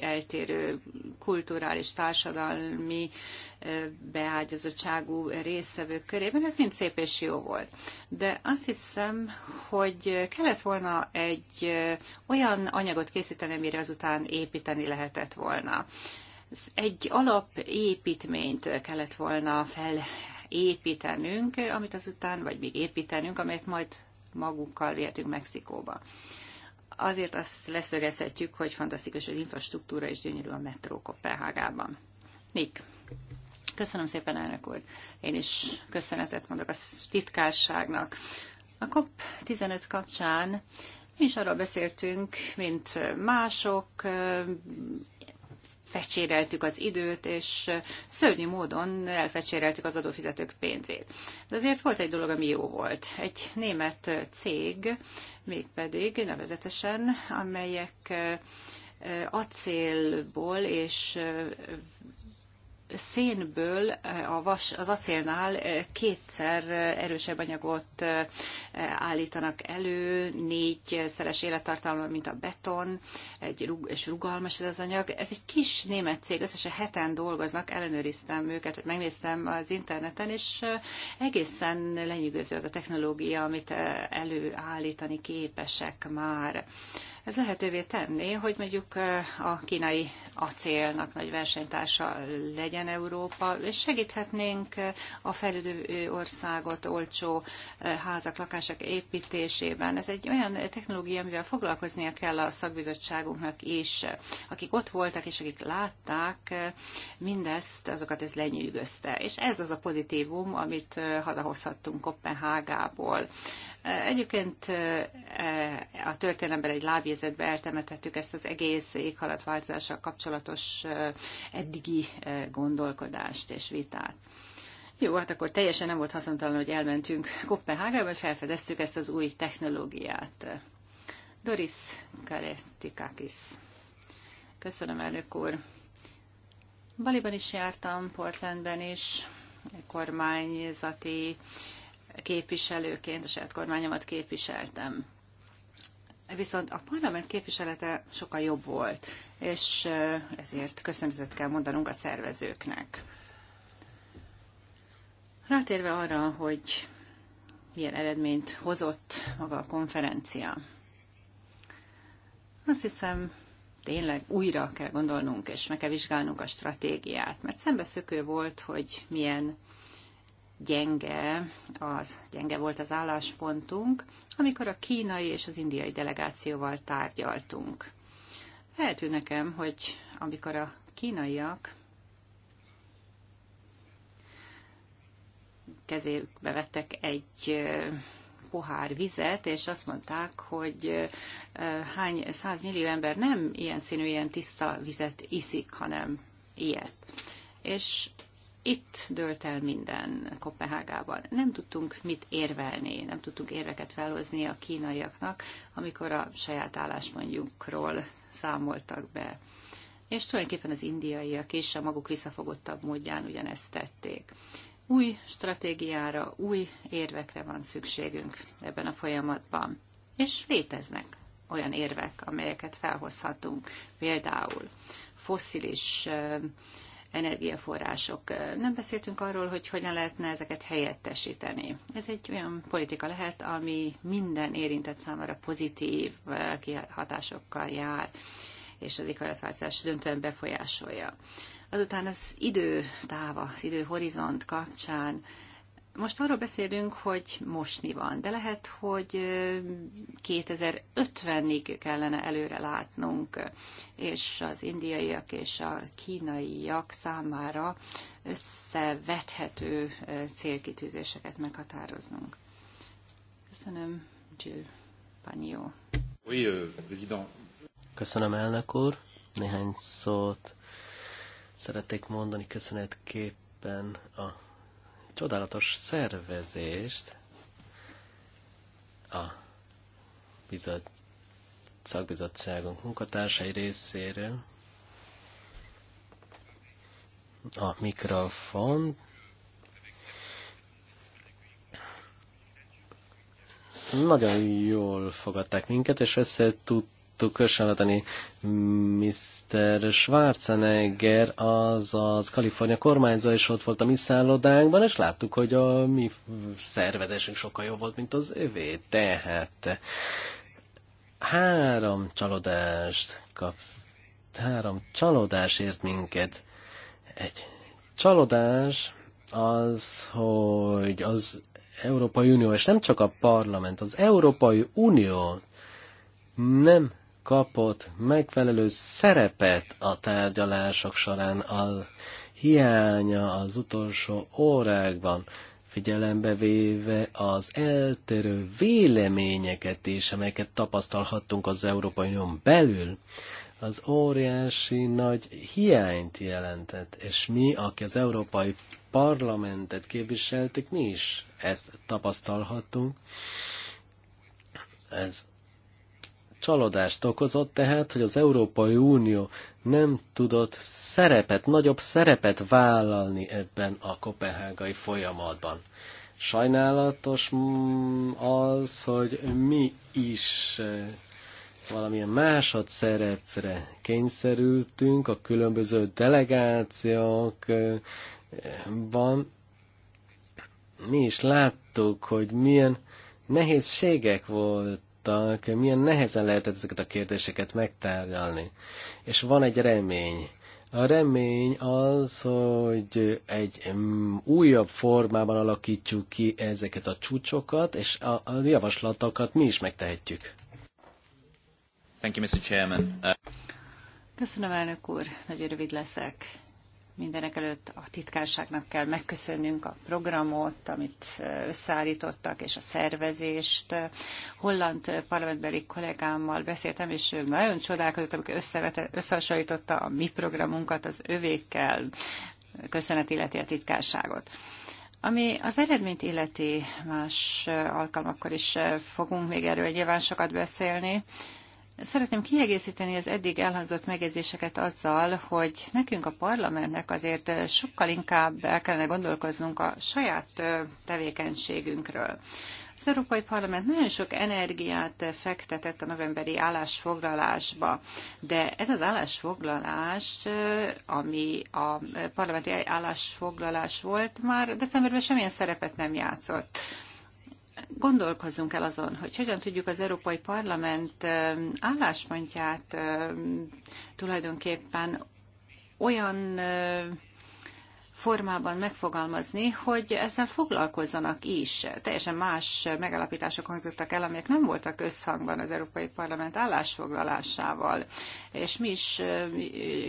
eltérő kulturális, társadalmi beágyazottságú részvevők körében, ez mind szép és jó volt. De azt hiszem, hogy kellett volna egy olyan anyagot készíteni, amire azután építeni lehetett volna egy alapépítményt kellett volna felépítenünk, amit azután, vagy még építenünk, amelyet majd magunkkal vihetünk Mexikóba. Azért azt leszögezhetjük, hogy fantasztikus az infrastruktúra és gyönyörű a metró Kopenhágában. Mik? Köszönöm szépen, elnök úr. Én is köszönetet mondok a titkárságnak. A COP15 kapcsán mi is arról beszéltünk, mint mások, elfecséreltük az időt, és szörnyű módon elfecséreltük az adófizetők pénzét. De azért volt egy dolog, ami jó volt. Egy német cég, mégpedig nevezetesen, amelyek acélból és szénből eh, a vas, az acélnál eh, kétszer eh, erősebb anyagot állítanak elő, szeres élettartalma, mint a beton, egy, és rugalmas ez az anyag. Ez egy kis német cég, összesen heten dolgoznak, ellenőriztem őket, hogy megnéztem az interneten, és egészen lenyűgöző az a technológia, amit előállítani képesek már. Ez lehetővé tenné, hogy mondjuk eh, a kínai acélnak nagy versenytársa legyen Európa, és segíthetnénk eh, a fejlődő eh, országot olcsó házak, lakások építésében. Ez egy olyan technológia, amivel foglalkoznia kell a szakbizottságunknak is. Akik ott voltak, és akik látták mindezt, azokat ez lenyűgözte. És ez az a pozitívum, amit hazahozhattunk Kopenhágából. Egyébként a történelemben egy lábjegyzetbe eltemetettük ezt az egész éghajlatváltozással kapcsolatos eddigi gondolkodást és vitát. Jó, hát akkor teljesen nem volt haszontalan, hogy elmentünk Kopenhágába, felfedeztük ezt az új technológiát. Doris Kaletikakis. Köszönöm, elnök úr. Baliban is jártam, Portlandben is, kormányzati képviselőként, a saját kormányomat képviseltem. Viszont a parlament képviselete sokkal jobb volt, és ezért köszönetet kell mondanunk a szervezőknek. Rátérve arra, hogy milyen eredményt hozott maga a konferencia. Azt hiszem, tényleg újra kell gondolnunk, és meg kell vizsgálnunk a stratégiát, mert szembeszökő volt, hogy milyen gyenge, az gyenge volt az álláspontunk, amikor a kínai és az indiai delegációval tárgyaltunk. Feltű nekem, hogy amikor a kínaiak kezébe vettek egy pohár vizet, és azt mondták, hogy hány százmillió ember nem ilyen színű, ilyen tiszta vizet iszik, hanem ilyet. És itt dölt el minden Kopenhágában. Nem tudtunk mit érvelni, nem tudtunk érveket felhozni a kínaiaknak, amikor a saját álláspontjunkról számoltak be. És tulajdonképpen az indiaiak is a maguk visszafogottabb módján ugyanezt tették. Új stratégiára, új érvekre van szükségünk ebben a folyamatban. És léteznek olyan érvek, amelyeket felhozhatunk. Például fosszilis energiaforrások. Nem beszéltünk arról, hogy hogyan lehetne ezeket helyettesíteni. Ez egy olyan politika lehet, ami minden érintett számára pozitív kihatásokkal jár, és az éghajlatváltozás döntően befolyásolja. Azután az időtáva, az időhorizont kapcsán most arról beszélünk, hogy most mi van, de lehet, hogy 2050-ig kellene előre látnunk, és az indiaiak és a kínaiak számára összevethető célkitűzéseket meghatároznunk. Köszönöm, Jill Panyó. Euh, Köszönöm, elnök úr. Néhány szót szeretnék mondani köszönetképpen a csodálatos szervezést a bizot, szakbizottságunk munkatársai részéről. A mikrofon nagyon jól fogadták minket, és össze tud hallottuk Köszönheteni Mr. Schwarzenegger, az az Kalifornia kormányzó, és ott volt a mi szállodánkban, és láttuk, hogy a mi szervezésünk sokkal jobb volt, mint az övé. Tehát három csalódást kap, három csalódás ért minket. Egy csalódás az, hogy az Európai Unió, és nem csak a parlament, az Európai Unió nem kapott megfelelő szerepet a tárgyalások során. A hiánya az utolsó órákban, figyelembe véve az eltérő véleményeket is, amelyeket tapasztalhattunk az Európai Unión belül, az óriási nagy hiányt jelentett, és mi, aki az Európai Parlamentet képviseltük, mi is ezt tapasztalhattunk. Ez csalódást okozott tehát, hogy az Európai Unió nem tudott szerepet, nagyobb szerepet vállalni ebben a kopenhágai folyamatban. Sajnálatos mm, az, hogy mi is eh, valamilyen másodszerepre szerepre kényszerültünk a különböző delegációkban. Eh, mi is láttuk, hogy milyen nehézségek volt láttak, milyen nehezen lehetett ezeket a kérdéseket megtárgyalni. És van egy remény. A remény az, hogy egy mm, újabb formában alakítjuk ki ezeket a csúcsokat, és a, a javaslatokat mi is megtehetjük. Thank you, Mr. Chairman. Uh, Köszönöm, elnök úr. Nagyon rövid leszek. Mindenek előtt a titkárságnak kell megköszönnünk a programot, amit összeállítottak, és a szervezést. Holland parlamentbeli kollégámmal beszéltem, és ő nagyon csodálkozott, amikor összehasonlította a mi programunkat az övékkel. Köszönet illeti a titkárságot. Ami az eredményt illeti, más alkalmakkor is fogunk még erről nyilván sokat beszélni. Szeretném kiegészíteni az eddig elhangzott megjegyzéseket azzal, hogy nekünk a parlamentnek azért sokkal inkább el kellene gondolkoznunk a saját tevékenységünkről. Az Európai Parlament nagyon sok energiát fektetett a novemberi állásfoglalásba, de ez az állásfoglalás, ami a parlamenti állásfoglalás volt, már decemberben semmilyen szerepet nem játszott. Gondolkozzunk el azon, hogy hogyan tudjuk az Európai Parlament álláspontját tulajdonképpen olyan formában megfogalmazni, hogy ezzel foglalkozzanak is. Teljesen más megalapítások hangzottak el, amelyek nem voltak összhangban az Európai Parlament állásfoglalásával, és mi is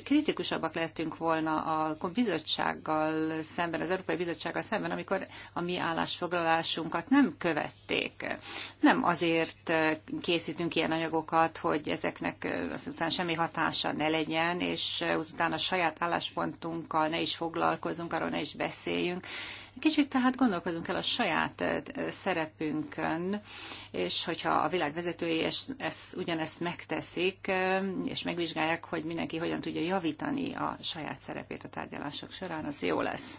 kritikusabbak lettünk volna a bizottsággal szemben, az Európai Bizottsággal szemben, amikor a mi állásfoglalásunkat nem követték. Nem azért készítünk ilyen anyagokat, hogy ezeknek azután semmi hatása ne legyen, és azután a saját álláspontunkkal ne is foglalkozunk, dolgozunk, arról ne is beszéljünk. Kicsit tehát gondolkozunk el a saját szerepünkön, és hogyha a világ vezetői ezt, ezt, ugyanezt megteszik, és megvizsgálják, hogy mindenki hogyan tudja javítani a saját szerepét a tárgyalások során, az jó lesz.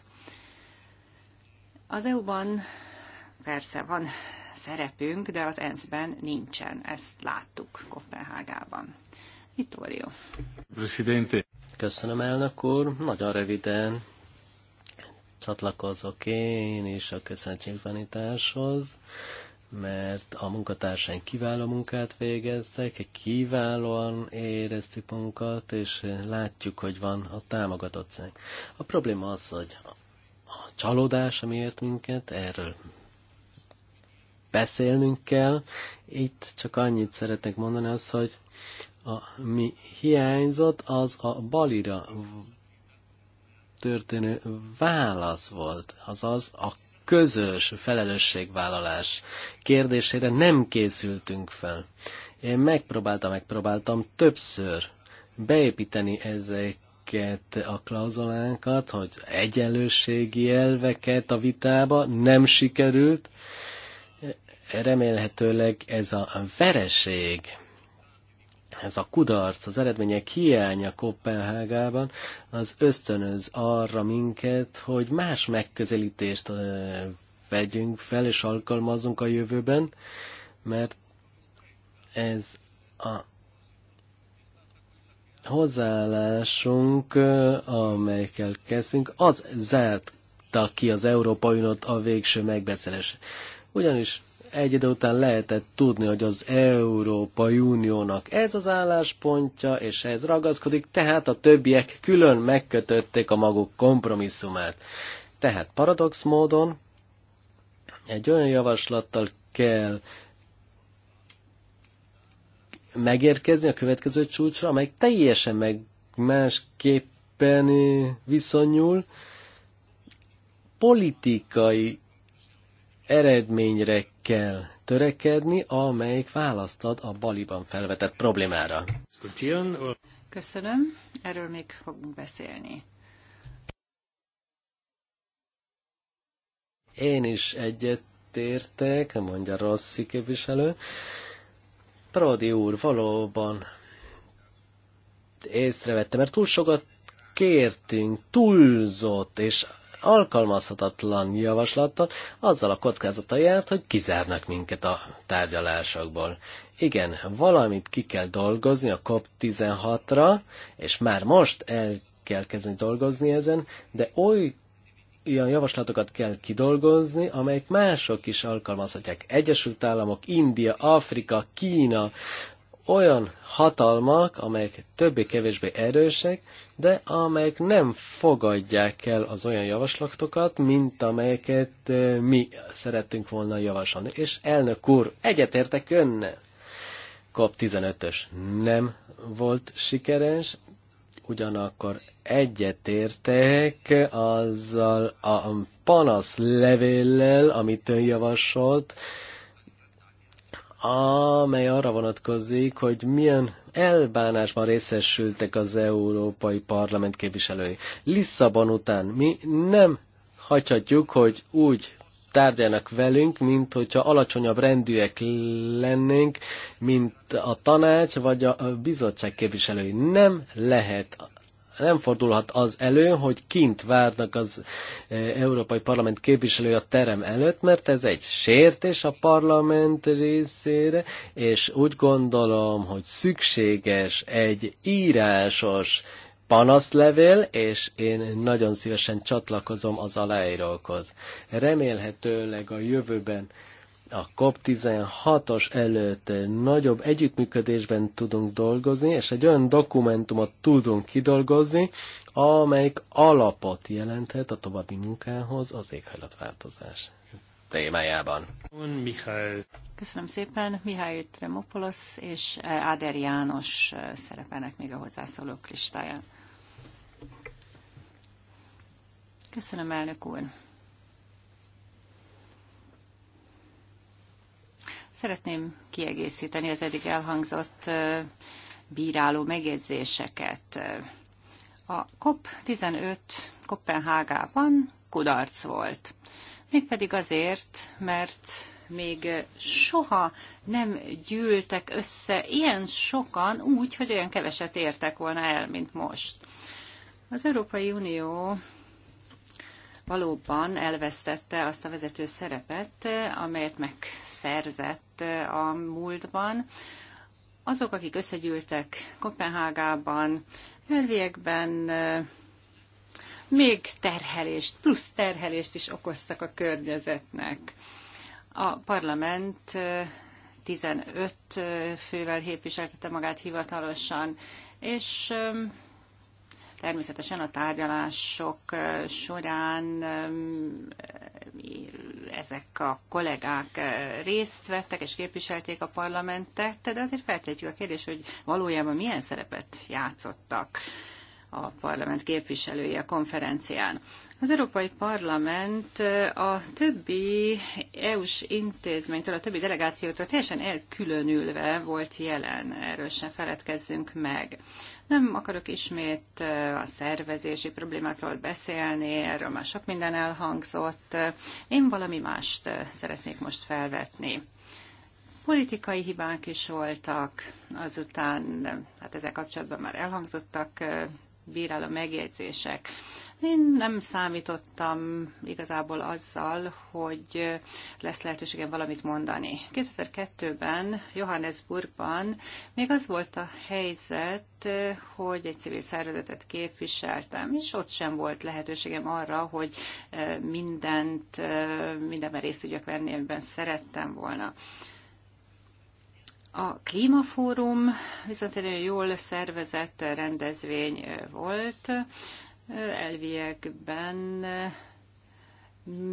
Az EU-ban persze van szerepünk, de az ENSZ-ben nincsen. Ezt láttuk Kopenhágában. Vittorio. Köszönöm, elnök úr. Nagyon röviden csatlakozok én is a köszönetnyilvánításhoz, mert a munkatársaink kiváló munkát végeztek, kiválóan éreztük magunkat, és látjuk, hogy van a támogatottság. A probléma az, hogy a csalódás, ami ért minket, erről beszélnünk kell. Itt csak annyit szeretnék mondani az, hogy a, mi hiányzott, az a balira történő válasz volt, azaz a közös felelősségvállalás kérdésére nem készültünk fel. Én megpróbáltam, megpróbáltam többször beépíteni ezeket a klauzolánkat, hogy egyenlőségi elveket a vitába nem sikerült. Remélhetőleg ez a vereség ez a kudarc, az eredmények hiánya Kopenhágában, az ösztönöz arra minket, hogy más megközelítést vegyünk fel és alkalmazzunk a jövőben, mert ez a hozzáállásunk, amelyekkel kezdünk, az zárta ki az európai Unot a végső megbeszélés. Ugyanis egy idő után lehetett tudni, hogy az Európai Uniónak ez az álláspontja, és ez ragaszkodik, tehát a többiek külön megkötötték a maguk kompromisszumát. Tehát paradox módon egy olyan javaslattal kell megérkezni a következő csúcsra, amely teljesen meg másképpen viszonyul politikai eredményre kell törekedni, amelyik választ ad a baliban felvetett problémára. Köszönöm, erről még fogunk beszélni. Én is egyet egyetértek, mondja Rossi képviselő. Prodi úr, valóban észrevette, mert túl sokat kértünk, túlzott, és alkalmazhatatlan javaslattal, azzal a kockázata járt, hogy kizárnak minket a tárgyalásokból. Igen, valamit ki kell dolgozni a COP16-ra, és már most el kell kezdeni dolgozni ezen, de oly olyan javaslatokat kell kidolgozni, amelyek mások is alkalmazhatják. Egyesült Államok, India, Afrika, Kína, olyan hatalmak, amelyek többé-kevésbé erősek, de amelyek nem fogadják el az olyan javaslatokat, mint amelyeket eh, mi szerettünk volna javasolni. És elnök úr, egyetértek önnel. COP15-ös nem volt sikeres, ugyanakkor egyetértek azzal a panaszlevéllel, amit ön javasolt, amely arra vonatkozik, hogy milyen elbánásban részesültek az Európai Parlament képviselői. Lisszabon után mi nem hagyhatjuk, hogy úgy tárgyalnak velünk, mint hogyha alacsonyabb rendűek lennénk, mint a tanács vagy a bizottság képviselői. Nem lehet nem fordulhat az elő, hogy kint várnak az e, Európai Parlament képviselői a terem előtt, mert ez egy sértés a parlament részére, és úgy gondolom, hogy szükséges egy írásos panaszlevél, és én nagyon szívesen csatlakozom az aláírókhoz. Remélhetőleg a jövőben a COP16-os előtt nagyobb együttműködésben tudunk dolgozni, és egy olyan dokumentumot tudunk kidolgozni, amelyik alapot jelenthet a további munkához az éghajlatváltozás témájában. Köszönöm szépen. Mihály Tremopoulos és Áder János szerepelnek még a hozzászólók listáján. Köszönöm, elnök úr. Szeretném kiegészíteni az eddig elhangzott bíráló megjegyzéseket. A COP15 Kopenhágában kudarc volt. Mégpedig azért, mert még soha nem gyűltek össze ilyen sokan úgy, hogy olyan keveset értek volna el, mint most. Az Európai Unió valóban elvesztette azt a vezető szerepet, amelyet megszerzett eh, a múltban. Azok, akik összegyűltek Kopenhágában, elviekben eh, még terhelést, plusz terhelést is okoztak a környezetnek. A parlament 15 eh, fővel képviseltette magát hivatalosan, és Természetesen a tárgyalások során ezek a kollégák részt vettek és képviselték a parlamentet, de azért feltétjük a kérdést, hogy valójában milyen szerepet játszottak a parlament képviselői a konferencián. Az Európai Parlament a többi EU-s intézménytől, a többi delegációtól teljesen elkülönülve volt jelen, erről sem feledkezzünk meg. Nem akarok ismét a szervezési problémákról beszélni, erről már sok minden elhangzott. Én valami mást szeretnék most felvetni. Politikai hibák is voltak, azután, hát ezzel kapcsolatban már elhangzottak a megjegyzések. Én nem számítottam igazából azzal, hogy lesz lehetőségem valamit mondani. 2002-ben Johannesburgban még az volt a helyzet, hogy egy civil szervezetet képviseltem, és ott sem volt lehetőségem arra, hogy eh, mindent, eh, mindenben részt tudjak venni, amiben szerettem volna. A Klímafórum viszont egy nagyon jól szervezett rendezvény volt. Elviekben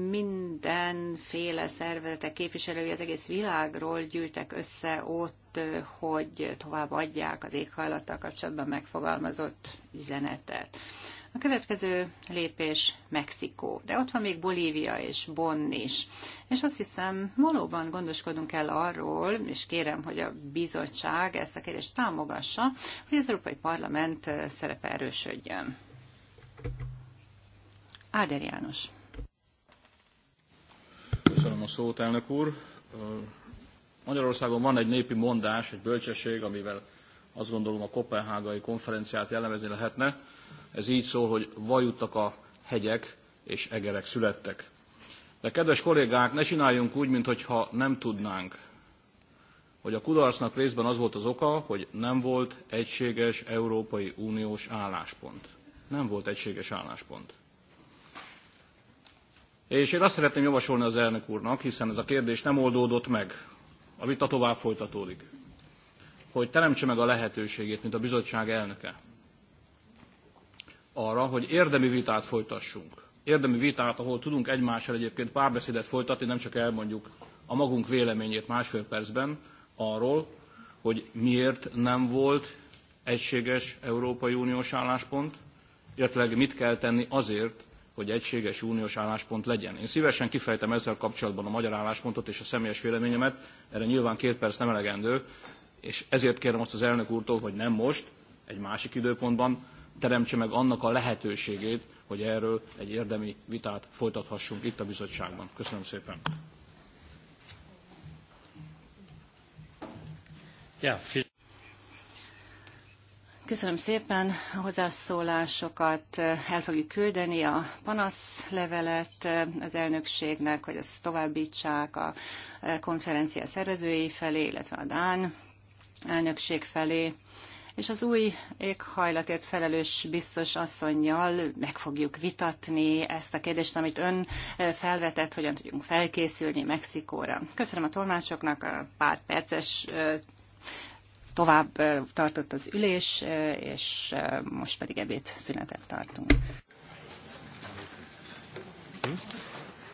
mindenféle szervezetek képviselői az egész világról gyűltek össze ott, hogy tovább adják az éghajlattal kapcsolatban megfogalmazott üzenetet. A következő lépés Mexikó, de ott van még Bolívia és Bonn is. És azt hiszem, valóban gondoskodunk el arról, és kérem, hogy a bizottság ezt a kérdést támogassa, hogy az Európai Parlament szerepe erősödjön. Áder János. Köszönöm a szót, elnök úr. Magyarországon van egy népi mondás, egy bölcsesség, amivel azt gondolom a Kopenhágai konferenciát jellemezni lehetne. Ez így szól, hogy vajuttak a hegyek és egerek születtek. De kedves kollégák, ne csináljunk úgy, mintha nem tudnánk, hogy a kudarcnak részben az volt az oka, hogy nem volt egységes Európai Uniós álláspont. Nem volt egységes álláspont. És én azt szeretném javasolni az elnök úrnak, hiszen ez a kérdés nem oldódott meg, a vita tovább folytatódik, hogy teremtse meg a lehetőségét, mint a bizottság elnöke, arra, hogy érdemi vitát folytassunk. Érdemi vitát, ahol tudunk egymással egyébként párbeszédet folytatni, nem csak elmondjuk a magunk véleményét másfél percben arról, hogy miért nem volt egységes Európai Uniós álláspont, illetve mit kell tenni azért, hogy egységes uniós álláspont legyen. Én szívesen kifejtem ezzel kapcsolatban a magyar álláspontot és a személyes véleményemet, erre nyilván két perc nem elegendő, és ezért kérem azt az elnök úrtól, hogy nem most, egy másik időpontban teremtse meg annak a lehetőségét, hogy erről egy érdemi vitát folytathassunk itt a bizottságban. Köszönöm szépen. Köszönöm szépen a hozzászólásokat. El fogjuk küldeni a panaszlevelet az elnökségnek, hogy ezt továbbítsák a konferencia szervezői felé, illetve a Dán elnökség felé és az új éghajlatért felelős biztos asszonynal meg fogjuk vitatni ezt a kérdést, amit ön eh, felvetett, hogyan tudjunk felkészülni Mexikóra. Köszönöm a tolmácsoknak a pár perces eh, tovább eh, tartott az ülés, és most pedig ebéd szünetet tartunk.